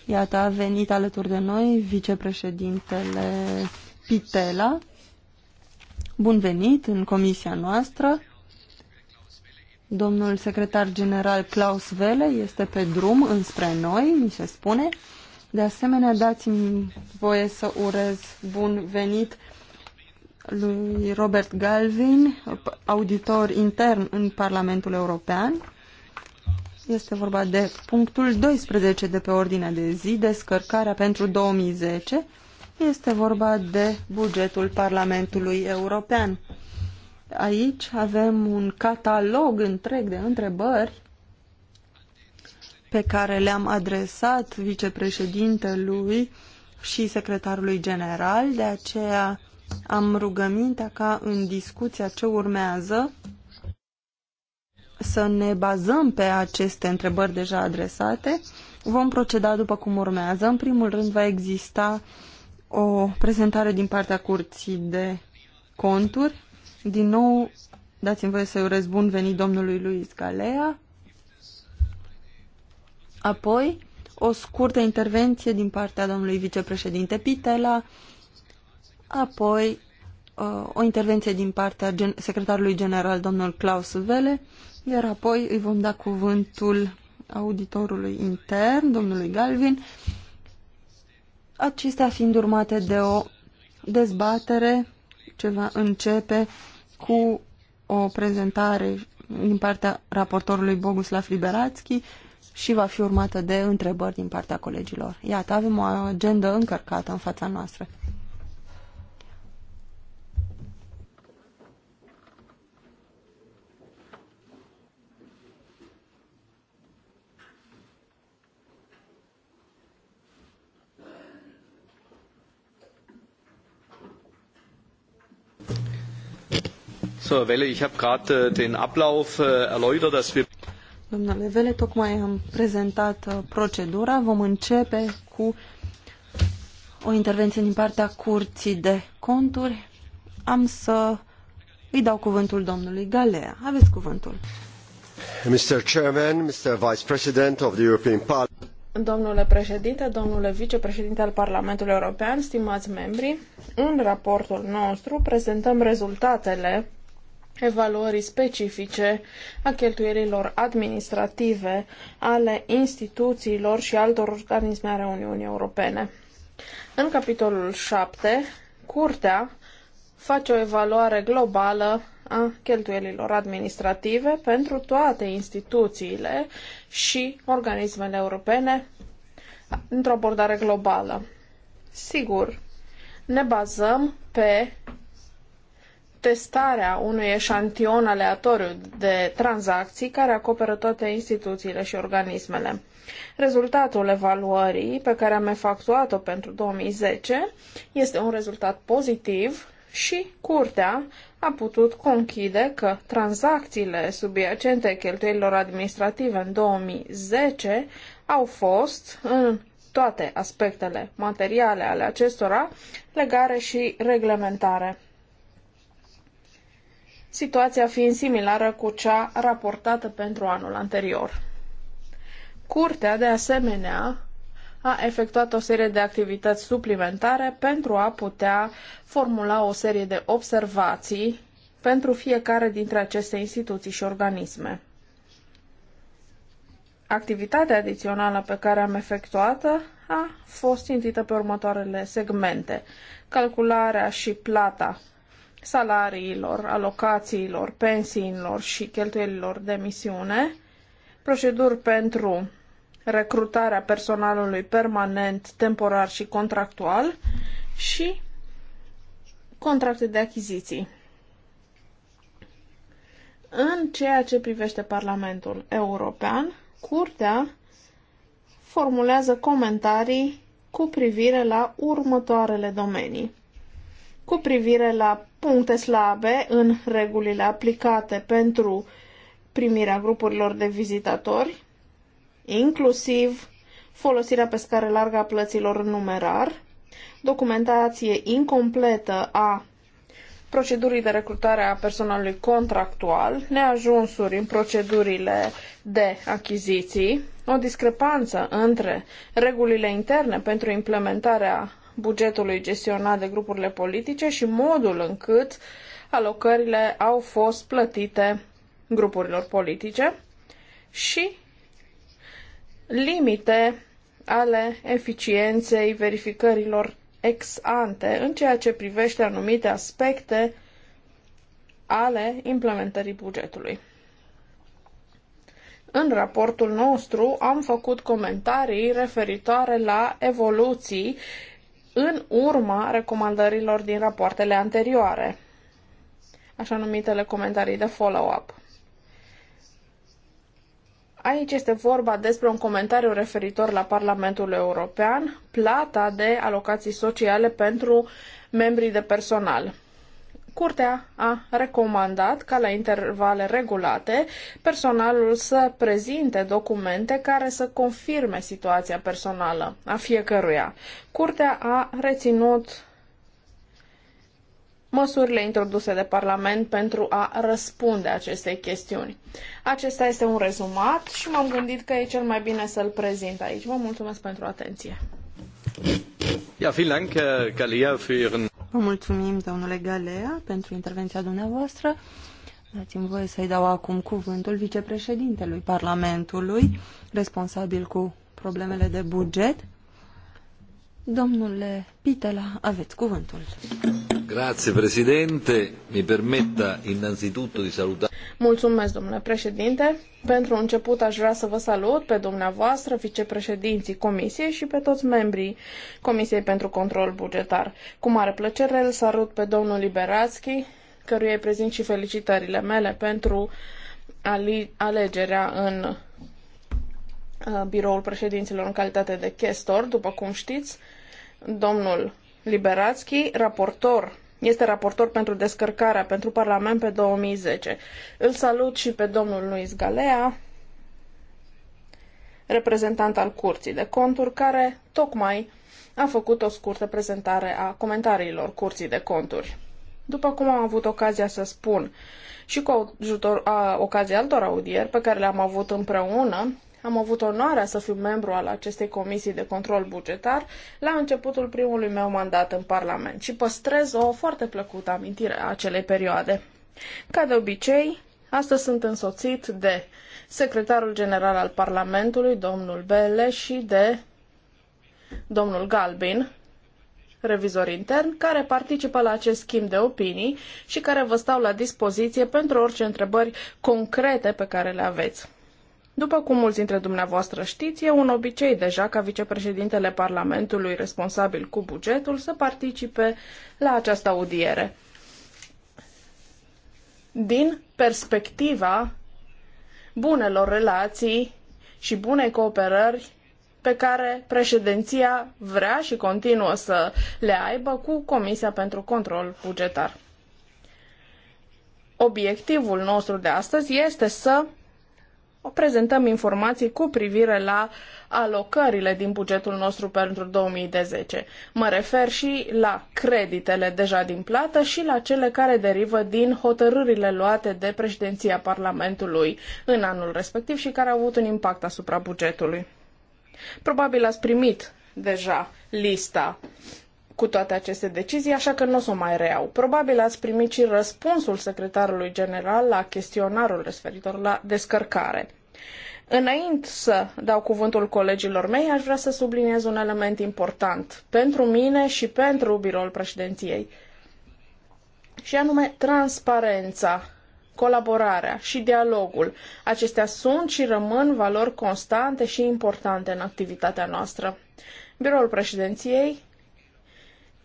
Iată, a venit alături de noi vicepreședintele Pitela. Bun venit în comisia noastră. Domnul secretar general Klaus Vele este pe drum înspre noi, mi se spune. De asemenea, dați-mi voie să urez bun venit lui Robert Galvin, auditor intern în Parlamentul European. Este vorba de punctul 12 de pe ordinea de zi, descărcarea pentru 2010. Este vorba de bugetul Parlamentului European. Aici avem un catalog întreg de întrebări pe care le-am adresat vicepreședintelui și secretarului general, de aceea am rugămintea ca în discuția ce urmează să ne bazăm pe aceste întrebări deja adresate. Vom proceda după cum urmează. În primul rând va exista o prezentare din partea curții de conturi. Din nou, dați-mi voie să-i urez bun venit domnului Luis Galea Apoi, o scurtă intervenție din partea domnului vicepreședinte Pitela, apoi uh, o intervenție din partea secretarului general, domnul Klaus Vele, iar apoi îi vom da cuvântul auditorului intern, domnului Galvin, acestea fiind urmate de o dezbatere ce va începe cu o prezentare din partea raportorului Boguslav Liberațchi și va fi urmată de întrebări din partea colegilor. Iată, avem o agendă încărcată în fața noastră. So, welle ich habe gerade äh, den ablauf äh, erläutert dass wir Domnule Vele, tocmai am prezentat uh, procedura. Vom începe cu o intervenție din partea Curții de Conturi. Am să îi dau cuvântul domnului Galea. Aveți cuvântul. Mr. Chairman, Mr. Vice President of the European Parliament. Domnule președinte, domnule vicepreședinte al Parlamentului European, stimați membri, în raportul nostru prezentăm rezultatele evaluării specifice a cheltuierilor administrative ale instituțiilor și altor organisme ale Uniunii Europene. În capitolul 7, Curtea face o evaluare globală a cheltuielilor administrative pentru toate instituțiile și organismele europene într-o abordare globală. Sigur, ne bazăm pe testarea unui eșantion aleatoriu de tranzacții care acoperă toate instituțiile și organismele. Rezultatul evaluării pe care am efectuat-o pentru 2010 este un rezultat pozitiv și curtea a putut conchide că tranzacțiile subiacente cheltuielilor administrative în 2010 au fost, în toate aspectele materiale ale acestora, legare și reglementare situația fiind similară cu cea raportată pentru anul anterior. Curtea, de asemenea, a efectuat o serie de activități suplimentare pentru a putea formula o serie de observații pentru fiecare dintre aceste instituții și organisme. Activitatea adițională pe care am efectuată a fost țintită pe următoarele segmente. Calcularea și plata salariilor, alocațiilor, pensiilor și cheltuielilor de misiune, proceduri pentru recrutarea personalului permanent, temporar și contractual și contracte de achiziții. În ceea ce privește Parlamentul European, Curtea formulează comentarii cu privire la următoarele domenii. Cu privire la puncte slabe în regulile aplicate pentru primirea grupurilor de vizitatori, inclusiv folosirea pe scară largă a plăților în numerar, documentație incompletă a procedurii de recrutare a personalului contractual, neajunsuri în procedurile de achiziții, o discrepanță între regulile interne pentru implementarea bugetului gestionat de grupurile politice și modul în cât alocările au fost plătite grupurilor politice și limite ale eficienței verificărilor ex ante în ceea ce privește anumite aspecte ale implementării bugetului. În raportul nostru am făcut comentarii referitoare la evoluții în urma recomandărilor din rapoartele anterioare, așa numitele comentarii de follow-up. Aici este vorba despre un comentariu referitor la Parlamentul European, plata de alocații sociale pentru membrii de personal. Curtea a recomandat ca la intervale regulate personalul să prezinte documente care să confirme situația personală a fiecăruia. Curtea a reținut măsurile introduse de Parlament pentru a răspunde acestei chestiuni. Acesta este un rezumat și m-am gândit că e cel mai bine să-l prezint aici. Vă mulțumesc pentru atenție. Ja, vielen Dank, Galea, für Ihren Vă mulțumim, domnule Galea, pentru intervenția dumneavoastră. Dați-mi voie să-i dau acum cuvântul vicepreședintelui Parlamentului, responsabil cu problemele de buget. Domnule Pitela, aveți cuvântul. Grazie Presidente, mi permetta innanzitutto di salutare. Mulțumesc, domnule președinte. Pentru început aș vrea să vă salut pe dumneavoastră, vicepreședinții Comisiei și pe toți membrii Comisiei pentru Control Bugetar. Cu mare plăcere îl salut pe domnul Liberațchi, căruia îi prezint și felicitările mele pentru alegerea în uh, biroul președinților în calitate de chestor, după cum știți. Domnul Liberatski, raportor, este raportor pentru descărcarea pentru Parlament pe 2010. Îl salut și pe domnul Luis Galea, reprezentant al Curții de Conturi, care tocmai a făcut o scurtă prezentare a comentariilor Curții de Conturi. După cum am avut ocazia să spun și cu ajutor, a, ocazia altor audieri pe care le-am avut împreună, am avut onoarea să fiu membru al acestei comisii de control bugetar la începutul primului meu mandat în Parlament și păstrez o foarte plăcută amintire a acelei perioade. Ca de obicei, astăzi sunt însoțit de secretarul general al Parlamentului, domnul Bele, și de domnul Galbin, revizor intern, care participă la acest schimb de opinii și care vă stau la dispoziție pentru orice întrebări concrete pe care le aveți. După cum mulți dintre dumneavoastră știți, e un obicei deja ca vicepreședintele Parlamentului responsabil cu bugetul să participe la această audiere. Din perspectiva bunelor relații și bunei cooperări pe care președinția vrea și continuă să le aibă cu Comisia pentru Control Bugetar. Obiectivul nostru de astăzi este să prezentăm informații cu privire la alocările din bugetul nostru pentru 2010. Mă refer și la creditele deja din plată și la cele care derivă din hotărârile luate de președinția Parlamentului în anul respectiv și care au avut un impact asupra bugetului. Probabil ați primit deja lista cu toate aceste decizii, așa că nu o să o mai reiau. Probabil ați primit și răspunsul secretarului general la chestionarul referitor la descărcare. Înainte să dau cuvântul colegilor mei, aș vrea să subliniez un element important pentru mine și pentru biroul președinției, și anume transparența, colaborarea și dialogul. Acestea sunt și rămân valori constante și importante în activitatea noastră. Biroul președinției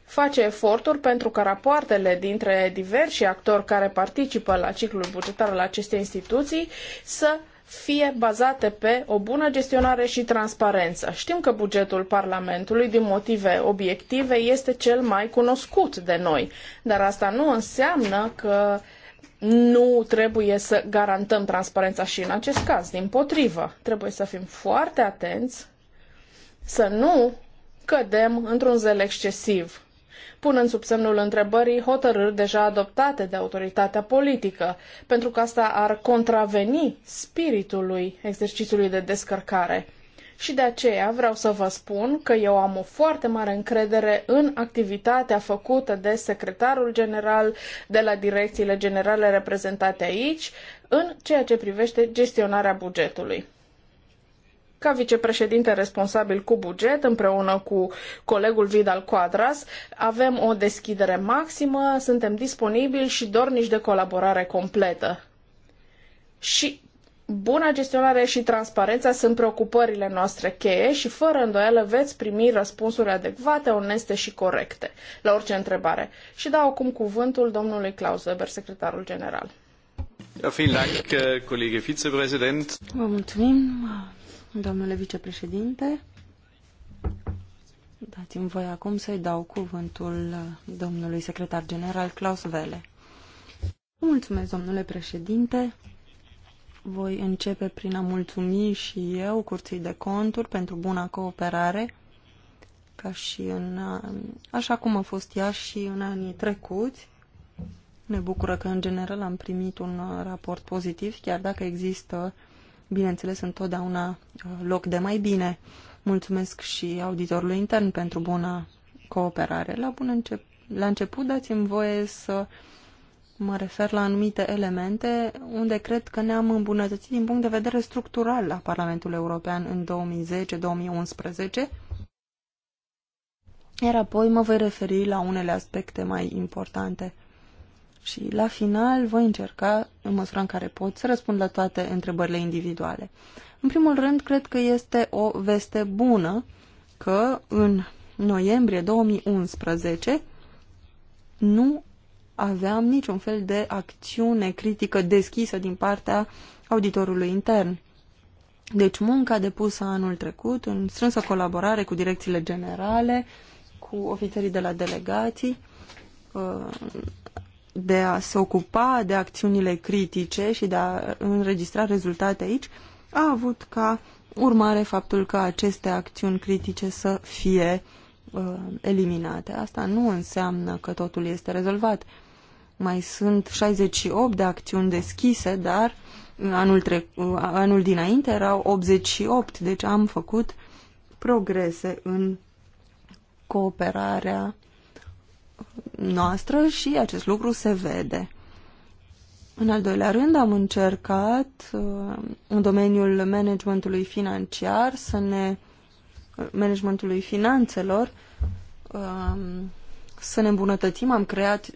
face eforturi pentru ca rapoartele dintre diversi actori care participă la ciclul bugetar al acestei instituții să fie bazate pe o bună gestionare și transparență. Știm că bugetul Parlamentului, din motive obiective, este cel mai cunoscut de noi, dar asta nu înseamnă că nu trebuie să garantăm transparența și în acest caz. Din potrivă, trebuie să fim foarte atenți să nu cădem într-un zel excesiv punând sub semnul întrebării hotărâri deja adoptate de autoritatea politică, pentru că asta ar contraveni spiritului exercițiului de descărcare. Și de aceea vreau să vă spun că eu am o foarte mare încredere în activitatea făcută de secretarul general de la direcțiile generale reprezentate aici în ceea ce privește gestionarea bugetului ca vicepreședinte responsabil cu buget, împreună cu colegul Vidal Quadras, avem o deschidere maximă, suntem disponibili și dornici de colaborare completă. Și Buna gestionare și transparența sunt preocupările noastre cheie și fără îndoială veți primi răspunsuri adecvate, oneste și corecte la orice întrebare. Și dau acum cuvântul domnului Klaus Weber, secretarul general. Ja, vielen Dank, äh, Kollege Vizepräsident. Vă mulțumim, Domnule vicepreședinte, dați-mi voi acum să-i dau cuvântul domnului secretar general Klaus Vele. Mulțumesc, domnule președinte. Voi începe prin a mulțumi și eu Curții de Conturi pentru buna cooperare, ca și în, așa cum a fost ea și în anii trecuți. Ne bucură că, în general, am primit un raport pozitiv, chiar dacă există uh, bineînțeles, întotdeauna uh, loc de mai bine. Mulțumesc și auditorului intern pentru bună cooperare. La, bun încep, la început dați-mi voie să mă refer la anumite elemente unde cred că ne-am îmbunătățit din punct de vedere structural la Parlamentul European în 2010-2011, iar apoi mă voi referi la unele aspecte mai importante. Și la final voi încerca, în măsura în care pot, să răspund la toate întrebările individuale. În primul rând, cred că este o veste bună că în noiembrie 2011 nu aveam niciun fel de acțiune critică deschisă din partea auditorului intern. Deci munca depusă anul trecut, în strânsă colaborare cu direcțiile generale, cu ofițerii de la delegații, uh, de a se ocupa de acțiunile critice și de a înregistra rezultate aici, a avut ca urmare faptul că aceste acțiuni critice să fie uh, eliminate. Asta nu înseamnă că totul este rezolvat. Mai sunt 68 de acțiuni deschise, dar anul, trec, uh, anul dinainte erau 88, deci am făcut progrese în cooperarea noastră și acest lucru se vede. În al doilea rând, am încercat uh, în domeniul managementului financiar să ne uh, managementului finanțelor uh, să ne îmbunătățim. Am creat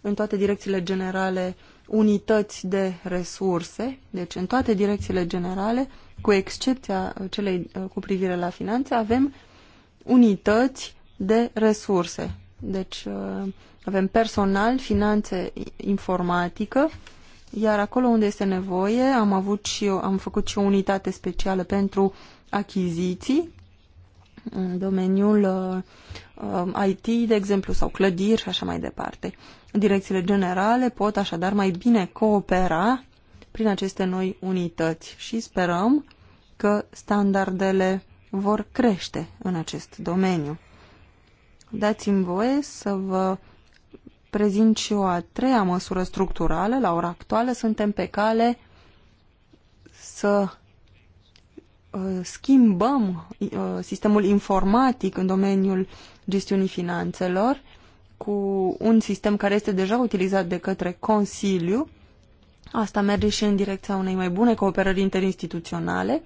în toate direcțiile generale unități de resurse, deci în toate direcțiile generale, cu excepția celei cu privire la finanțe, avem unități de resurse. Deci uh, avem personal, finanțe, informatică, iar acolo unde este nevoie am, avut și eu, am făcut și o unitate specială pentru achiziții în domeniul uh, uh, IT, de exemplu, sau clădiri și așa mai departe. Direcțiile generale pot așadar mai bine coopera prin aceste noi unități și sperăm că standardele vor crește în acest domeniu dați-mi voie să vă prezint și o a treia măsură structurală. La ora actuală suntem pe cale să uh, schimbăm uh, sistemul informatic în domeniul gestiunii finanțelor cu un sistem care este deja utilizat de către Consiliu. Asta merge și în direcția unei mai bune cooperări interinstituționale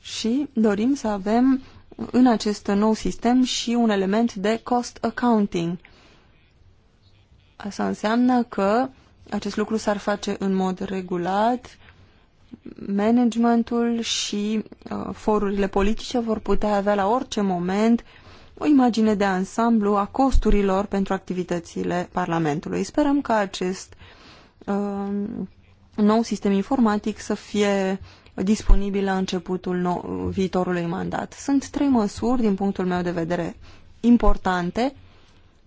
și dorim să avem în acest nou sistem și un element de cost accounting. Asta înseamnă că acest lucru s-ar face în mod regulat, managementul și uh, forurile politice vor putea avea la orice moment o imagine de ansamblu a costurilor pentru activitățile Parlamentului. Sperăm că acest uh, nou sistem informatic să fie disponibilă începutul nou, viitorului mandat. Sunt trei măsuri, din punctul meu de vedere, importante.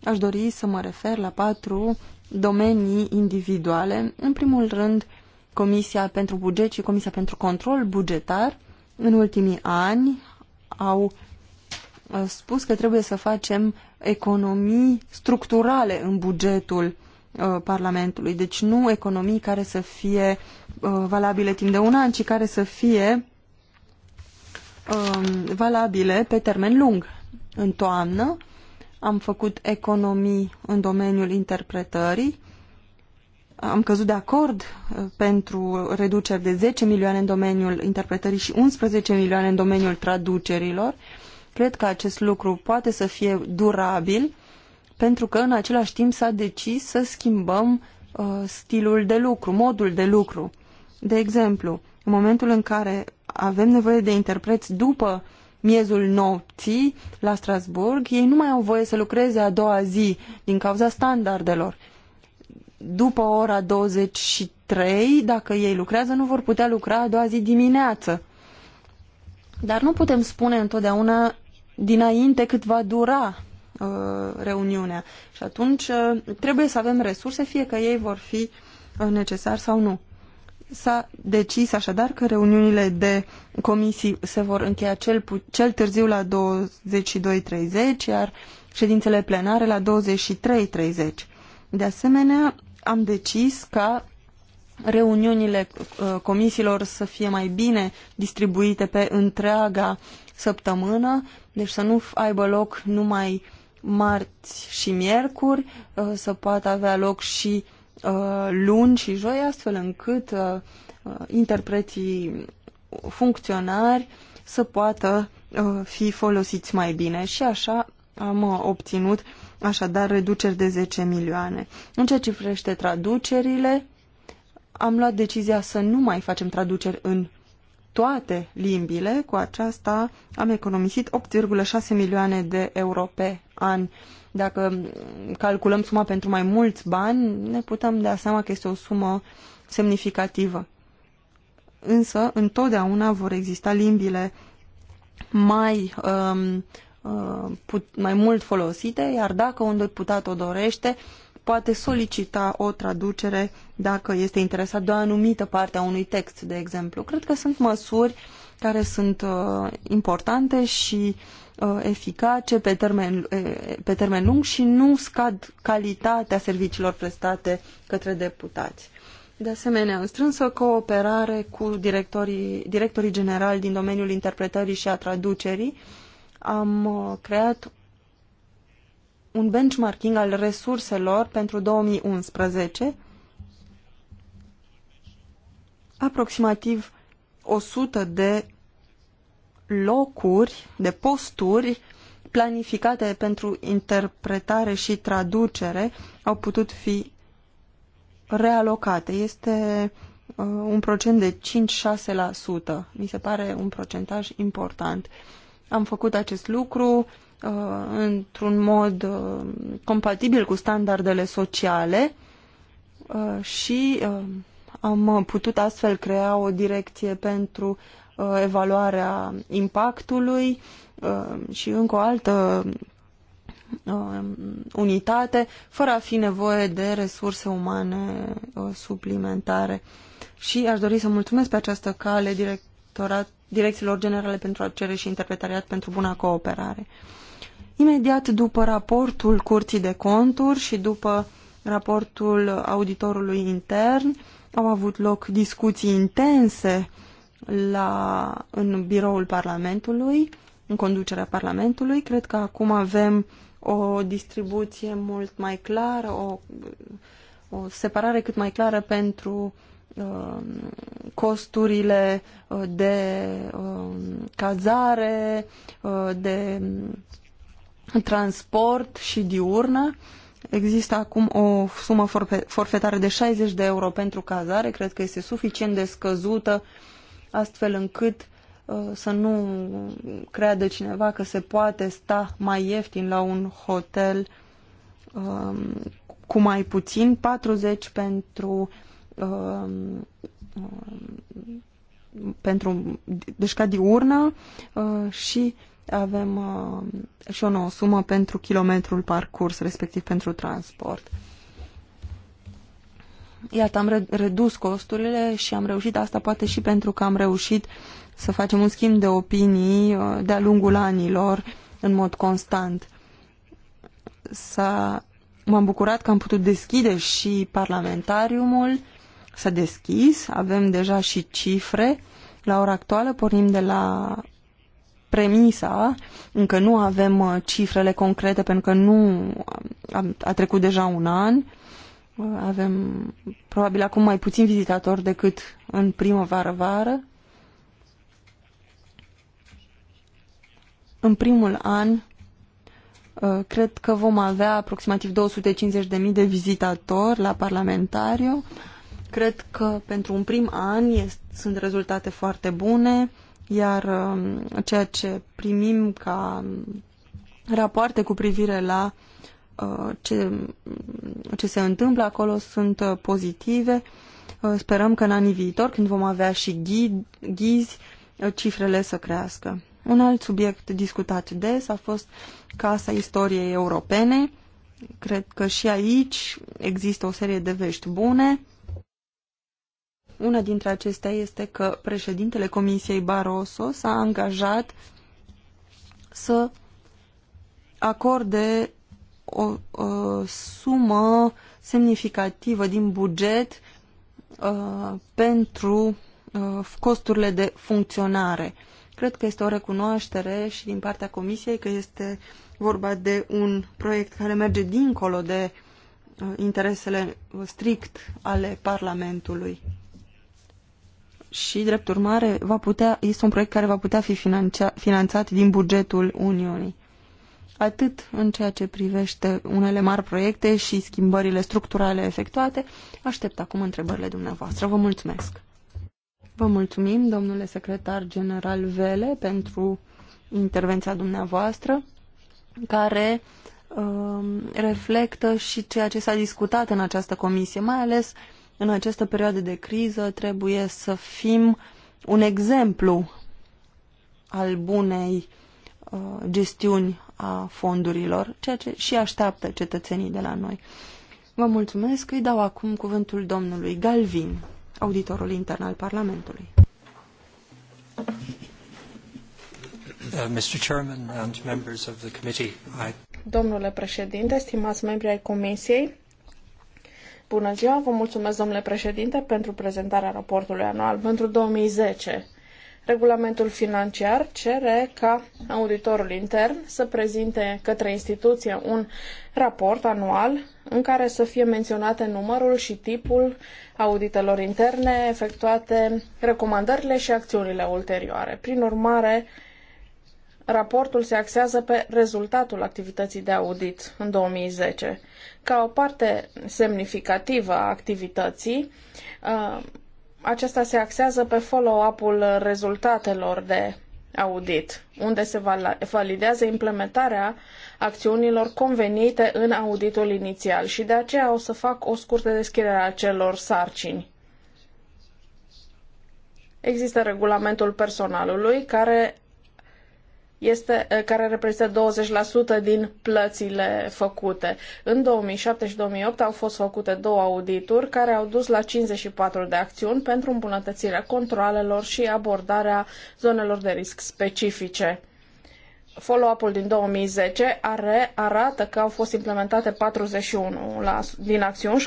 Aș dori să mă refer la patru domenii individuale. În primul rând, Comisia pentru Buget și Comisia pentru Control Bugetar în ultimii ani au uh, spus că trebuie să facem economii structurale în bugetul Uh, Parlamentului. Deci nu economii care să fie uh, valabile timp de un an, ci care să fie um, valabile pe termen lung. În toamnă am făcut economii în domeniul interpretării, am căzut de acord uh, pentru reduceri de 10 milioane în domeniul interpretării și 11 milioane în domeniul traducerilor. Cred că acest lucru poate să fie durabil pentru că în același timp s-a decis să schimbăm uh, stilul de lucru, modul de lucru. De exemplu, în momentul în care avem nevoie de interpreți după miezul nopții la Strasburg, ei nu mai au voie să lucreze a doua zi din cauza standardelor. După ora 23, dacă ei lucrează, nu vor putea lucra a doua zi dimineață. Dar nu putem spune întotdeauna dinainte cât va dura Uh, reuniunea. Și atunci uh, trebuie să avem resurse, fie că ei vor fi uh, necesari sau nu. S-a decis așadar că reuniunile de comisii se vor încheia cel, cel târziu la 22.30, iar ședințele plenare la 23.30. De asemenea, am decis ca reuniunile comisiilor să fie mai bine distribuite pe întreaga săptămână, deci să nu aibă loc numai marți și miercuri, uh, să poată avea loc și uh, luni și joi, astfel încât uh, interpreții funcționari să poată fi folosiți mai bine și așa am obținut așadar reduceri de 10 milioane. În ceea ce privește traducerile, am luat decizia să nu mai facem traduceri în toate limbile. Cu aceasta am economisit 8,6 milioane de euro pe an. Dacă calculăm suma pentru mai mulți bani, ne putem da seama că este o sumă semnificativă. Însă, întotdeauna vor exista limbile mai, um, uh, put, mai mult folosite, iar dacă un deputat o dorește, poate solicita o traducere dacă este interesat de o anumită parte a unui text, de exemplu. Cred că sunt măsuri care sunt uh, importante și uh, eficace pe termen, uh, pe termen lung și nu scad calitatea serviciilor prestate către deputați. De asemenea, în strânsă cooperare cu directorii, directorii generali din domeniul interpretării și a traducerii, am uh, creat un benchmarking al resurselor pentru 2011, aproximativ 100 de locuri, de posturi planificate pentru interpretare și traducere au putut fi realocate. Este uh, un procent de 5-6%. Mi se pare un procentaj important. Am făcut acest lucru Uh, într-un mod uh, compatibil cu standardele sociale uh, și am putut astfel crea o direcție pentru evaluarea impactului și încă o altă unitate, fără a fi nevoie de resurse umane suplimentare. Și aș dori să mulțumesc pe această cale directorat, direcțiilor generale pentru cerere și interpretariat pentru buna cooperare. Imediat după raportul Curții de Conturi și după raportul auditorului intern, au avut loc discuții intense la, în biroul Parlamentului, în conducerea Parlamentului. Cred că acum avem o distribuție mult mai clară, o, o separare cât mai clară pentru um, costurile uh, de um, cazare, uh, de transport și diurnă. Există acum o sumă forfetară de 60 de euro pentru cazare. Cred că este suficient de scăzută astfel încât uh, să nu creadă cineva că se poate sta mai ieftin la un hotel um, cu mai puțin, 40 pentru um, um, pentru deci ca diurnă uh, și avem uh, și o nouă sumă pentru kilometrul parcurs, respectiv pentru transport. Iată, am redus costurile și am reușit asta poate și pentru că am reușit să facem un schimb de opinii uh, de-a lungul anilor în mod constant. M-am bucurat că am putut deschide și parlamentariumul, s-a deschis, avem deja și cifre. La ora actuală pornim de la premisa, încă nu avem uh, cifrele concrete pentru că nu uh, a, a trecut deja un an, uh, avem probabil acum mai puțin vizitatori decât în primăvară-vară. În primul an cred că vom avea aproximativ 250.000 de vizitatori la parlamentariu. Cred că pentru un prim an este, sunt rezultate foarte bune iar um, ceea ce primim ca rapoarte cu privire la uh, ce, ce se întâmplă acolo sunt uh, pozitive. Uh, sperăm că în anii viitor, când vom avea și ghizi, cifrele să crească. Un alt subiect discutat des a fost Casa Istoriei Europene. Cred că și aici există o serie de vești bune una dintre acestea este că președintele Comisiei Barroso s-a angajat să acorde o, o sumă semnificativă din buget uh, pentru uh, costurile de funcționare. Cred că este o recunoaștere și din partea Comisiei că este vorba de un proiect care merge dincolo de uh, interesele strict ale Parlamentului și, drept urmare, va putea, este un proiect care va putea fi financia, finanțat din bugetul Uniunii. Atât în ceea ce privește unele mari proiecte și schimbările structurale efectuate, aștept acum întrebările dumneavoastră. Vă mulțumesc! Vă mulțumim, domnule secretar general Vele, pentru intervenția dumneavoastră, care uh, reflectă și ceea ce s-a discutat în această comisie, mai ales uh, în această perioadă de criză trebuie să fim un exemplu al bunei uh, gestiuni a fondurilor, ceea ce și așteaptă cetățenii de la noi. Vă mulțumesc, îi dau acum cuvântul domnului Galvin, auditorul intern al Parlamentului. Uh, Mr. Chairman and members of the committee, I... Domnule președinte, stimați membri ai Comisiei, Bună ziua, vă mulțumesc, domnule președinte, pentru prezentarea raportului anual pentru 2010. Regulamentul financiar cere ca auditorul intern să prezinte către instituție un raport anual în care să fie menționate numărul și tipul auditelor interne efectuate, recomandările și acțiunile ulterioare. Prin urmare, Raportul se axează pe rezultatul activității de audit în 2010. Ca o parte semnificativă a activității, uh, acesta se axează pe follow-up-ul rezultatelor de audit, unde se validează implementarea acțiunilor convenite în auditul inițial și de aceea o să fac o scurtă descriere a celor sarcini. Există regulamentul personalului care este, eh, care reprezintă 20% din plățile făcute. În 2007 și 2008 au fost făcute două audituri care au dus la 54 de acțiuni pentru îmbunătățirea controalelor și abordarea zonelor de risc specifice. Follow-up-ul din 2010 are, arată că au fost implementate 41 la, din acțiuni,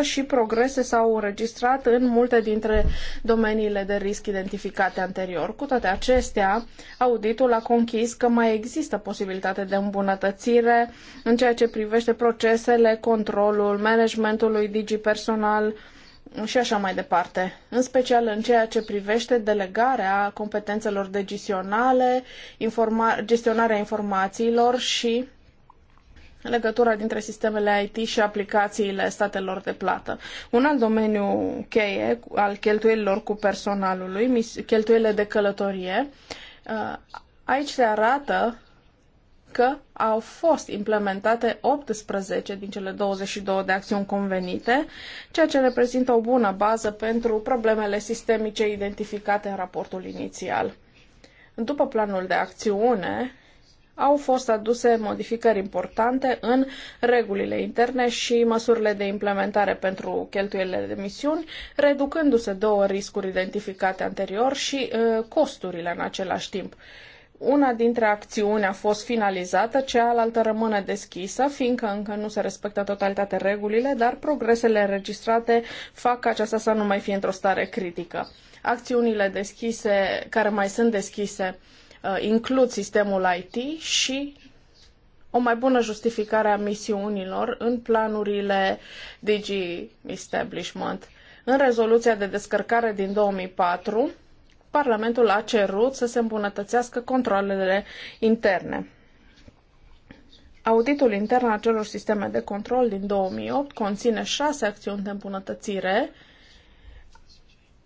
76% și progrese s-au înregistrat în multe dintre domeniile de risc identificate anterior. Cu toate acestea, auditul a conchis că mai există posibilitate de îmbunătățire în ceea ce privește procesele, controlul, managementul lui digipersonal, personal și așa mai departe, în special în ceea ce privește delegarea competențelor de informa- gestionarea informațiilor și legătura dintre sistemele IT și aplicațiile statelor de plată. Un alt domeniu cheie al cheltuielilor cu personalului, cheltuielile de călătorie, uh, aici se arată că au fost implementate 18 din cele 22 de acțiuni convenite, ceea ce reprezintă o bună bază pentru problemele sistemice identificate în raportul inițial. După planul de acțiune, au fost aduse modificări importante în regulile interne și măsurile de implementare pentru cheltuielile de misiuni, reducându-se două riscuri identificate anterior și uh, costurile în același timp. Una dintre acțiuni a fost finalizată, cealaltă rămâne deschisă, fiindcă încă nu se respectă totalitatea regulile, dar progresele înregistrate fac ca aceasta să nu mai fie într-o stare critică. Acțiunile deschise, care mai sunt deschise, uh, includ sistemul IT și o mai bună justificare a misiunilor în planurile Digi Establishment. În rezoluția de descărcare din 2004, Parlamentul a cerut să se îmbunătățească controlele interne. Auditul intern al celor sisteme de control din 2008 conține șase acțiuni de îmbunătățire.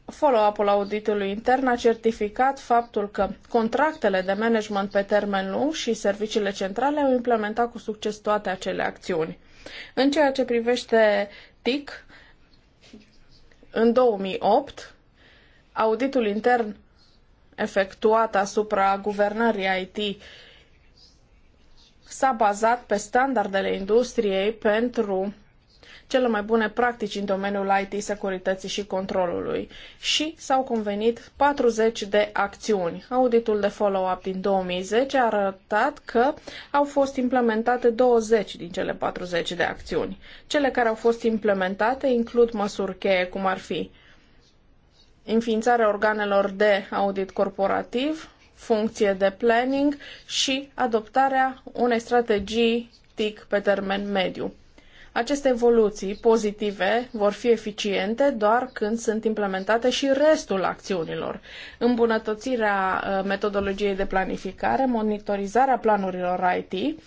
Follow-up-ul auditului intern a certificat faptul că contractele de management pe termen lung și serviciile centrale au implementat cu succes toate acele acțiuni. În ceea ce privește TIC, în 2008, auditul intern efectuat asupra guvernării IT s-a bazat pe standardele industriei pentru cele mai bune practici în domeniul IT, securității și controlului și s-au convenit 40 de acțiuni. Auditul de follow-up din 2010 a arătat că au fost implementate 20 din cele 40 de acțiuni. Cele care au fost implementate includ măsuri cheie, cum ar fi înființarea organelor de audit corporativ, funcție de planning și adoptarea unei strategii TIC pe termen mediu. Aceste evoluții pozitive vor fi eficiente doar când sunt implementate și restul acțiunilor. Îmbunătățirea uh, metodologiei de planificare, monitorizarea planurilor IT,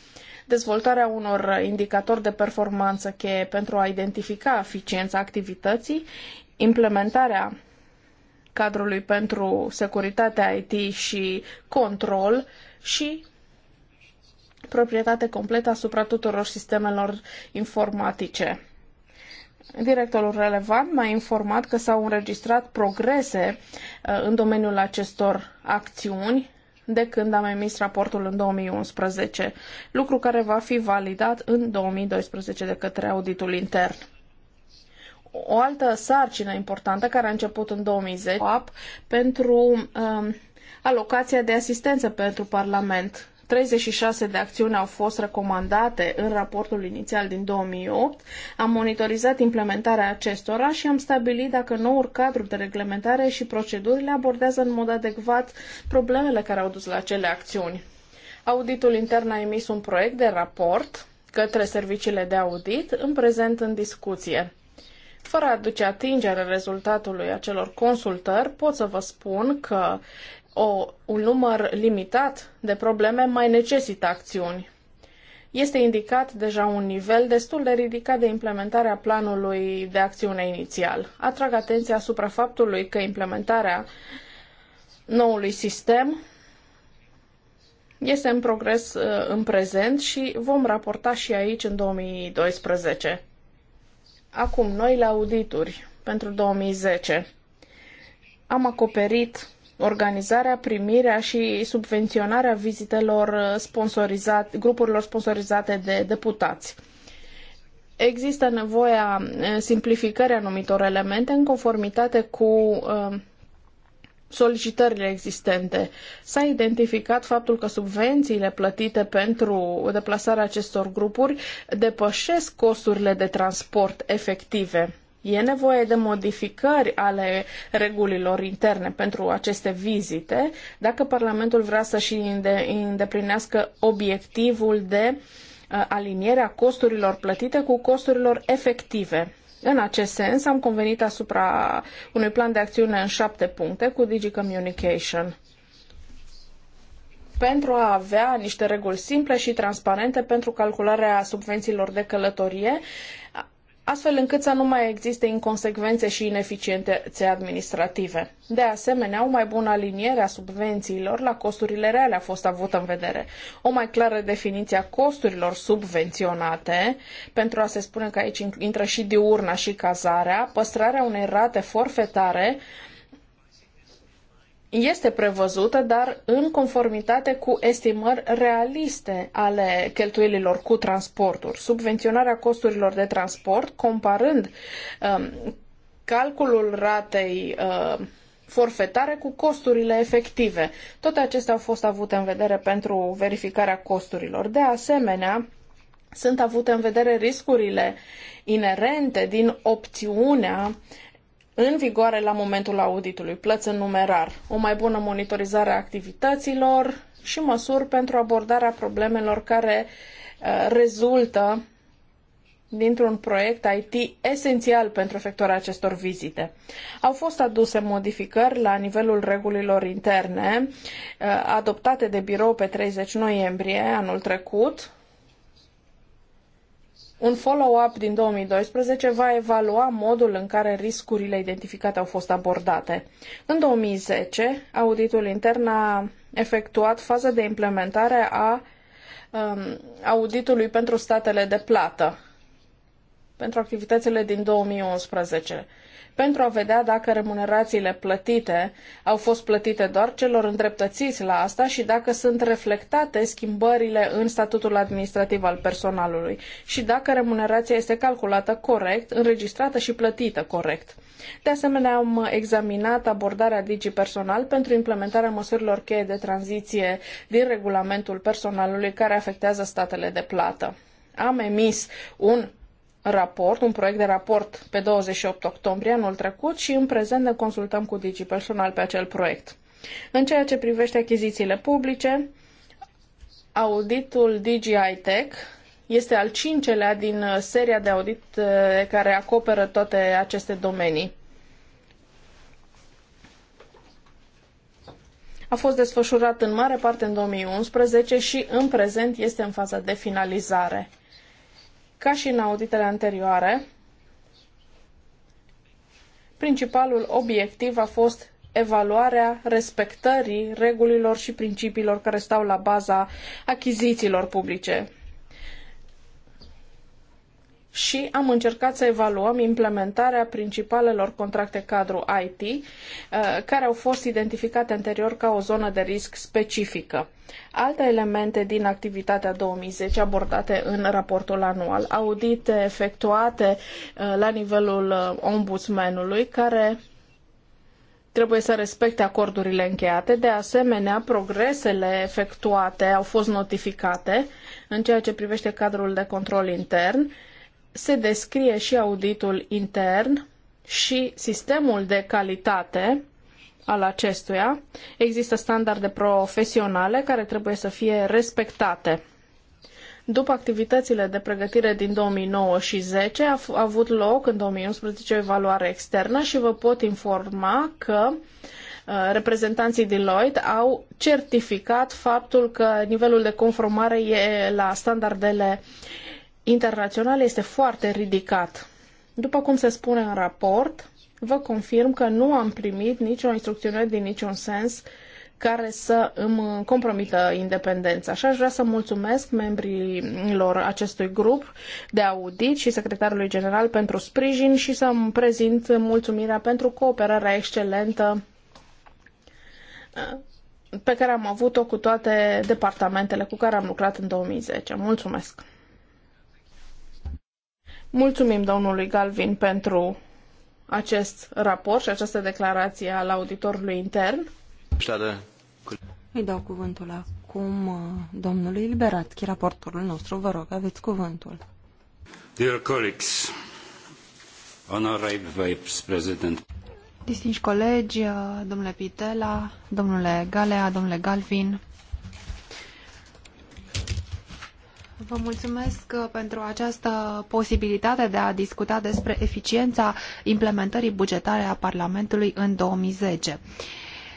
dezvoltarea unor indicatori de performanță cheie pentru a identifica eficiența activității, implementarea cadrului pentru securitatea IT și control și proprietate completă asupra tuturor sistemelor informatice. Directorul relevant m-a informat că s-au înregistrat progrese uh, în domeniul acestor acțiuni de când am emis raportul în 2011, lucru care va fi validat în 2012 de către auditul intern o altă sarcină importantă care a început în 2010 UAP, pentru um, alocația de asistență pentru Parlament. 36 de acțiuni au fost recomandate în raportul inițial din 2008. Am monitorizat implementarea acestora și am stabilit dacă noul cadru de reglementare și procedurile abordează în mod adecvat problemele care au dus la acele acțiuni. Auditul intern a emis un proiect de raport către serviciile de audit, în prezent în discuție. Fără a duce atingere rezultatului acelor consultări, pot să vă spun că o, un număr limitat de probleme mai necesită acțiuni. Este indicat deja un nivel destul de ridicat de implementare a planului de acțiune inițial. Atrag atenția asupra faptului că implementarea noului sistem este în progres uh, în prezent și vom raporta și aici în 2012. Acum, noi la audituri pentru 2010 am acoperit organizarea, primirea și subvenționarea vizitelor sponsorizate, grupurilor sponsorizate de deputați. Există nevoia eh, simplificării anumitor elemente în conformitate cu uh, solicitările existente. S-a identificat faptul că subvențiile plătite pentru deplasarea acestor grupuri depășesc costurile de transport efective. E nevoie de modificări ale regulilor interne pentru aceste vizite dacă Parlamentul vrea să-și îndeplinească obiectivul de uh, alinierea costurilor plătite cu costurilor efective. În acest sens, am convenit asupra unui plan de acțiune în șapte puncte cu Digi Communication pentru a avea niște reguli simple și transparente pentru calcularea subvențiilor de călătorie, astfel încât să nu mai existe inconsecvențe și ineficiențe administrative. De asemenea, o mai bună aliniere a subvențiilor la costurile reale a fost avută în vedere. O mai clară definiție a costurilor subvenționate, pentru a se spune că aici intră și diurna și cazarea, păstrarea unei rate forfetare este prevăzută, dar în conformitate cu estimări realiste ale cheltuielilor cu transporturi. Subvenționarea costurilor de transport, comparând um, calculul ratei uh, forfetare cu costurile efective. Toate acestea au fost avute în vedere pentru verificarea costurilor. De asemenea, sunt avute în vedere riscurile inerente din opțiunea în vigoare la momentul auditului, plăți în numerar, o mai bună monitorizare a activităților și măsuri pentru abordarea problemelor care uh, rezultă dintr-un proiect IT esențial pentru efectuarea acestor vizite. Au fost aduse modificări la nivelul regulilor interne uh, adoptate de birou pe 30 noiembrie anul trecut, un follow-up din 2012 va evalua modul în care riscurile identificate au fost abordate. În 2010, auditul intern a efectuat faza de implementare a um, auditului pentru statele de plată pentru activitățile din 2011 pentru a vedea dacă remunerațiile plătite au fost plătite doar celor îndreptățiți la asta și dacă sunt reflectate schimbările în statutul administrativ al personalului și dacă remunerația este calculată corect, înregistrată și plătită corect. De asemenea, am examinat abordarea digipersonal pentru implementarea măsurilor cheie de tranziție din regulamentul personalului care afectează statele de plată. Am emis un raport, un proiect de raport pe 28 octombrie anul trecut și în prezent ne consultăm cu Digi personal pe acel proiect. În ceea ce privește achizițiile publice, auditul DGI Tech este al cincelea din seria de audit eh, care acoperă toate aceste domenii. A fost desfășurat în mare parte în 2011 și în prezent este în faza de finalizare. Ca și în auditele anterioare, principalul obiectiv a fost evaluarea respectării regulilor și principiilor care stau la baza achizițiilor publice și am încercat să evaluăm implementarea principalelor contracte cadru IT uh, care au fost identificate anterior ca o zonă de risc specifică. Alte elemente din activitatea 2010 abordate în raportul anual, audite efectuate uh, la nivelul uh, ombudsmanului care trebuie să respecte acordurile încheiate. De asemenea, progresele efectuate au fost notificate în ceea ce privește cadrul de control intern se descrie și auditul intern și sistemul de calitate al acestuia. Există standarde profesionale care trebuie să fie respectate. După activitățile de pregătire din 2009 și 10, a, a avut loc în 2011 o evaluare externă și vă pot informa că uh, reprezentanții Deloitte au certificat faptul că nivelul de conformare e la standardele Internațional este foarte ridicat. După cum se spune în raport, vă confirm că nu am primit nicio instrucțiune din niciun sens care să îmi compromită independența. Și aș vrea să mulțumesc membrilor acestui grup de audit și secretarului general pentru sprijin și să îmi prezint mulțumirea pentru cooperarea excelentă uh, pe care am avut-o cu toate departamentele cu care am lucrat în 2010. Mulțumesc! Mulțumim domnului Galvin pentru acest raport și această declarație al auditorului intern. Îi dau cuvântul acum uh, domnului Liberatski, raportorul nostru. Vă rog, aveți cuvântul. Dear colleagues, honorable President. Distinși colegi, uh, domnule Pitela, domnule Galea, domnule Galvin, Vă mulțumesc uh, pentru această posibilitate de a discuta despre eficiența implementării bugetare a Parlamentului în 2010.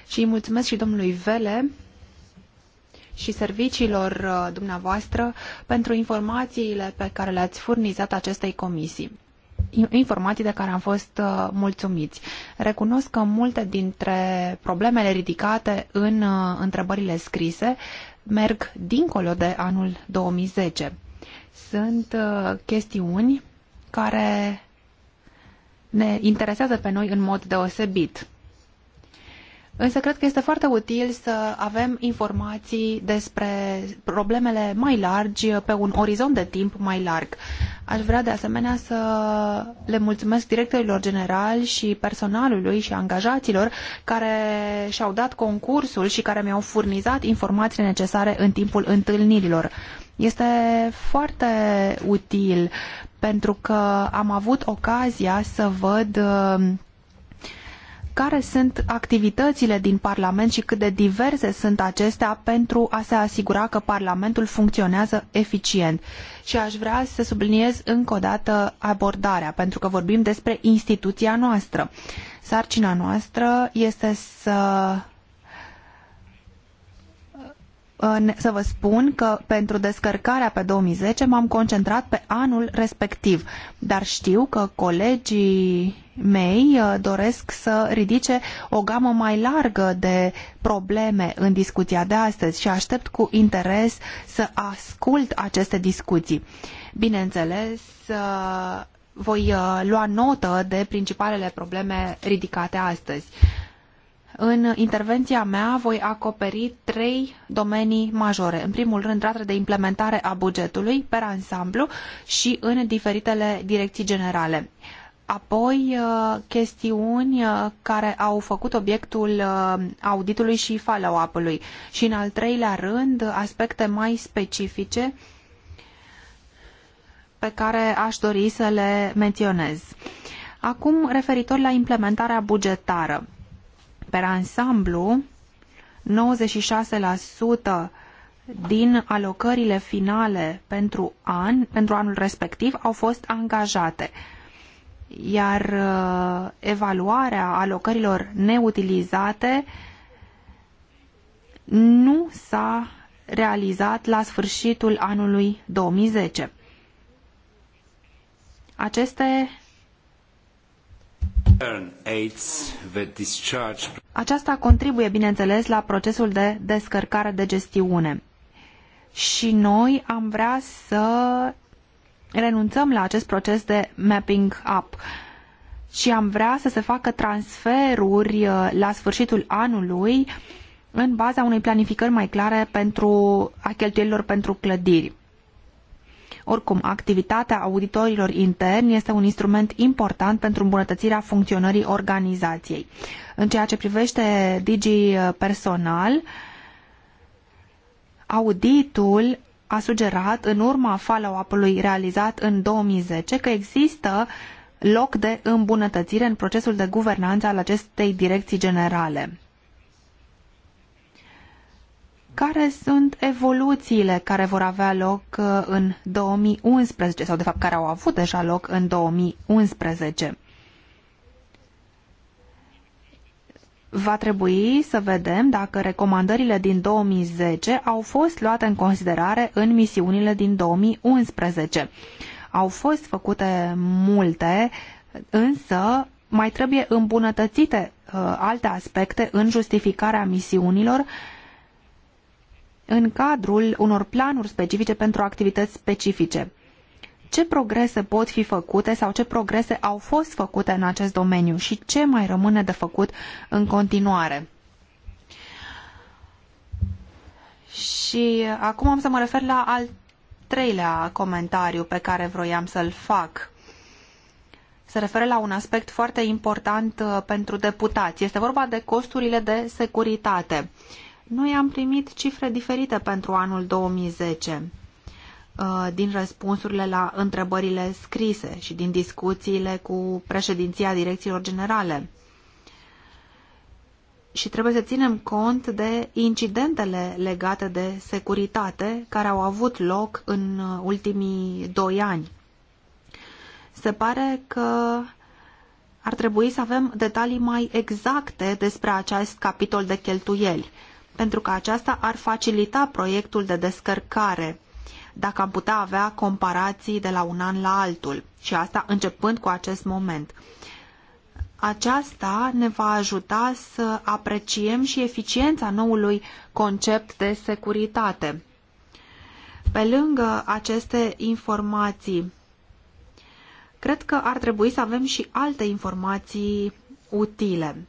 Și îi mulțumesc și domnului Vele și serviciilor uh, dumneavoastră pentru informațiile pe care le-ați furnizat acestei comisii informații de care am fost uh, mulțumiți. Recunosc că multe dintre problemele ridicate în întrebările scrise merg dincolo de anul 2010. Sunt uh, chestiuni care ne interesează pe noi în mod deosebit. Însă cred că este foarte util să avem informații despre problemele mai largi pe un orizont de timp mai larg. Aș vrea de asemenea să le mulțumesc directorilor generali și personalului și angajaților care și-au dat concursul și care mi-au furnizat informațiile necesare în timpul întâlnirilor. Este foarte util pentru că am avut ocazia să văd uh, care sunt activitățile din Parlament și cât de diverse sunt acestea pentru a se asigura că Parlamentul funcționează eficient. Și aș vrea să subliniez încă o dată abordarea, pentru că vorbim despre instituția noastră. Sarcina noastră este să să vă spun că pentru descărcarea pe 2010 m-am concentrat pe anul respectiv, dar știu că colegii mei uh, doresc să ridice o gamă mai largă de probleme în discuția de astăzi și aștept cu interes să ascult aceste discuții. Bineînțeles, uh, voi uh, lua notă de principalele probleme ridicate astăzi. În intervenția mea voi acoperi trei domenii majore. În primul rând, rata de implementare a bugetului per ansamblu și în diferitele direcții generale. Apoi, uh, chestiuni uh, care au făcut obiectul uh, auditului și follow-up-ului. Și în al treilea rând, aspecte mai specifice pe care aș dori să le menționez. Acum, referitor la implementarea bugetară Per ansamblu, 96% din alocările finale pentru, an, pentru anul respectiv au fost angajate, iar uh, evaluarea alocărilor neutilizate nu s-a realizat la sfârșitul anului 2010. Aceste aceasta contribuie, bineînțeles, la procesul de descărcare de gestiune. Și noi am vrea să renunțăm la acest proces de mapping up și am vrea să se facă transferuri uh, la sfârșitul anului în baza unei planificări mai clare pentru a cheltuielilor pentru clădiri. Oricum, activitatea auditorilor interni este un instrument important pentru îmbunătățirea funcționării organizației. În ceea ce privește Digi personal, auditul a sugerat în urma follow-up-ului realizat în 2010 că există loc de îmbunătățire în procesul de guvernanță al acestei direcții generale care sunt evoluțiile care vor avea loc uh, în 2011 sau de fapt care au avut deja loc în 2011. Va trebui să vedem dacă recomandările din 2010 au fost luate în considerare în misiunile din 2011. Au fost făcute multe, însă mai trebuie îmbunătățite uh, alte aspecte în justificarea misiunilor în cadrul unor planuri specifice pentru activități specifice. Ce progrese pot fi făcute sau ce progrese au fost făcute în acest domeniu și ce mai rămâne de făcut în continuare? Și acum am să mă refer la al treilea comentariu pe care vroiam să-l fac. Se referă la un aspect foarte important uh, pentru deputați. Este vorba de costurile de securitate. Uh, noi am primit cifre diferite pentru anul 2010 uh, din răspunsurile la întrebările scrise și din discuțiile cu președinția direcțiilor generale. Și trebuie să ținem cont de incidentele legate de securitate care au avut loc în uh, ultimii doi ani. Se pare că ar trebui să avem detalii mai exacte despre acest capitol de cheltuieli pentru că aceasta ar facilita proiectul de descărcare dacă am putea avea comparații de la un an la altul și asta începând cu acest moment. Aceasta ne va ajuta să apreciem și eficiența noului concept de securitate. Pe lângă aceste informații, cred că ar trebui să avem și alte informații utile.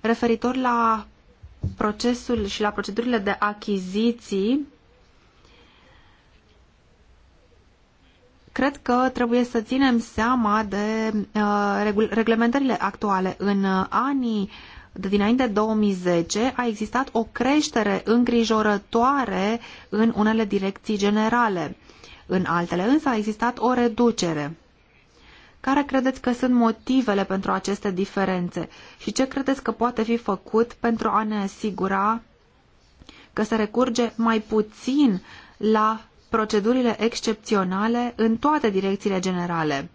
Referitor la procesul și la procedurile de achiziții, cred că trebuie să ținem seama de uh, reglementările actuale. În uh, anii de dinainte 2010 a existat o creștere îngrijorătoare în unele direcții generale. În altele însă a existat o reducere. Care credeți că sunt motivele pentru aceste diferențe și ce credeți că poate fi făcut pentru a ne asigura că se recurge mai puțin la procedurile excepționale în toate direcțiile generale?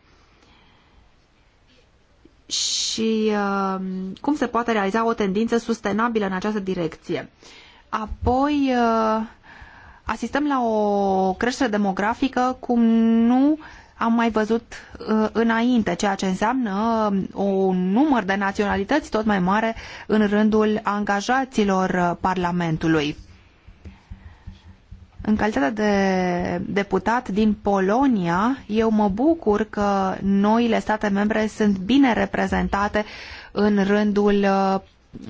Și uh, cum se poate realiza o tendință sustenabilă în această direcție? Apoi, uh, asistăm la o creștere demografică cum nu uh, am mai văzut uh, înainte, ceea ce înseamnă uh, un număr de naționalități tot mai mare în rândul angajaților uh, Parlamentului. În calitate de deputat din Polonia, eu mă bucur că noile state membre sunt bine reprezentate în rândul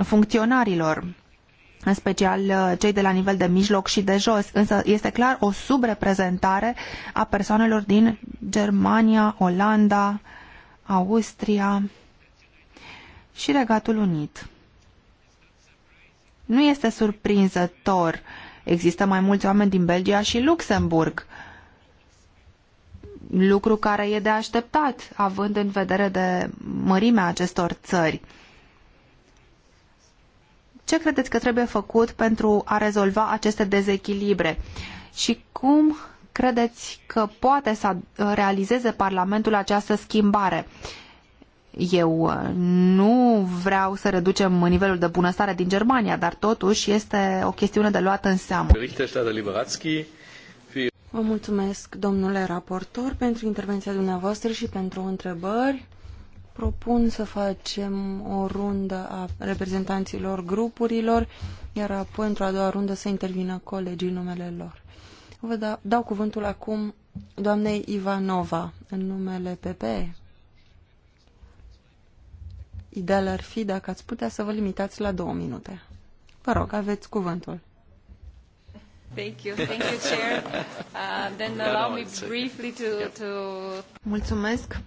funcționarilor în special uh, cei de la nivel de mijloc și de jos, însă este clar o subreprezentare a persoanelor din Germania, Olanda, Austria și Regatul Unit. Nu este surprinzător. Există mai mulți oameni din Belgia și Luxemburg. Lucru care e de așteptat, având în vedere de mărimea acestor țări. Ce credeți că trebuie făcut pentru a rezolva aceste dezechilibre? Și cum credeți că poate să realizeze Parlamentul această schimbare? Eu uh, nu vreau să reducem nivelul de bunăstare din Germania, dar totuși este o chestiune de luat în seamă. Vă mulțumesc, domnule raportor, pentru intervenția dumneavoastră și pentru întrebări propun să facem o rundă a reprezentanților grupurilor, iar apoi, într-o a doua rundă, să intervină colegii numele lor. Vă da, dau cuvântul acum doamnei Ivanova, în numele PPE. Ideal ar fi dacă ați putea să vă limitați la două minute. Vă rog, aveți cuvântul. Thank you. Thank you, Chair. Uh, then allow me briefly to, to... Mulțumesc.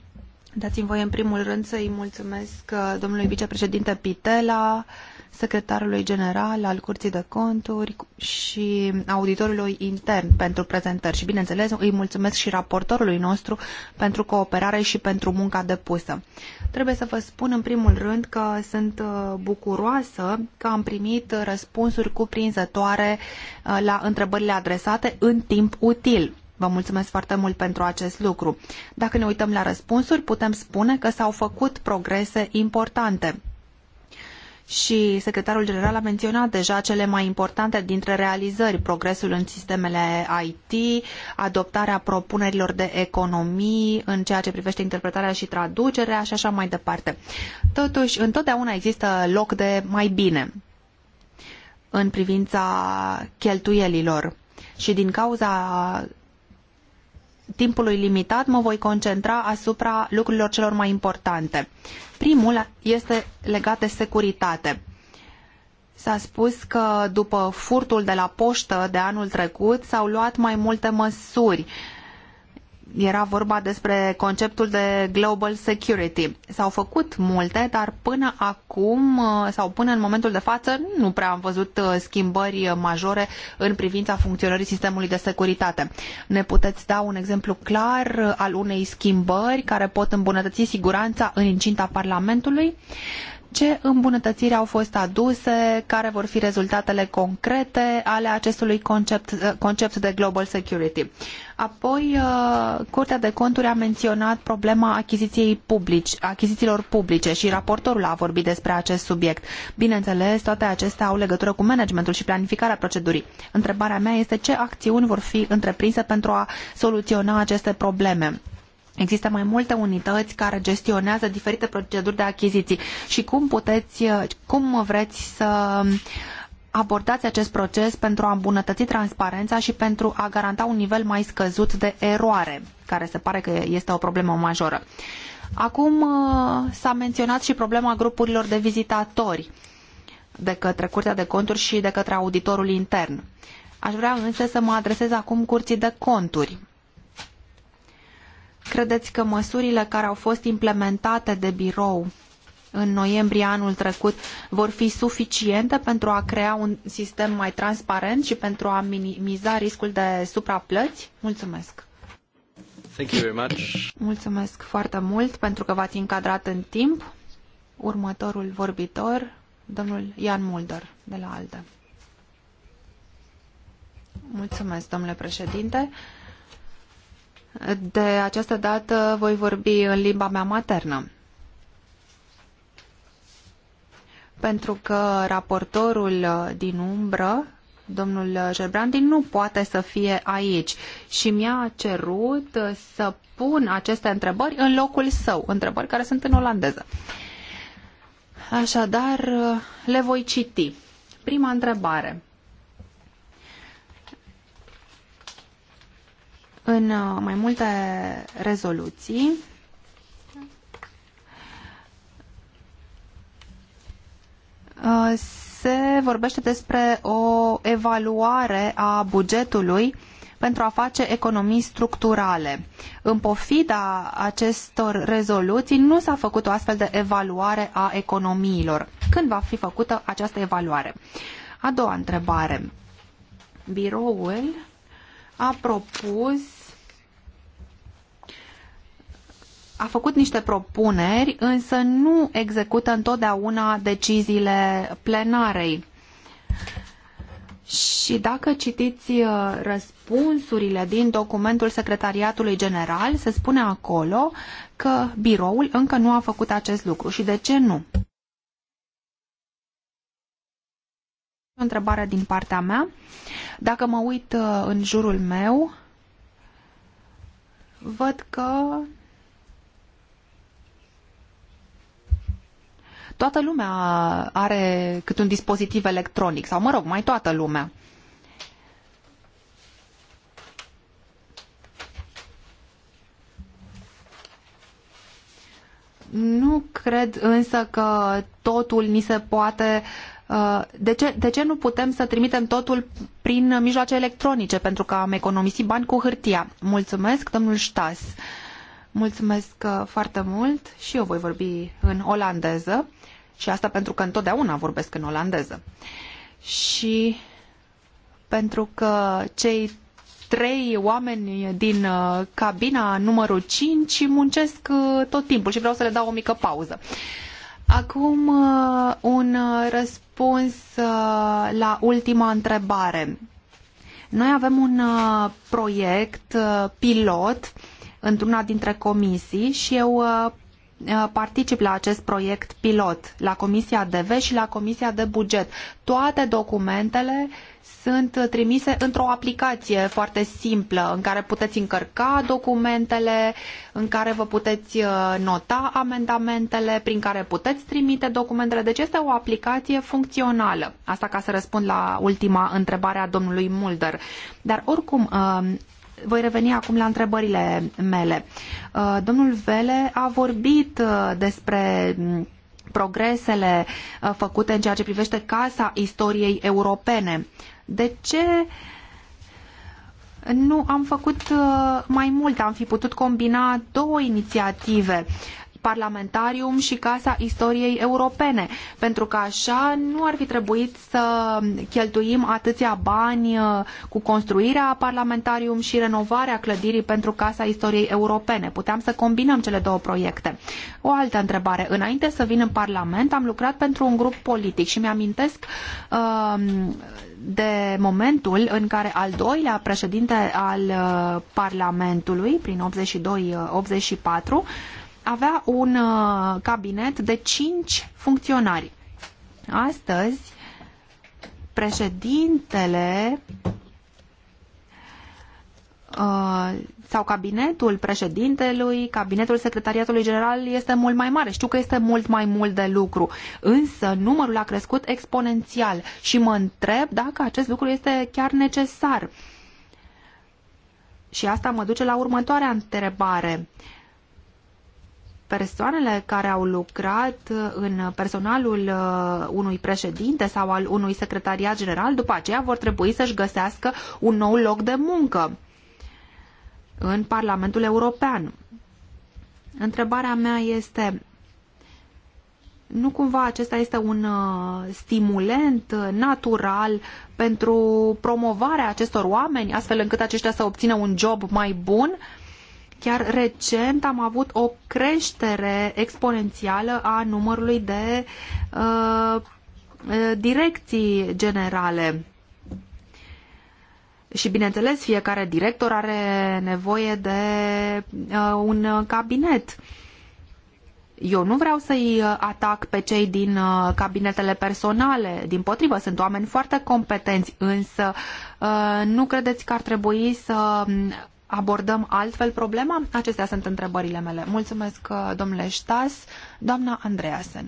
Dați-mi voie în primul rând să-i mulțumesc uh, domnului vicepreședinte Pitela, secretarului general al Curții de Conturi și auditorului intern pentru prezentări și, bineînțeles, îi mulțumesc și raportorului nostru pentru cooperare și pentru munca depusă. Trebuie să vă spun în primul rând că sunt uh, bucuroasă că am primit răspunsuri cuprinzătoare uh, la întrebările adresate în timp util. Vă mulțumesc foarte mult pentru acest lucru. Dacă ne uităm la răspunsuri, putem spune că s-au făcut progrese importante. Și secretarul general a menționat deja cele mai importante dintre realizări, progresul în sistemele IT, adoptarea propunerilor de economii în ceea ce privește interpretarea și traducerea și așa mai departe. Totuși, întotdeauna există loc de mai bine în privința cheltuielilor. Și din cauza timpului limitat mă voi concentra asupra lucrurilor celor mai importante. Primul este legat de securitate. S-a spus că după furtul de la poștă de anul trecut s-au luat mai multe măsuri. Uh, era vorba despre conceptul de global security. S-au făcut multe, dar până acum uh, sau până în momentul de față nu prea am văzut uh, schimbări majore în privința funcționării sistemului de securitate. Ne puteți da un exemplu clar uh, al unei schimbări care pot îmbunătăți siguranța în incinta Parlamentului? ce îmbunătățiri au fost aduse, care vor fi rezultatele concrete ale acestui concept, concept de global security. Apoi, uh, Curtea de Conturi a menționat problema achiziției publici, achizițiilor publice și raportorul a vorbit despre acest subiect. Bineînțeles, toate acestea au legătură cu managementul și planificarea procedurii. Întrebarea mea este ce acțiuni vor fi întreprinse pentru a soluționa aceste probleme Există mai multe unități care gestionează diferite proceduri de achiziții și cum puteți, uh, cum vreți să abordați acest proces pentru a îmbunătăți transparența și pentru a garanta un nivel mai scăzut de eroare, care se pare că este o problemă majoră. Acum uh, s-a menționat și problema grupurilor de vizitatori de către Curtea de Conturi și de către auditorul intern. Aș vrea însă să mă adresez acum Curții de Conturi Credeți că măsurile care au fost implementate de birou în noiembrie anul trecut vor fi suficiente pentru a crea un sistem mai transparent și pentru a minimiza riscul de supraplăți? Mulțumesc! Thank you very much. Mulțumesc foarte mult pentru că v-ați încadrat în timp. Următorul vorbitor, domnul Ian Mulder de la ALDE. Mulțumesc, domnule președinte. De această dată voi vorbi în limba mea maternă. Pentru că raportorul din umbră, domnul Gerbrandi, nu poate să fie aici și mi-a cerut să pun aceste întrebări în locul său, întrebări care sunt în olandeză. Așadar, le voi citi. Prima întrebare. în uh, mai multe rezoluții uh, se vorbește despre o evaluare a bugetului pentru a face economii structurale. În pofida acestor rezoluții nu s-a făcut o astfel de evaluare a economiilor. Când va fi făcută această evaluare? A doua întrebare. Biroul a propus a făcut niște propuneri, însă nu execută întotdeauna deciziile plenarei. Și dacă citiți uh, răspunsurile din documentul Secretariatului General, se spune acolo că biroul încă nu a făcut acest lucru. Și de ce nu? O întrebare din partea mea. Dacă mă uit uh, în jurul meu, văd că Toată lumea are cât un dispozitiv electronic, sau mă rog, mai toată lumea. Nu cred însă că totul ni se poate uh, de ce, de ce nu putem să trimitem totul prin mijloace electronice pentru că am economisit bani cu hârtia? Mulțumesc, domnul Ștas. Uh, Mulțumesc uh, foarte mult și eu voi vorbi în olandeză și asta pentru că întotdeauna vorbesc în olandeză. Și pentru că cei trei oameni din uh, cabina numărul 5 muncesc uh, tot timpul și vreau să le dau o mică pauză. Acum un răspuns la ultima întrebare. Noi avem un proiect pilot într-una dintre comisii și eu uh, uh, particip la acest proiect pilot, la Comisia DV și la Comisia de Buget. Toate documentele sunt trimise într-o aplicație foarte simplă în care puteți încărca documentele, în care vă puteți uh, nota amendamentele, prin care puteți trimite documentele. Deci este o aplicație funcțională. Asta ca să răspund la ultima întrebare a domnului Mulder. Dar oricum, voi reveni acum la întrebările mele. Uh, domnul Vele a vorbit uh, despre mm, progresele uh, făcute în ceea ce privește Casa Istoriei Europene. De ce nu am făcut mai mult? Am fi putut combina două inițiative Parlamentarium și Casa Istoriei Europene, pentru că așa nu ar fi trebuit să cheltuim atâția bani uh, cu construirea Parlamentarium și renovarea clădirii pentru Casa Istoriei Europene. Puteam să combinăm cele două proiecte. O altă întrebare. Înainte să vin în Parlament, am lucrat pentru un grup politic și mi-amintesc uh, de momentul în care al doilea președinte al uh, Parlamentului, prin 82-84, avea un uh, cabinet de cinci funcționari. Astăzi, președintele uh, sau cabinetul președintelui, cabinetul secretariatului general este mult mai mare. Știu că este mult mai mult de lucru, însă numărul a crescut exponențial și mă întreb dacă acest lucru este chiar necesar. Și asta mă duce la următoarea întrebare. Uh, persoanele care au lucrat în personalul uh, unui președinte sau al unui secretariat general, după aceea vor trebui să-și găsească un nou loc de muncă în Parlamentul European. Întrebarea mea este, nu cumva acesta este un uh, stimulent uh, natural pentru promovarea acestor oameni, astfel încât aceștia să obțină un job mai bun? Chiar recent am avut o creștere exponențială a numărului de uh, uh, direcții generale. Și bineînțeles, fiecare director are nevoie de uh, un cabinet. Eu nu vreau să-i uh, atac pe cei din uh, cabinetele personale, din potrivă, sunt oameni foarte competenți, însă nu credeți că ar trebui să abordăm altfel problema? Acestea sunt întrebările mele. Mulțumesc, uh, domnule Ștas. Doamna Andreasen.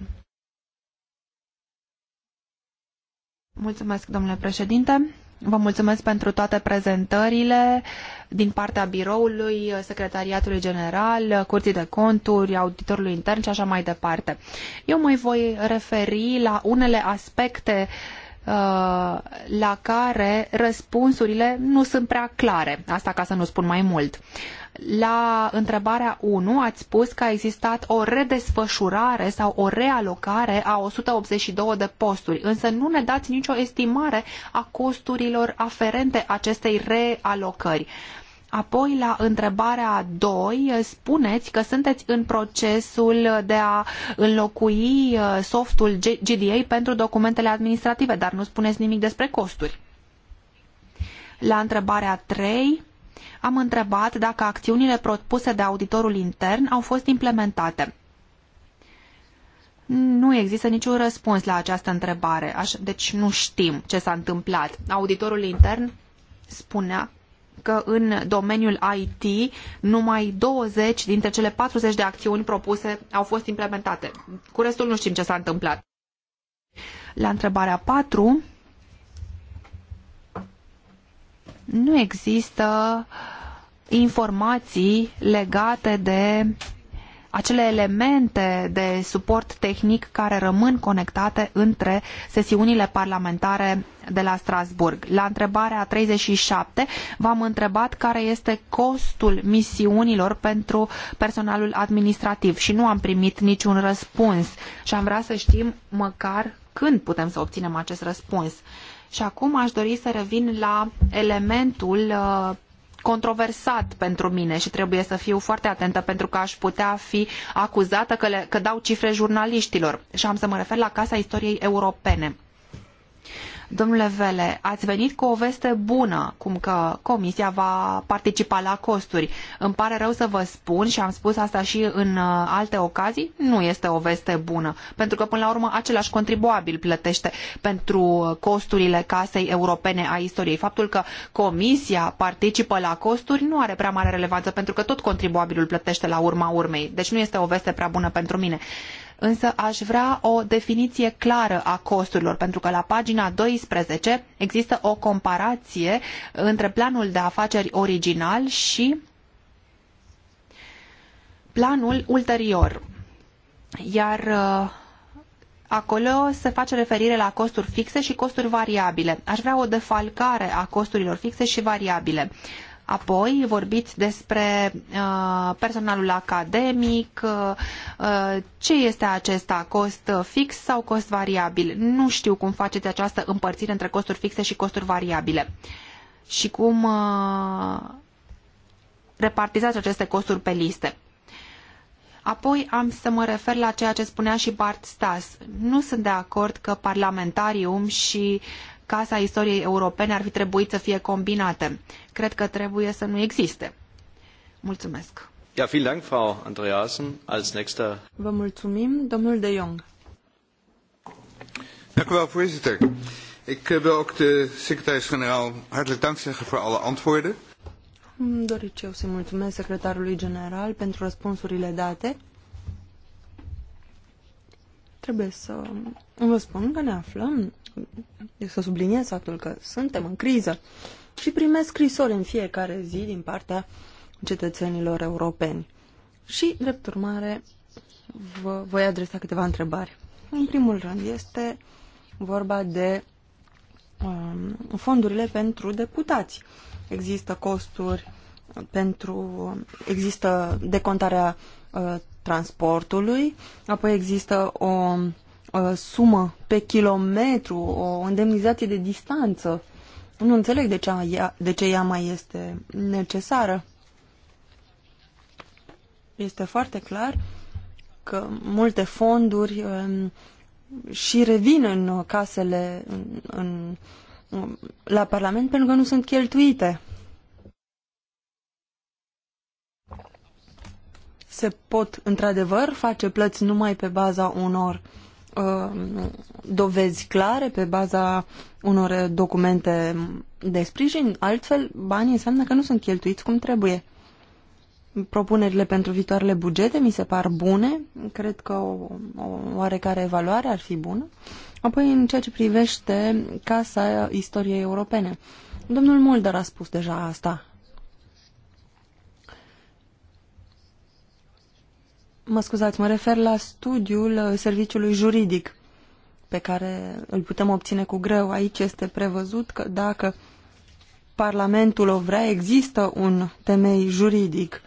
Mulțumesc, domnule președinte. Vă mulțumesc pentru toate prezentările din partea biroului, uh, secretariatului general, uh, curții de conturi, auditorului intern și așa mai departe. Eu mai voi referi la unele aspecte uh, Uh, la care răspunsurile nu sunt prea clare, asta ca să nu spun mai mult. La întrebarea 1 ați spus că a existat o redesfășurare sau o realocare a 182 de posturi, însă nu ne dați nicio estimare a costurilor aferente acestei realocări. Uh, Apoi, la întrebarea 2, spuneți că sunteți în procesul de a înlocui uh, softul GDA pentru documentele administrative, dar nu spuneți nimic despre costuri. La întrebarea 3, am întrebat dacă acțiunile propuse de auditorul intern au fost implementate. Nu există niciun răspuns la această întrebare, deci nu știm ce s-a întâmplat. Auditorul intern spunea că în domeniul IT numai 20 dintre cele 40 de acțiuni propuse au fost implementate. Cu restul nu știm ce s-a întâmplat. La întrebarea 4 nu există informații legate de acele elemente de suport tehnic care rămân conectate între sesiunile parlamentare de la Strasbourg. La întrebarea 37 v-am întrebat care este costul misiunilor pentru personalul administrativ și nu am primit niciun răspuns și am vrea să știm măcar când putem să obținem acest răspuns. Și acum aș dori să revin la elementul uh, controversat pentru mine și trebuie să fiu foarte atentă pentru că aș putea fi acuzată că, le, că dau cifre jurnaliștilor. Și am să mă refer la Casa Istoriei Europene. Domnule Vele, ați venit cu o veste bună, cum că Comisia va participa la costuri. Îmi pare rău să vă spun și am spus asta și în uh, alte ocazii, nu este o veste bună, pentru că până la urmă același contribuabil plătește pentru costurile casei europene a istoriei. Faptul că Comisia participă la costuri nu are prea mare relevanță, pentru că tot contribuabilul plătește la urma urmei. Deci nu este o veste prea bună pentru mine însă aș vrea o definiție clară a costurilor, pentru că la pagina 12 există o comparație între planul de afaceri original și planul ulterior. Iar uh, acolo se face referire la costuri fixe și costuri variabile. Aș vrea o defalcare a costurilor fixe și variabile. Apoi vorbiți despre uh, personalul academic, uh, ce este acesta, cost fix sau cost variabil. Nu știu cum faceți această împărțire între costuri fixe și costuri variabile și cum uh, repartizați aceste costuri pe liste. Apoi am să mă refer la ceea ce spunea și Bart Stas. Nu sunt de acord că parlamentarium și Casa Istoriei Europene ar fi trebuit să fie combinate. Cred că trebuie să nu existe. Mulțumesc. Ja, vielen Dank, Frau Andreasen. Als nächster... Vă mulțumim, domnul De Jong. Dank u wel, voorzitter. Ik eh, wil ook de secretaris-generaal hartelijk dank zeggen voor alle antwoorden. Îmi eu să mulțumesc secretarului general pentru răspunsurile date. Trebuie să vă spun că ne aflăm să subliniez faptul că suntem în criză și primesc scrisori în fiecare zi din partea cetățenilor europeni. Și, drept urmare, vă voi adresa câteva întrebări. În primul rând, este vorba de um, fondurile pentru deputați. Există costuri pentru... există decontarea uh, transportului, apoi există o Uh, sumă pe kilometru, o indemnizație de distanță. Nu înțeleg de ce, ea, de ce ea mai este necesară. Este foarte clar că multe fonduri um, și revin în casele în, în, um, la Parlament pentru că nu sunt cheltuite. Se pot, într-adevăr, face plăți numai pe baza unor uh, Um, dovezi clare pe baza unor documente de sprijin, altfel banii înseamnă că nu sunt cheltuiți cum trebuie. Propunerile pentru viitoarele bugete mi se par bune, cred că o, o oarecare evaluare ar fi bună. Apoi, în ceea ce privește Casa Istoriei Europene, domnul Mulder a spus deja asta. Mă scuzați, mă refer la studiul uh, serviciului juridic pe care îl putem obține cu greu. Aici este prevăzut că dacă Parlamentul o vrea, există un temei juridic.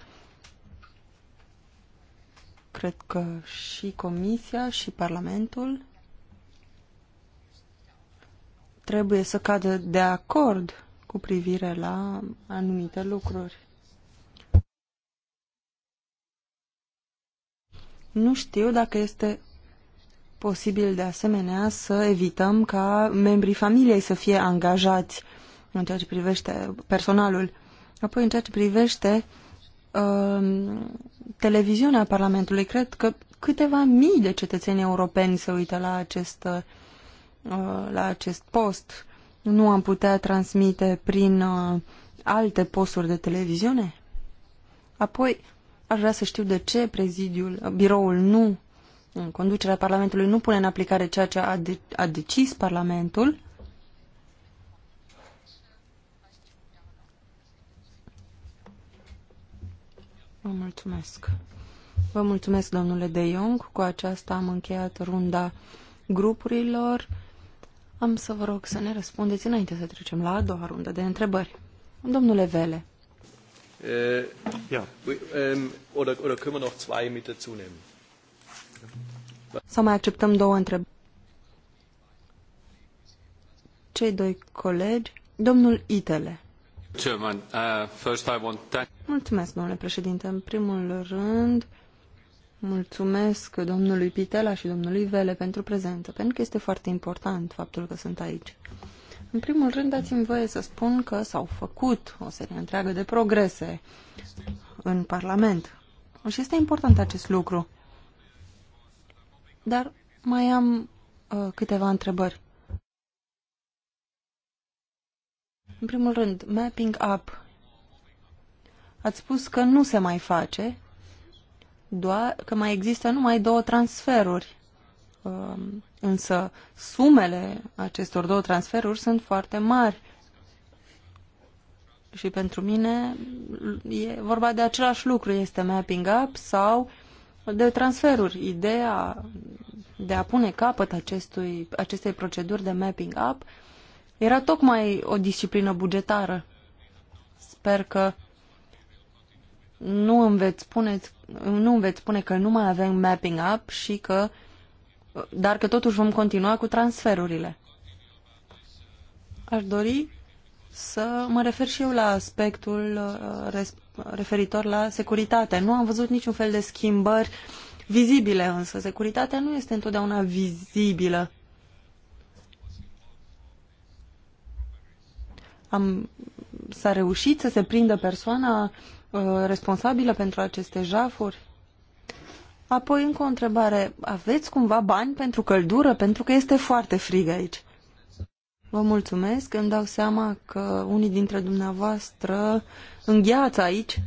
Cred că și Comisia și Parlamentul trebuie să cadă de acord cu privire la anumite lucruri. Nu știu dacă este posibil de asemenea să evităm ca membrii familiei să fie angajați în ceea ce privește personalul. Apoi, în ceea ce privește uh, televiziunea Parlamentului, cred că câteva mii de cetățeni europeni se uită la acest, uh, la acest post. Nu am putea transmite prin uh, alte posturi de televiziune? Apoi, Aș vrea să știu de ce prezidiul, biroul nu, în conducerea Parlamentului nu pune în aplicare ceea ce a, de, a decis Parlamentul. Vă mulțumesc. Vă mulțumesc, domnule De Jong. Cu aceasta am încheiat runda grupurilor. Am să vă rog să ne răspundeți înainte să trecem la a doua rundă de întrebări. Domnule Vele. Äh, ja. ähm, oder, oder können wir noch zwei mit dazu nehmen? Sau mai acceptăm două întrebări. Cei doi colegi, domnul Itele. German, uh, first I want to... Mulțumesc, domnule președinte. În primul rând, mulțumesc domnului Pitela și domnului Vele pentru prezentă, pentru că este foarte important faptul că sunt aici. În primul rând, dați-mi voie să spun că s-au făcut o serie întreagă de progrese în Parlament. Și este important acest lucru. Dar mai am uh, câteva întrebări. În primul rând, mapping up. Ați spus că nu se mai face, doar că mai există numai două transferuri. Um, însă sumele acestor două transferuri sunt foarte mari. Și pentru mine e vorba de același lucru, este mapping up sau de transferuri. Ideea de a pune capăt acestui, acestei proceduri de mapping up era tocmai o disciplină bugetară. Sper că nu îmi veți spune, nu îmi veți spune că nu mai avem mapping up și că uh, dar că totuși vom continua cu transferurile. Aș dori să mă refer și eu la aspectul uh, referitor la securitate. Nu am văzut niciun fel de schimbări vizibile, însă securitatea nu este întotdeauna vizibilă. s-a reușit să se prindă persoana uh, responsabilă pentru aceste jafuri? Apoi, încă o întrebare. Aveți cumva bani pentru căldură? Pentru că este foarte frig aici. Vă mulțumesc. Îmi dau seama că unii dintre dumneavoastră îngheață aici.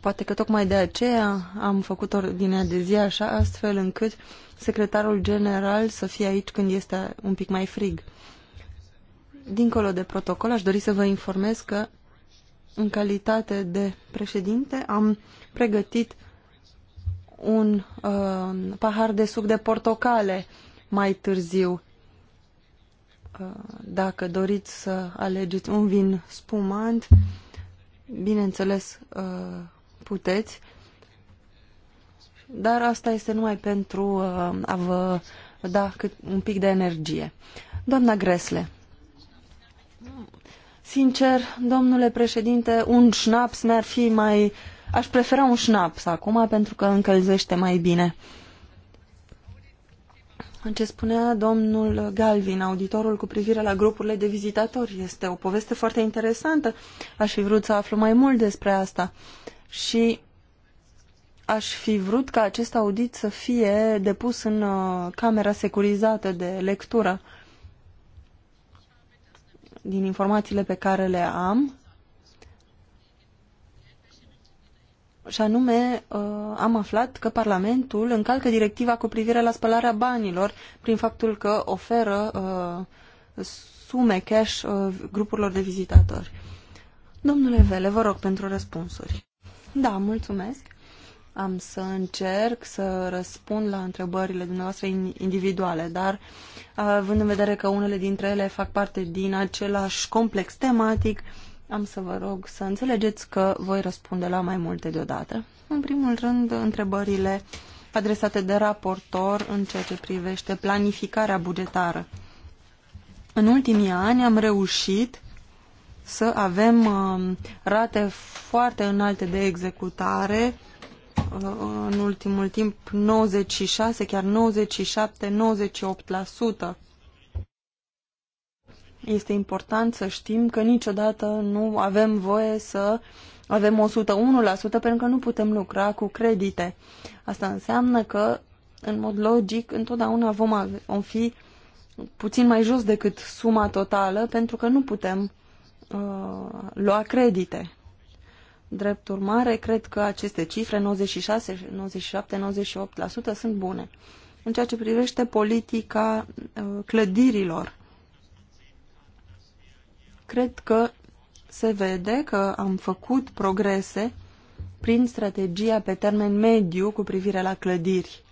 Poate că tocmai de aceea am făcut ordinea de zi așa, astfel încât secretarul general să fie aici când este un pic mai frig. Dincolo de protocol, aș dori să vă informez că, în calitate de președinte, am pregătit un uh, pahar de suc de portocale mai târziu. Uh, dacă doriți să alegeți un vin spumant, bineînțeles uh, puteți, dar asta este numai pentru uh, a vă da cât, un pic de energie. Doamna Gresle, sincer, domnule președinte, un șnaps mi-ar fi mai uh, Aș prefera un șnaps acum pentru că încălzește mai bine. Ce spunea domnul Galvin, auditorul cu privire la grupurile de vizitatori, este o poveste foarte interesantă. Aș fi vrut să aflu mai mult despre asta. Și aș fi vrut ca acest audit să fie depus în uh, camera securizată de lectură. Din informațiile pe care le am, și anume uh, am aflat că Parlamentul încalcă directiva cu privire la spălarea banilor prin faptul că oferă uh, sume cash uh, grupurilor de vizitatori. Domnule Vele, vă rog pentru răspunsuri. Da, mulțumesc. Am să încerc să răspund la întrebările dumneavoastră individuale, dar având în vedere că unele dintre ele fac parte din același complex tematic, uh, am să vă rog să înțelegeți că voi răspunde la mai multe deodată. În primul rând, întrebările adresate de raportor în ceea ce privește planificarea bugetară. În ultimii ani am reușit să avem um, rate foarte înalte de executare, uh, în ultimul timp 96, chiar 97, 98%. Este important să știm că niciodată nu avem voie să avem 101% pentru că nu putem lucra cu credite. Asta înseamnă că, în mod logic, întotdeauna vom, ave, vom fi puțin mai jos decât suma totală pentru că nu putem uh, lua credite. Drept urmare, cred că aceste cifre, 96, 97, 98% sunt bune. În ceea ce privește politica uh, clădirilor, Cred că se vede că am făcut progrese prin strategia pe termen mediu cu privire la clădiri.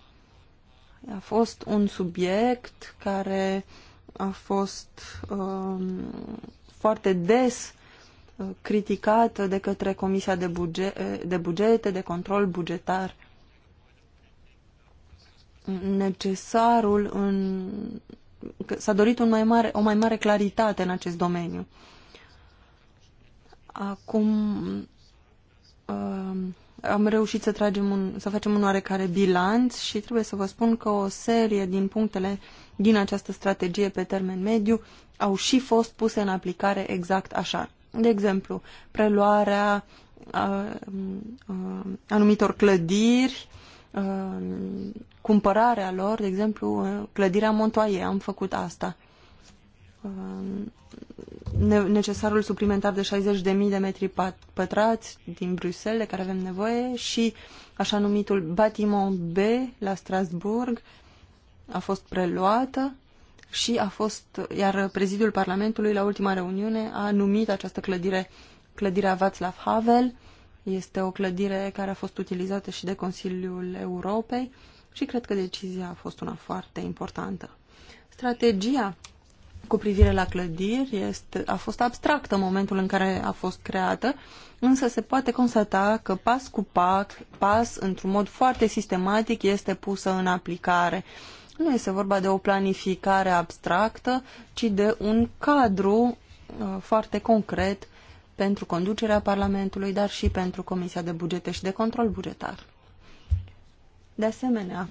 A fost un subiect care a fost um, foarte des uh, criticat de către Comisia de, buge de Bugete, de Control Bugetar. Necesarul în s-a dorit un mai mare, o mai mare claritate în acest domeniu. Acum uh, am reușit să, tragem un, să facem un oarecare bilanț și trebuie să vă spun că o serie din punctele din această strategie pe termen mediu au și fost puse în aplicare exact așa. De exemplu, preluarea uh, um, uh, anumitor clădiri, cumpărarea lor, de exemplu, clădirea Montoie, am făcut asta. necesarul suplimentar de 60.000 de metri pătrați din Bruxelles, de care avem nevoie, și așa numitul Batiment B la Strasburg a fost preluată și a fost, iar prezidiul Parlamentului la ultima reuniune a numit această clădire clădirea Václav Havel, este o clădire care a fost utilizată și de Consiliul Europei și cred că decizia a fost una foarte importantă. Strategia cu privire la clădiri este, a fost abstractă în momentul în care a fost creată, însă se poate constata că pas cu pas, pas într-un mod foarte sistematic, este pusă în aplicare. Nu este vorba de o planificare abstractă, ci de un cadru uh, foarte concret pentru conducerea Parlamentului, dar și pentru Comisia de Bugete și de Control Bugetar. De asemenea,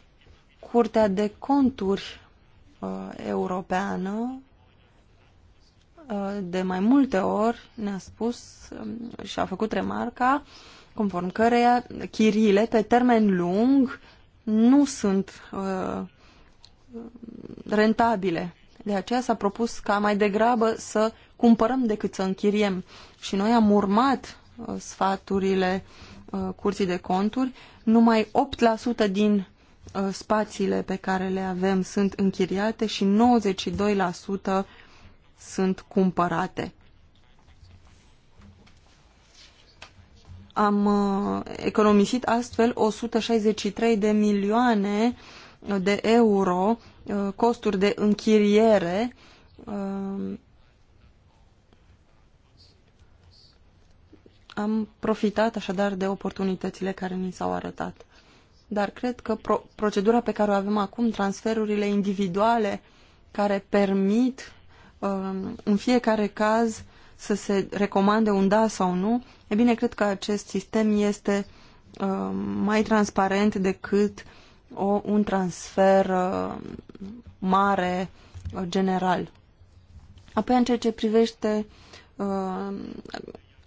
Curtea de Conturi uh, Europeană uh, de mai multe ori ne-a spus um, și a făcut remarca conform căreia chirile pe termen lung nu sunt uh, rentabile. De aceea s-a propus ca mai degrabă să uh, cumpărăm decât să închiriem. Și noi am urmat uh, sfaturile uh, curții de conturi. Numai 8% din uh, spațiile pe care le avem sunt închiriate și 92% sunt cumpărate. Am economisit astfel 163 de milioane de euro costuri de închiriere Am profitat așadar de oportunitățile care ni s-au arătat. Dar cred că pro procedura pe care o avem acum, transferurile individuale care permit um, în fiecare caz să se recomande un da sau nu, e bine, cred că acest sistem este um, mai transparent decât o, un transfer um, mare uh, general. Apoi, în ceea ce privește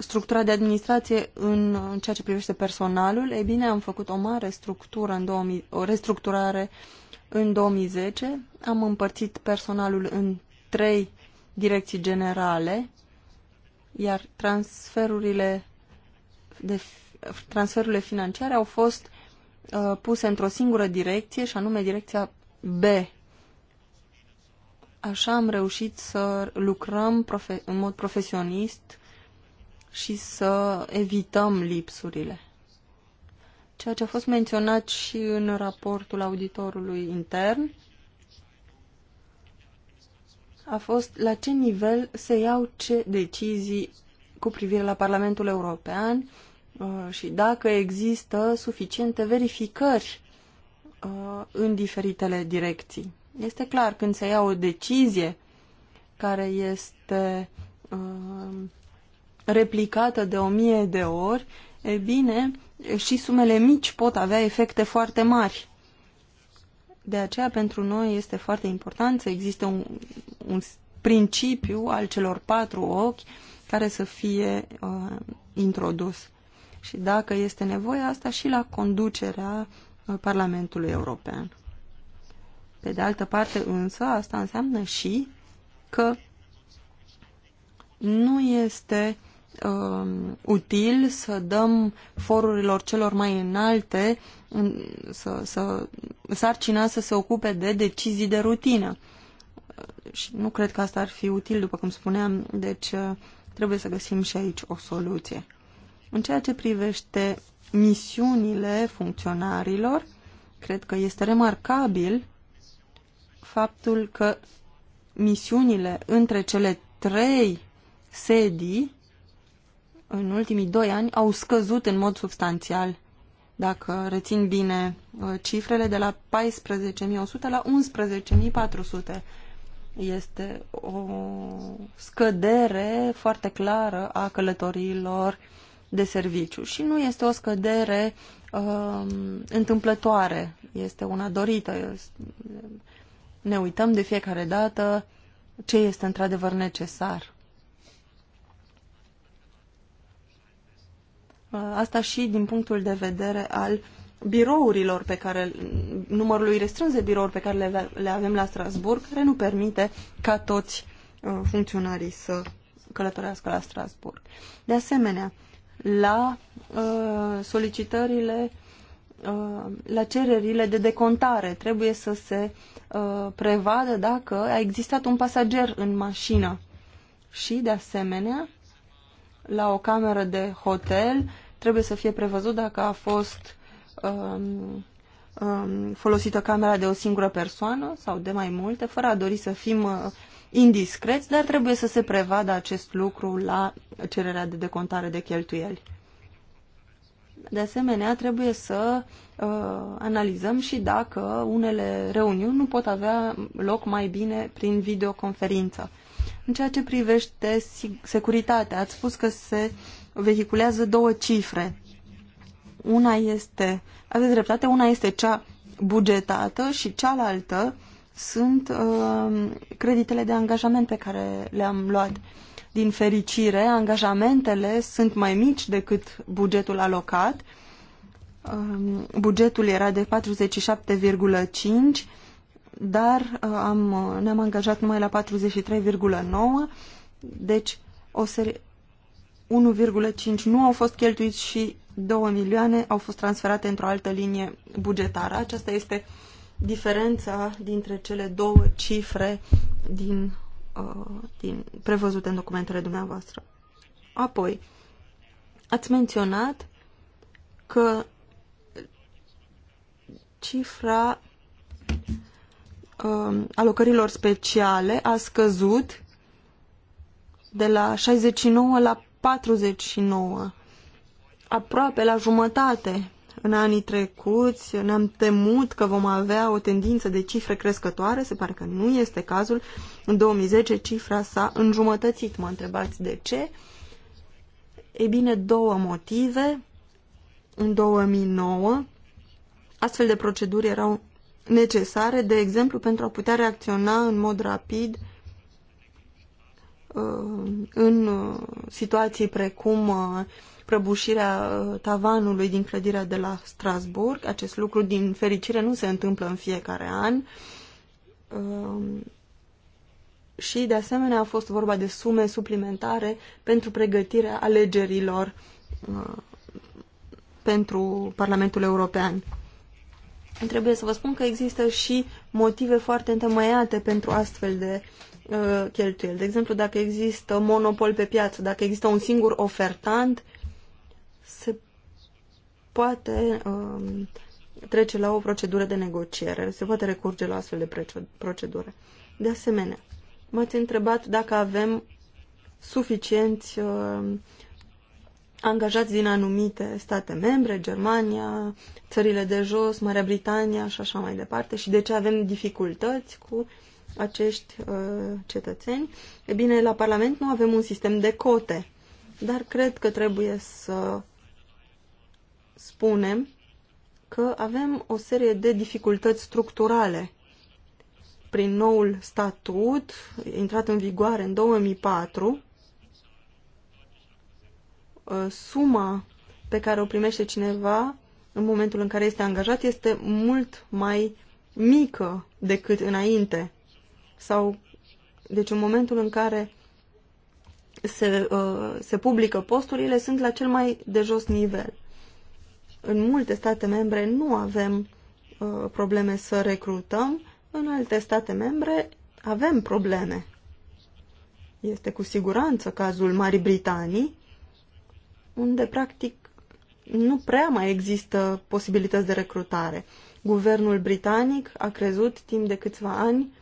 structura de administrație în, în ceea ce privește personalul, e bine, am făcut o mare structură în 2000, o restructurare în 2010. Am împărțit personalul în trei direcții generale, iar transferurile, de, transferurile financiare au fost uh, puse într-o singură direcție, și anume direcția B. Așa am reușit să lucrăm profe- în mod profesionist și să evităm lipsurile. Ceea ce a fost menționat și în raportul auditorului intern a fost la ce nivel se iau ce decizii cu privire la Parlamentul European uh, și dacă există suficiente verificări uh, în diferitele direcții. Este clar, când se ia o decizie care este uh, replicată de o mie de ori, e bine, și sumele mici pot avea efecte foarte mari. De aceea, pentru noi este foarte important să existe un, un principiu al celor patru ochi care să fie uh, introdus. Și dacă este nevoie, asta și la conducerea uh, Parlamentului European. Pe de altă parte, însă, asta înseamnă și că nu este Um, util să dăm forurilor celor mai înalte în, să, să, sarcina să se ocupe de decizii de rutină. Uh, și nu cred că asta ar fi util, după cum spuneam, deci uh, trebuie să găsim și aici o soluție. În ceea ce privește misiunile funcționarilor, cred că este remarcabil faptul că misiunile între cele trei sedii în ultimii doi ani au scăzut în mod substanțial, dacă rețin bine uh, cifrele, de la 14.100 la 11.400. Este o scădere foarte clară a călătoriilor de serviciu și nu este o scădere uh, întâmplătoare, este una dorită. Ne uităm de fiecare dată ce este într-adevăr necesar. Uh, asta și din punctul de vedere al birourilor pe care, numărului restrâns de birouri pe care le, le avem la Strasburg, care nu permite ca toți uh, funcționarii să călătorească la Strasburg. De asemenea, la uh, solicitările, uh, la cererile de decontare trebuie să se uh, prevadă dacă a existat un pasager în mașină. Și, de asemenea, la o cameră de hotel trebuie să fie prevăzut dacă a fost um, um, folosită camera de o singură persoană sau de mai multe, fără a dori să fim uh, indiscreți, dar trebuie să se prevadă acest lucru la cererea de decontare de cheltuieli. De asemenea, trebuie să uh, analizăm și dacă unele reuniuni nu pot avea loc mai bine prin videoconferință. În ceea ce privește securitatea, ați spus că se vehiculează două cifre. Una este, aveți dreptate, una este cea bugetată și cealaltă sunt uh, creditele de angajament pe care le-am luat. Din fericire, angajamentele sunt mai mici decât bugetul alocat. Uh, bugetul era de 47,5 dar uh, am, uh, ne-am angajat numai la 43,9, deci o serie 1,5 nu au fost cheltuiți și 2 milioane au fost transferate într-o altă linie bugetară. Aceasta este diferența dintre cele două cifre din, uh, din prevăzute în documentele dumneavoastră. Apoi, ați menționat că cifra uh, alocărilor speciale a scăzut de la 69 la 49, aproape la jumătate. În anii trecuți ne-am temut că vom avea o tendință de cifre crescătoare, se pare că nu este cazul. În 2010 cifra s-a înjumătățit, mă întrebați de ce. E bine, două motive. În 2009 astfel de proceduri erau necesare, de exemplu, pentru a putea reacționa în mod rapid uh, în uh, situații precum uh, prăbușirea tavanului din clădirea de la Strasburg. Acest lucru, din fericire, nu se întâmplă în fiecare an. Și, de asemenea, a fost vorba de sume suplimentare pentru pregătirea alegerilor pentru Parlamentul European. Trebuie să vă spun că există și motive foarte întemeiate pentru astfel de uh, cheltuieli. De exemplu, dacă există monopol pe piață, dacă există un singur ofertant, se poate uh, trece la o procedură de negociere, se poate recurge la astfel de procedură. De asemenea, m-ați întrebat dacă avem suficienți uh, angajați din anumite state membre, Germania, țările de jos, Marea Britania și așa mai departe, și de ce avem dificultăți cu acești uh, cetățeni. E bine, la Parlament nu avem un sistem de cote, dar cred că trebuie să spunem că avem o serie de dificultăți structurale. Prin noul statut, intrat în vigoare în 2004, Uh, suma pe care o primește cineva în momentul în care este angajat este mult mai mică decât înainte. Sau, deci în momentul în care se, uh, se publică posturile, sunt la cel mai de jos nivel. În multe state membre nu avem uh, probleme să recrutăm, în alte state membre avem probleme. Este cu siguranță cazul Marii Britanii, unde practic nu prea mai există posibilități de recrutare. Guvernul britanic a crezut timp de câțiva ani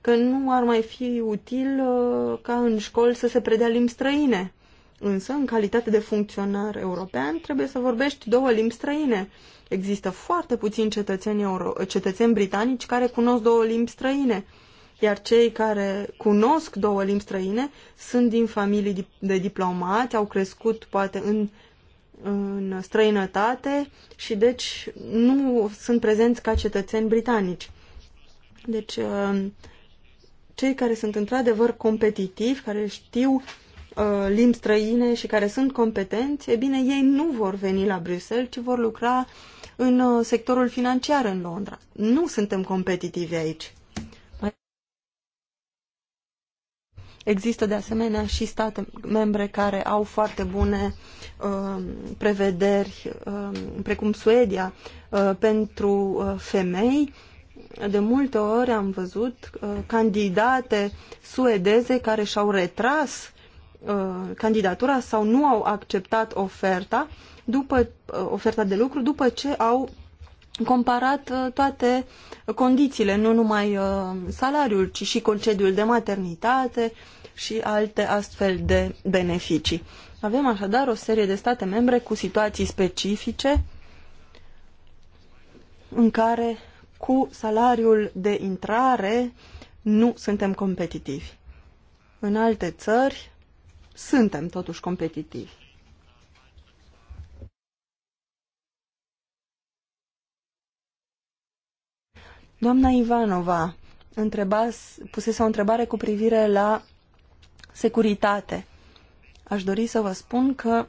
că nu ar mai fi util uh, ca în școli să se predea limbi străine. Însă, în calitate de funcționar european, trebuie să vorbești două limbi străine. Există foarte puțini cetățeni, euro, cetățeni britanici care cunosc două limbi străine iar cei care cunosc două limbi străine sunt din familii de diplomați, au crescut poate în, în străinătate și deci nu sunt prezenți ca cetățeni britanici. Deci uh, cei care sunt într-adevăr competitivi, care știu uh, limbi străine și care sunt competenți, e bine, ei nu vor veni la Bruxelles, ci vor lucra în uh, sectorul financiar în Londra. Nu suntem competitivi aici. Există de asemenea și state membre care au foarte bune uh, prevederi, uh, precum Suedia, uh, pentru uh, femei. De multe ori am văzut uh, candidate suedeze care și-au retras uh, candidatura sau nu au acceptat oferta, după, oferta de lucru după ce au comparat uh, toate condițiile, nu numai uh, salariul, ci și concediul de maternitate și alte astfel de beneficii. Avem așadar o serie de state membre cu situații specifice în care cu salariul de intrare nu suntem competitivi. În alte țări suntem totuși competitivi. Doamna Ivanova întreba, pusese o întrebare cu privire la securitate. Aș dori să vă spun că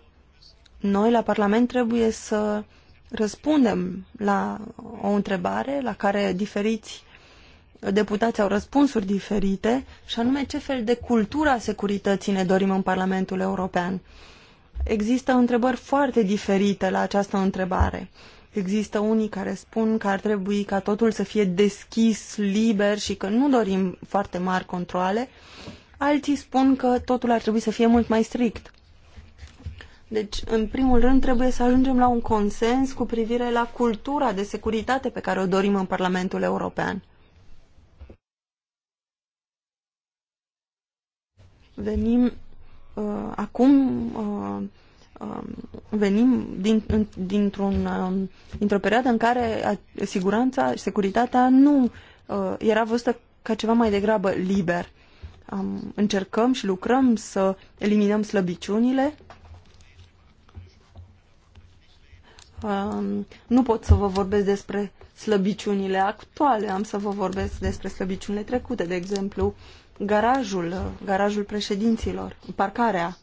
noi la Parlament trebuie să răspundem la o întrebare la care diferiți deputați au răspunsuri diferite, și anume ce fel de cultura securității ne dorim în Parlamentul European. Există întrebări foarte diferite la această întrebare. Există unii care spun că ar trebui ca totul să fie deschis, liber și că nu dorim foarte mari controle. Alții spun că totul ar trebui să fie mult mai strict. Deci, în primul rând, trebuie să ajungem la un consens cu privire la cultura de securitate pe care o dorim în Parlamentul European. Venim uh, acum uh, Um, venim din, dintr-un, um, dintr-o perioadă în care siguranța și securitatea nu uh, era văzută ca ceva mai degrabă liber. încercăm și lucrăm să eliminăm slăbiciunile. Um, nu pot să vă vorbesc despre slăbiciunile actuale, am să vă vorbesc despre slăbiciunile trecute, de exemplu, garajul, uh, garajul președinților, parcarea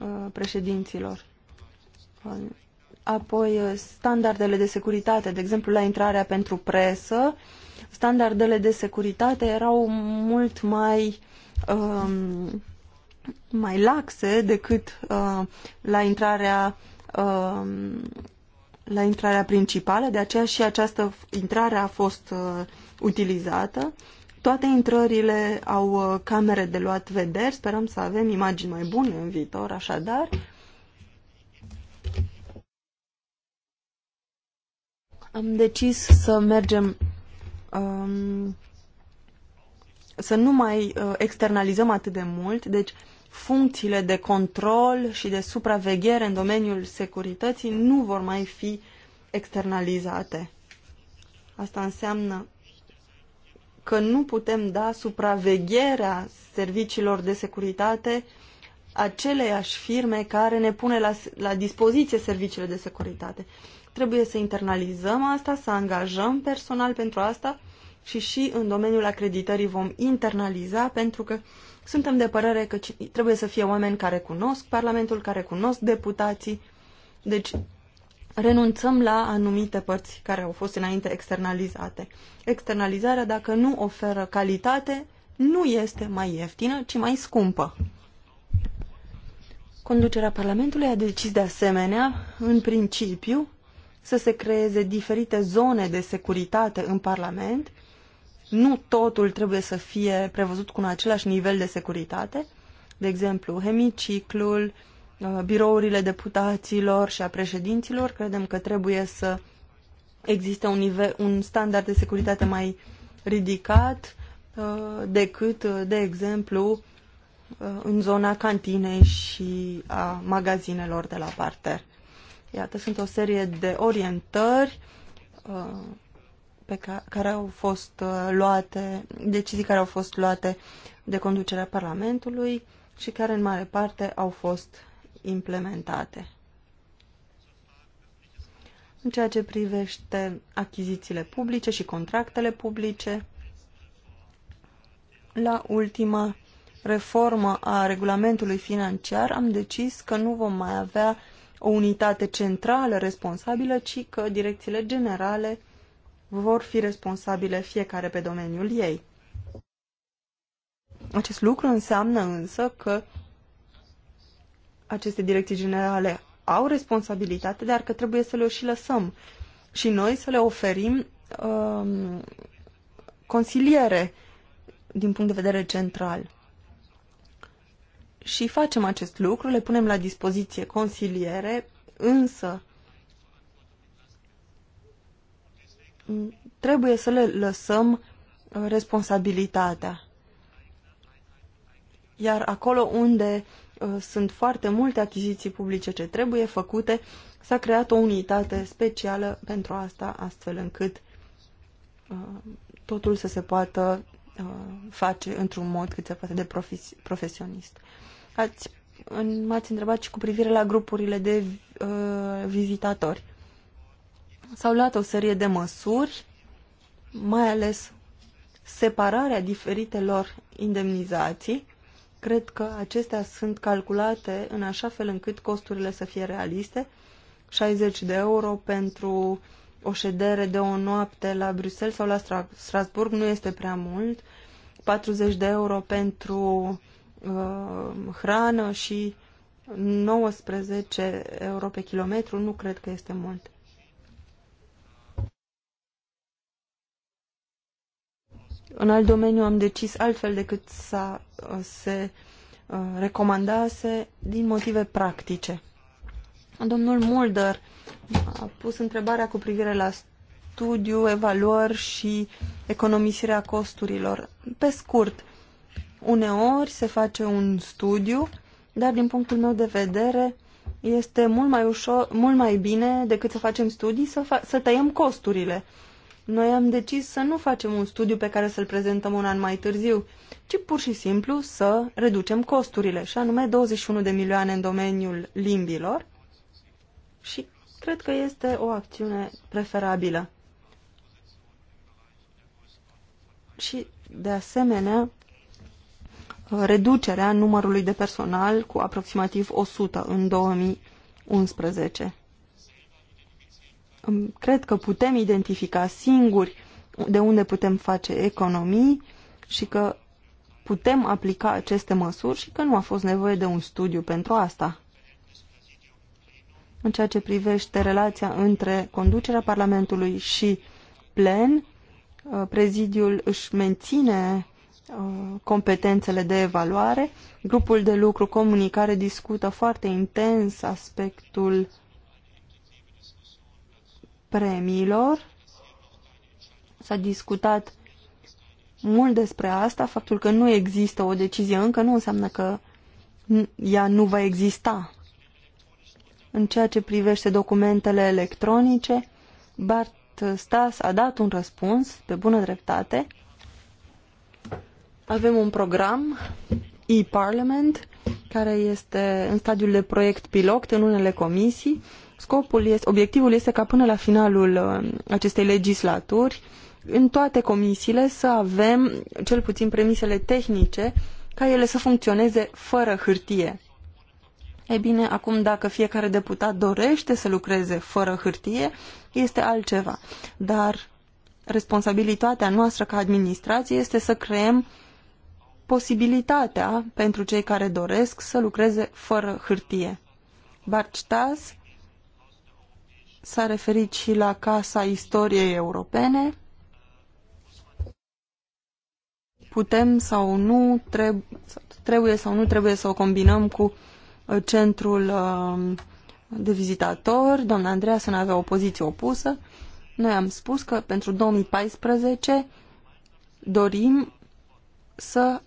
Uh, președinților. Uh, apoi uh, standardele de securitate, de exemplu la intrarea pentru presă, standardele de securitate erau mult mai um, mai laxe decât uh, la intrarea um, la intrarea principală, de aceea și această intrare a fost uh, utilizată. Uh, toate intrările au uh, camere de luat vederi, sperăm să avem imagini mai bune în viitor, așadar. Am decis să mergem um, să nu mai uh, externalizăm atât de mult, deci funcțiile de control și de supraveghere în domeniul securității nu vor mai fi externalizate. Asta înseamnă că nu putem da supravegherea serviciilor de securitate aceleiași firme care ne pune la, la dispoziție serviciile de securitate. Trebuie să internalizăm asta, să angajăm personal pentru asta și și în domeniul acreditării vom internaliza pentru că suntem de părere că trebuie să fie oameni care cunosc Parlamentul, care cunosc deputații. Deci renunțăm la anumite părți care au fost înainte externalizate. Externalizarea, dacă nu oferă calitate, nu este mai ieftină, ci mai scumpă. Conducerea Parlamentului a decis de asemenea, în principiu, să se creeze diferite zone de securitate în Parlament. Nu totul trebuie să fie prevăzut cu un același nivel de securitate. De exemplu, hemiciclul, uh, Uh, birourile deputaților și a președinților. Credem că trebuie să existe un, nivel, un standard de securitate mai ridicat uh, decât, uh, de exemplu, în zona cantinei și a magazinelor de la parter. Iată, sunt o serie de orientări pe care, care au fost luate, decizii care au fost luate de conducerea Parlamentului și care în mare parte au fost implementate. În ceea ce privește achizițiile publice și contractele publice, la ultima reformă a regulamentului financiar am decis că nu vom mai avea o unitate centrală responsabilă, ci că direcțiile generale vor fi responsabile fiecare pe domeniul ei. Acest lucru înseamnă însă că aceste direcții generale au responsabilitate, dar că trebuie să le și lăsăm și noi să le oferim uh, consiliere din punct de vedere central. Și facem acest lucru, le punem la dispoziție consiliere, însă trebuie să le lăsăm uh, responsabilitatea. Iar acolo unde uh, Uh, sunt foarte multe achiziții publice ce trebuie făcute. S-a creat o unitate specială pentru asta, astfel încât uh, totul să se poată uh, face într-un mod cât se poate de profesionist. Ați, m-ați întrebat și cu privire la grupurile de uh, vizitatori. S-au luat o serie de măsuri, mai ales separarea diferitelor indemnizații, Cred că acestea sunt calculate în așa fel încât costurile să fie realiste. 60 de euro pentru o ședere de o noapte la Bruxelles sau la Strasburg nu este prea mult. 40 de euro pentru uh, hrană și 19 euro pe kilometru nu cred că este mult. În alt domeniu am decis altfel decât să uh, se uh, recomandase din motive practice. Domnul Mulder a pus întrebarea cu privire la studiu, evaluări și economisirea costurilor. Pe scurt, uneori se face un studiu, dar din punctul meu de vedere este mult mai, ușor, mult mai bine decât să facem studii, să, fa- să tăiem costurile. Noi am decis să nu facem un studiu pe care să-l prezentăm un an mai târziu, ci pur și simplu să reducem costurile, și anume 21 de milioane în domeniul limbilor și cred că este o acțiune preferabilă. Și, de asemenea, reducerea numărului de personal cu aproximativ 100 în 2011 cred că putem identifica singuri de unde putem face economii și că putem aplica aceste măsuri și că nu a fost nevoie de un studiu pentru asta. În ceea ce privește relația între conducerea Parlamentului și plen, uh, prezidiul își menține uh, competențele de evaluare. Grupul de lucru comunicare discută foarte intens aspectul premiilor. S-a discutat mult despre asta, faptul că nu există o decizie încă nu înseamnă că ea nu va exista. În ceea ce privește documentele electronice, Bart Stas a dat un răspuns, pe bună dreptate. Avem un program, e-Parliament, care este în stadiul de proiect pilot în unele comisii Scopul este, obiectivul este ca până la finalul uh, acestei legislaturi, în toate comisiile să avem cel puțin premisele tehnice ca ele să funcționeze fără hârtie. E bine, acum dacă fiecare deputat dorește să lucreze fără hârtie, este altceva. Dar responsabilitatea noastră ca administrație este să creăm posibilitatea pentru cei care doresc să lucreze fără hârtie. Bart s-a referit și la Casa Istoriei Europene. Putem sau nu, trebuie sau nu trebuie să o combinăm cu uh, centrul um, de vizitatori. Doamna Andreea să avea o poziție opusă. Noi am spus că pentru 2014 dorim să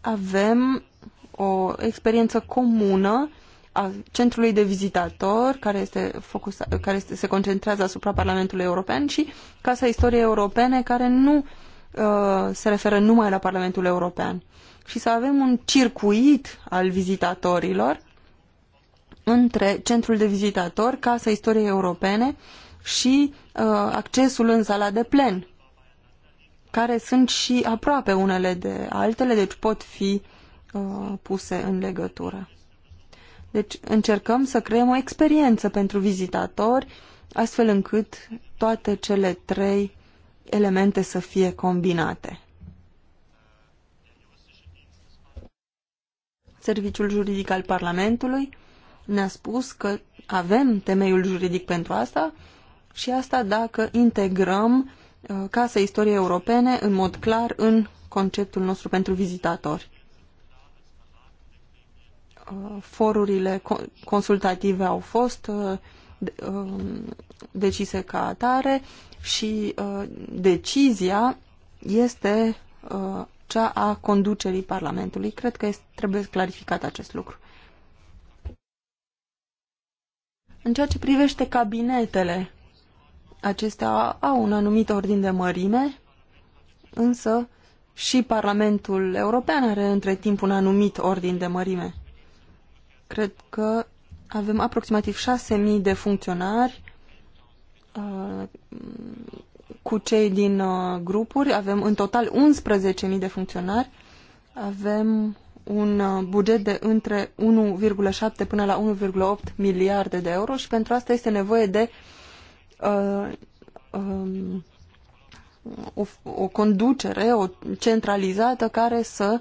avem o experiență comună uh, a centrului de vizitator, care, este focus, care este, se concentrează asupra Parlamentului European, și Casa Istoriei Europene, care nu uh, se referă numai la Parlamentul European. Și să avem un circuit al vizitatorilor între centrul de vizitator, Casa Istoriei Europene și uh, accesul în sala de plen, care sunt și aproape unele de altele, deci pot fi uh, puse în legătură. Deci încercăm să creăm o experiență pentru vizitatori, astfel încât toate cele trei elemente să fie combinate. Serviciul juridic al Parlamentului ne-a spus că avem temeiul juridic pentru asta și asta dacă integrăm uh, Casa Istoriei Europene în mod clar în conceptul nostru pentru vizitatori forurile consultative au fost uh, um, decise ca atare și uh, decizia este uh, cea a conducerii Parlamentului. Cred că trebuie clarificat acest lucru. În ceea ce privește cabinetele, acestea au un anumit ordin de mărime, însă și Parlamentul European are între timp un anumit ordin de mărime. Cred că avem aproximativ 6.000 de funcționari uh, cu cei din uh, grupuri. Avem în total 11.000 de funcționari. Avem un uh, buget de între 1,7 până la 1,8 miliarde de euro și pentru asta este nevoie de uh, um, o, o conducere, o centralizată care să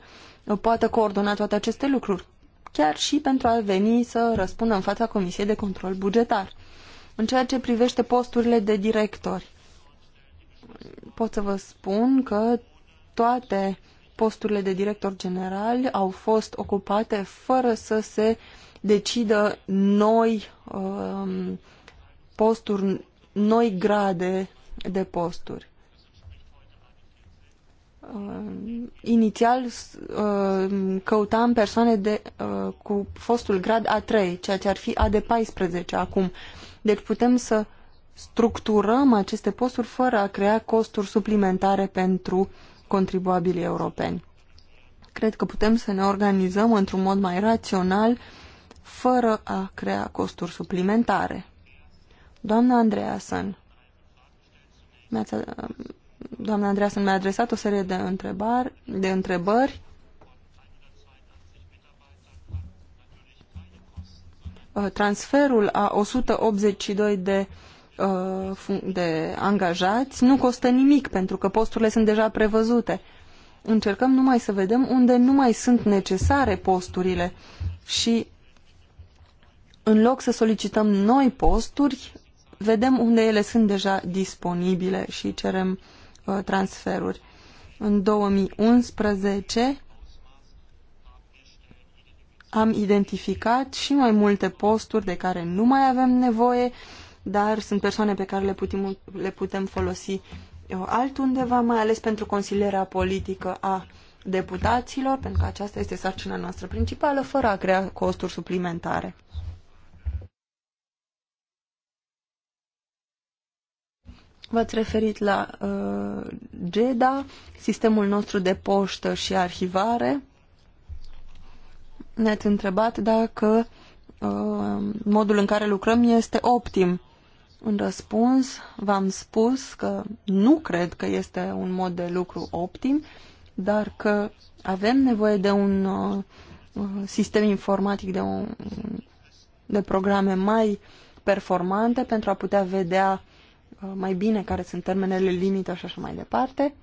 poată coordona toate aceste lucruri chiar și pentru a veni să răspundă în fața Comisiei de Control Bugetar. În ceea ce privește posturile de directori, pot să vă spun că toate posturile de director general au fost ocupate fără să se decidă noi um, posturi, noi grade de posturi. Uh, inițial uh, căutam persoane de, uh, cu fostul grad A3, ceea ce ar fi a de 14 acum. Deci putem să structurăm aceste posturi fără a crea costuri suplimentare pentru contribuabilii europeni. Cred că putem să ne organizăm într-un mod mai rațional fără a crea costuri suplimentare. Doamna Andreasen, mi-ați uh, Doamna Andreasen mi-a adresat o serie de, întrebări, de întrebări. Uh, transferul a 182 de, uh, de angajați nu costă nimic pentru că posturile sunt deja prevăzute. Încercăm numai să vedem unde nu mai sunt necesare posturile și în loc să solicităm noi posturi, vedem unde ele sunt deja disponibile și cerem Uh, transferuri. În 2011 am identificat și mai multe posturi de care nu mai avem nevoie, dar sunt persoane pe care le putem, le putem folosi uh, altundeva, mai ales pentru consilierea politică a deputaților, pentru că aceasta este sarcina noastră principală, fără a crea costuri suplimentare. V-ați referit la uh, GEDA, sistemul nostru de poștă și arhivare. Ne-ați întrebat dacă uh, modul în care lucrăm este optim. În răspuns, v-am spus că nu cred că este un mod de lucru optim, dar că avem nevoie de un uh, sistem informatic, de, un, de programe mai performante pentru a putea vedea uh, Uh, mai bine care sunt termenele limită și așa mai departe.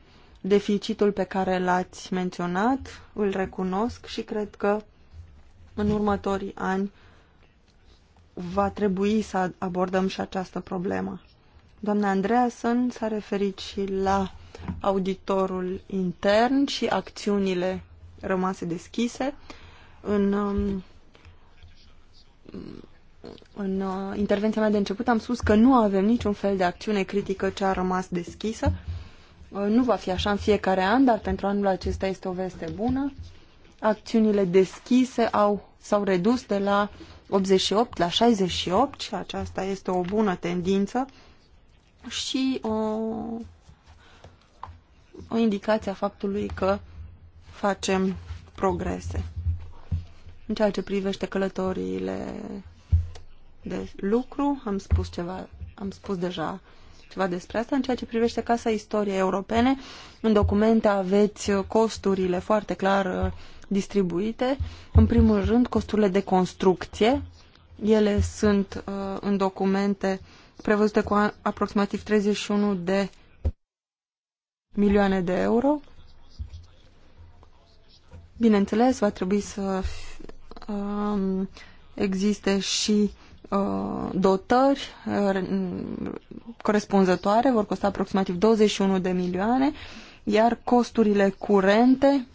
Deficitul pe care l-ați menționat îl recunosc și cred că în următorii ani va trebui să abordăm și această problemă. Doamna Andreasen s-a referit și la auditorul intern și acțiunile rămase deschise. În um, în uh, intervenția mea de început am spus că nu avem niciun fel de acțiune critică ce a rămas deschisă. Uh, nu va fi așa în fiecare an, dar pentru anul acesta este o veste bună. Acțiunile deschise au, s-au redus de la 88 la 68 și aceasta este o bună tendință și o, o indicație a faptului că facem progrese. În ceea ce privește călătoriile de lucru, am spus ceva, am spus deja ceva despre asta. În ceea ce privește Casa Istoriei Europene, în documente aveți costurile foarte clar uh, distribuite. În primul rând, costurile de construcție. Ele sunt uh, în documente prevăzute cu aproximativ 31 de milioane de euro. Bineînțeles, va trebui să um, existe și Uh, dotări uh, corespunzătoare vor costa aproximativ 21 de milioane, iar costurile curente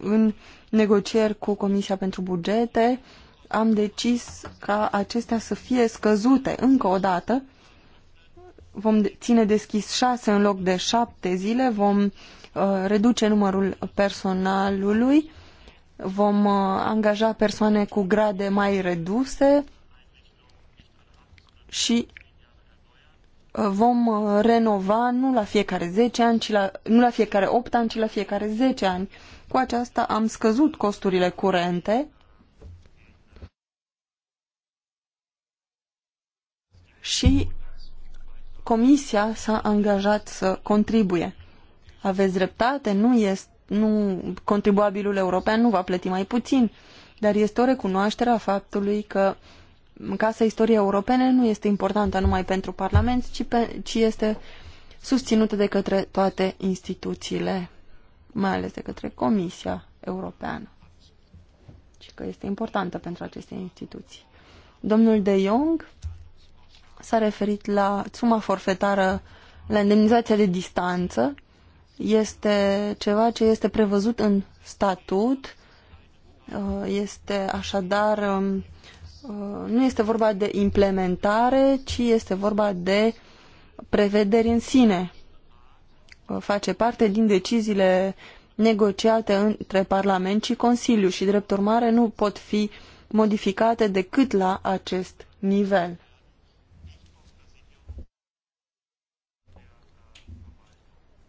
în negocieri cu Comisia pentru Bugete am decis ca acestea să fie scăzute încă o dată. Vom ține deschis șase în loc de șapte zile, vom uh, reduce numărul personalului, vom angaja persoane cu grade mai reduse, și uh, vom uh, renova nu la fiecare 10 ani, ci la, nu la fiecare 8 ani, ci la fiecare 10 ani. Cu aceasta am scăzut costurile curente și Comisia s-a angajat să contribuie. Aveți dreptate, nu este, nu, contribuabilul european nu va plăti mai puțin, dar este o recunoaștere a faptului că uh, Casa Istoriei Europene nu este importantă numai pentru Parlament, ci, pe, ci este susținută de către toate instituțiile, mai ales de către Comisia Europeană. Și că este importantă pentru aceste instituții. Domnul De Jong s-a referit la suma forfetară, la indemnizația de distanță. Este ceva ce este prevăzut în statut, uh, este așadar um, Uh, nu este vorba de implementare, ci este vorba de prevederi în sine. Uh, face parte din deciziile negociate între Parlament și Consiliu și, drept urmare, nu pot fi modificate decât la acest nivel.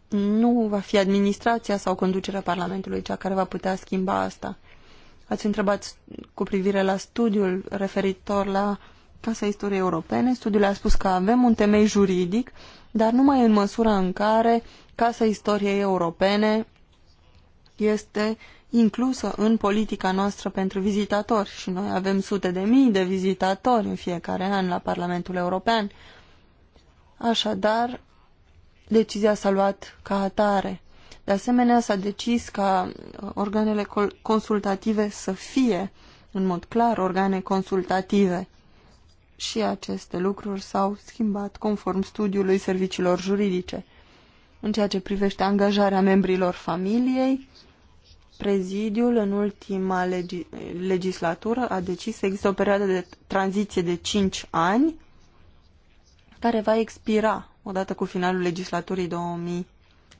Nu va fi administrația sau conducerea Parlamentului cea care va putea schimba asta. Ați întrebat cu privire la studiul referitor la Casa Istoriei Europene. Studiul a spus că avem un temei juridic, dar numai în măsura în care Casa Istoriei Europene este inclusă în politica noastră pentru vizitatori și noi avem sute de mii de vizitatori în fiecare an la Parlamentul European. Așadar, decizia s-a luat ca atare. De asemenea, s-a decis ca uh, organele consultative să fie, în mod clar, organe consultative. Și aceste lucruri s-au schimbat conform studiului serviciilor juridice. În ceea ce privește angajarea membrilor familiei, prezidiul în ultima legi legislatură a decis să există o perioadă de tranziție de 5 ani care va expira odată cu finalul legislaturii 2000.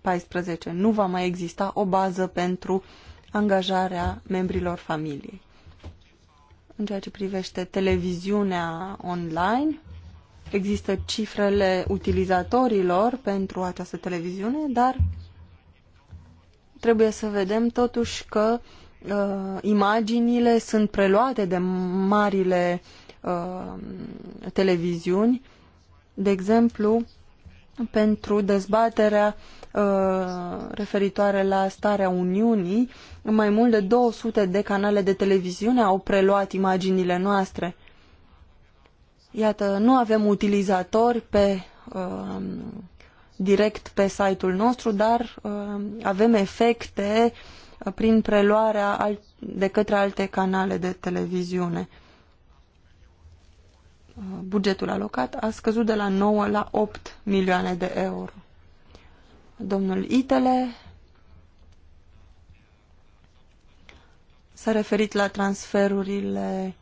2014. Nu va mai exista o bază pentru angajarea membrilor familiei. În ceea ce privește televiziunea online, există cifrele utilizatorilor pentru această televiziune, dar trebuie să vedem totuși că uh, imaginile sunt preluate de marile uh, televiziuni. De exemplu, pentru dezbaterea Uh, referitoare la starea Uniunii, mai mult de 200 de canale de televiziune au preluat imaginile noastre. Iată, nu avem utilizatori pe, uh, direct pe site-ul nostru, dar uh, avem efecte uh, prin preluarea alt, de către alte canale de televiziune. Uh, bugetul alocat a scăzut de la 9 la 8 milioane de euro domnul Itele s-a referit la transferurile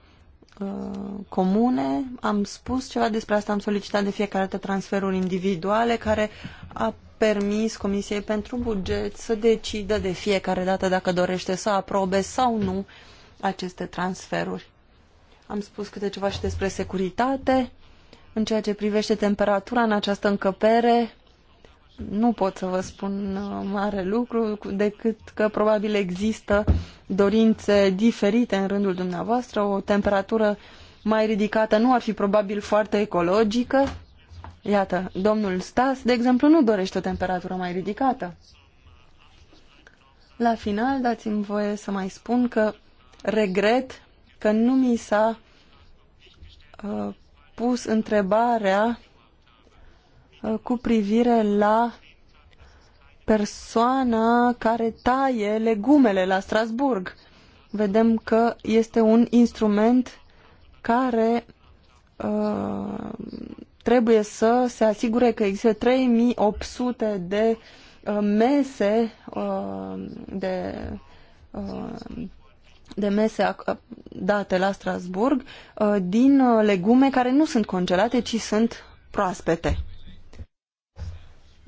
uh, comune, am spus ceva despre asta, am solicitat de fiecare dată transferuri individuale care a permis Comisiei pentru Buget să decidă de fiecare dată dacă dorește să aprobe sau nu aceste transferuri. Am spus câte ceva și despre securitate. În ceea ce privește temperatura în această încăpere, nu pot să vă spun uh, mare lucru decât că probabil există dorințe diferite în rândul dumneavoastră. O temperatură mai ridicată nu ar fi probabil foarte ecologică. Iată, domnul Stas, de exemplu, nu dorește o temperatură mai ridicată. La final, dați-mi voie să mai spun că regret că nu mi s-a uh, pus întrebarea Uh, cu privire la persoana care taie legumele la Strasburg. Vedem că este un instrument care uh, trebuie să se asigure că există 3800 de uh, mese uh, de uh, de mese uh, date la Strasburg din legume care nu sunt congelate, ci sunt proaspete.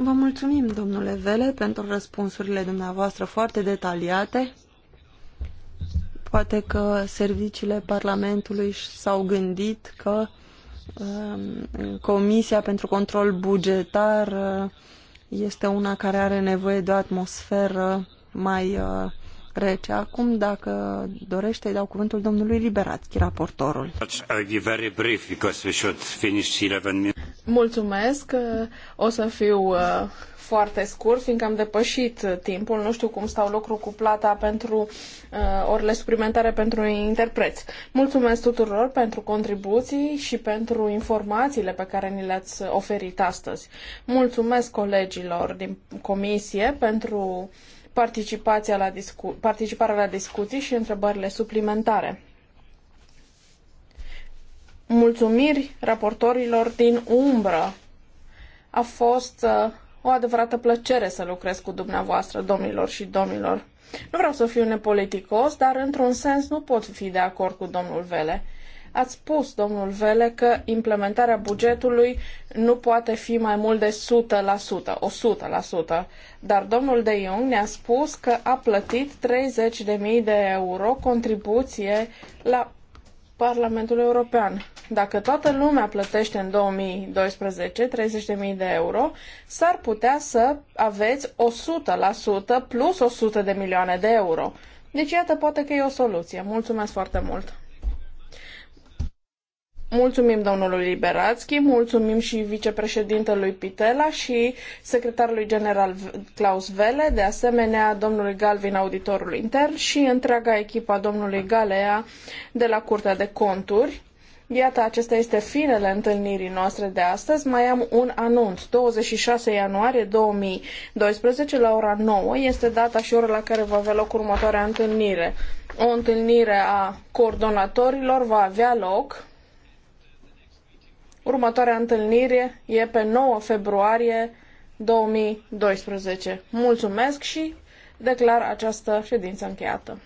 Vă mulțumim, domnule Vele, pentru răspunsurile dumneavoastră foarte detaliate. Poate că serviciile Parlamentului s-au gândit că um, Comisia pentru Control Bugetar uh, este una care are nevoie de o atmosferă mai uh, rece acum. Dacă dorește, îi dau cuvântul domnului Liberațchi, raportorul. Mulțumesc. O să fiu uh, foarte scurt, fiindcă am depășit timpul. Nu știu cum stau lucru cu plata pentru uh, orele suplimentare pentru interpreți. Mulțumesc tuturor pentru contribuții și pentru informațiile pe care ni le-ați oferit astăzi. Mulțumesc colegilor din comisie pentru uh, participația la discu- participarea la discuții și întrebările suplimentare. Mulțumiri raportorilor din umbră. A fost uh, o adevărată plăcere să lucrez cu dumneavoastră, domnilor și domnilor. Nu vreau să fiu nepoliticos, dar într-un sens nu pot fi de acord cu domnul Vele. Ați spus, domnul Vele, că implementarea bugetului nu poate fi mai mult de 100%, 100%, dar domnul De Jong ne-a spus că a plătit 30.000 de euro contribuție la Parlamentul European. Dacă toată lumea plătește în 2012 30.000 de euro, s-ar putea să aveți 100% plus 100 de milioane de euro. Deci, iată, poate că e o soluție. Mulțumesc foarte mult! Mulțumim domnului Liberatski, mulțumim și vicepreședintelui Pitela și secretarului general Klaus Vele, de asemenea domnului Galvin, auditorul intern și întreaga echipă a domnului Galea de la Curtea de Conturi. Iată, acesta este finele întâlnirii noastre de astăzi. Mai am un anunț. 26 ianuarie 2012 la ora 9 este data și ora la care va avea loc următoarea întâlnire. O întâlnire a coordonatorilor va avea loc Următoarea întâlnire e pe 9 februarie 2012. Mulțumesc și declar această ședință încheiată.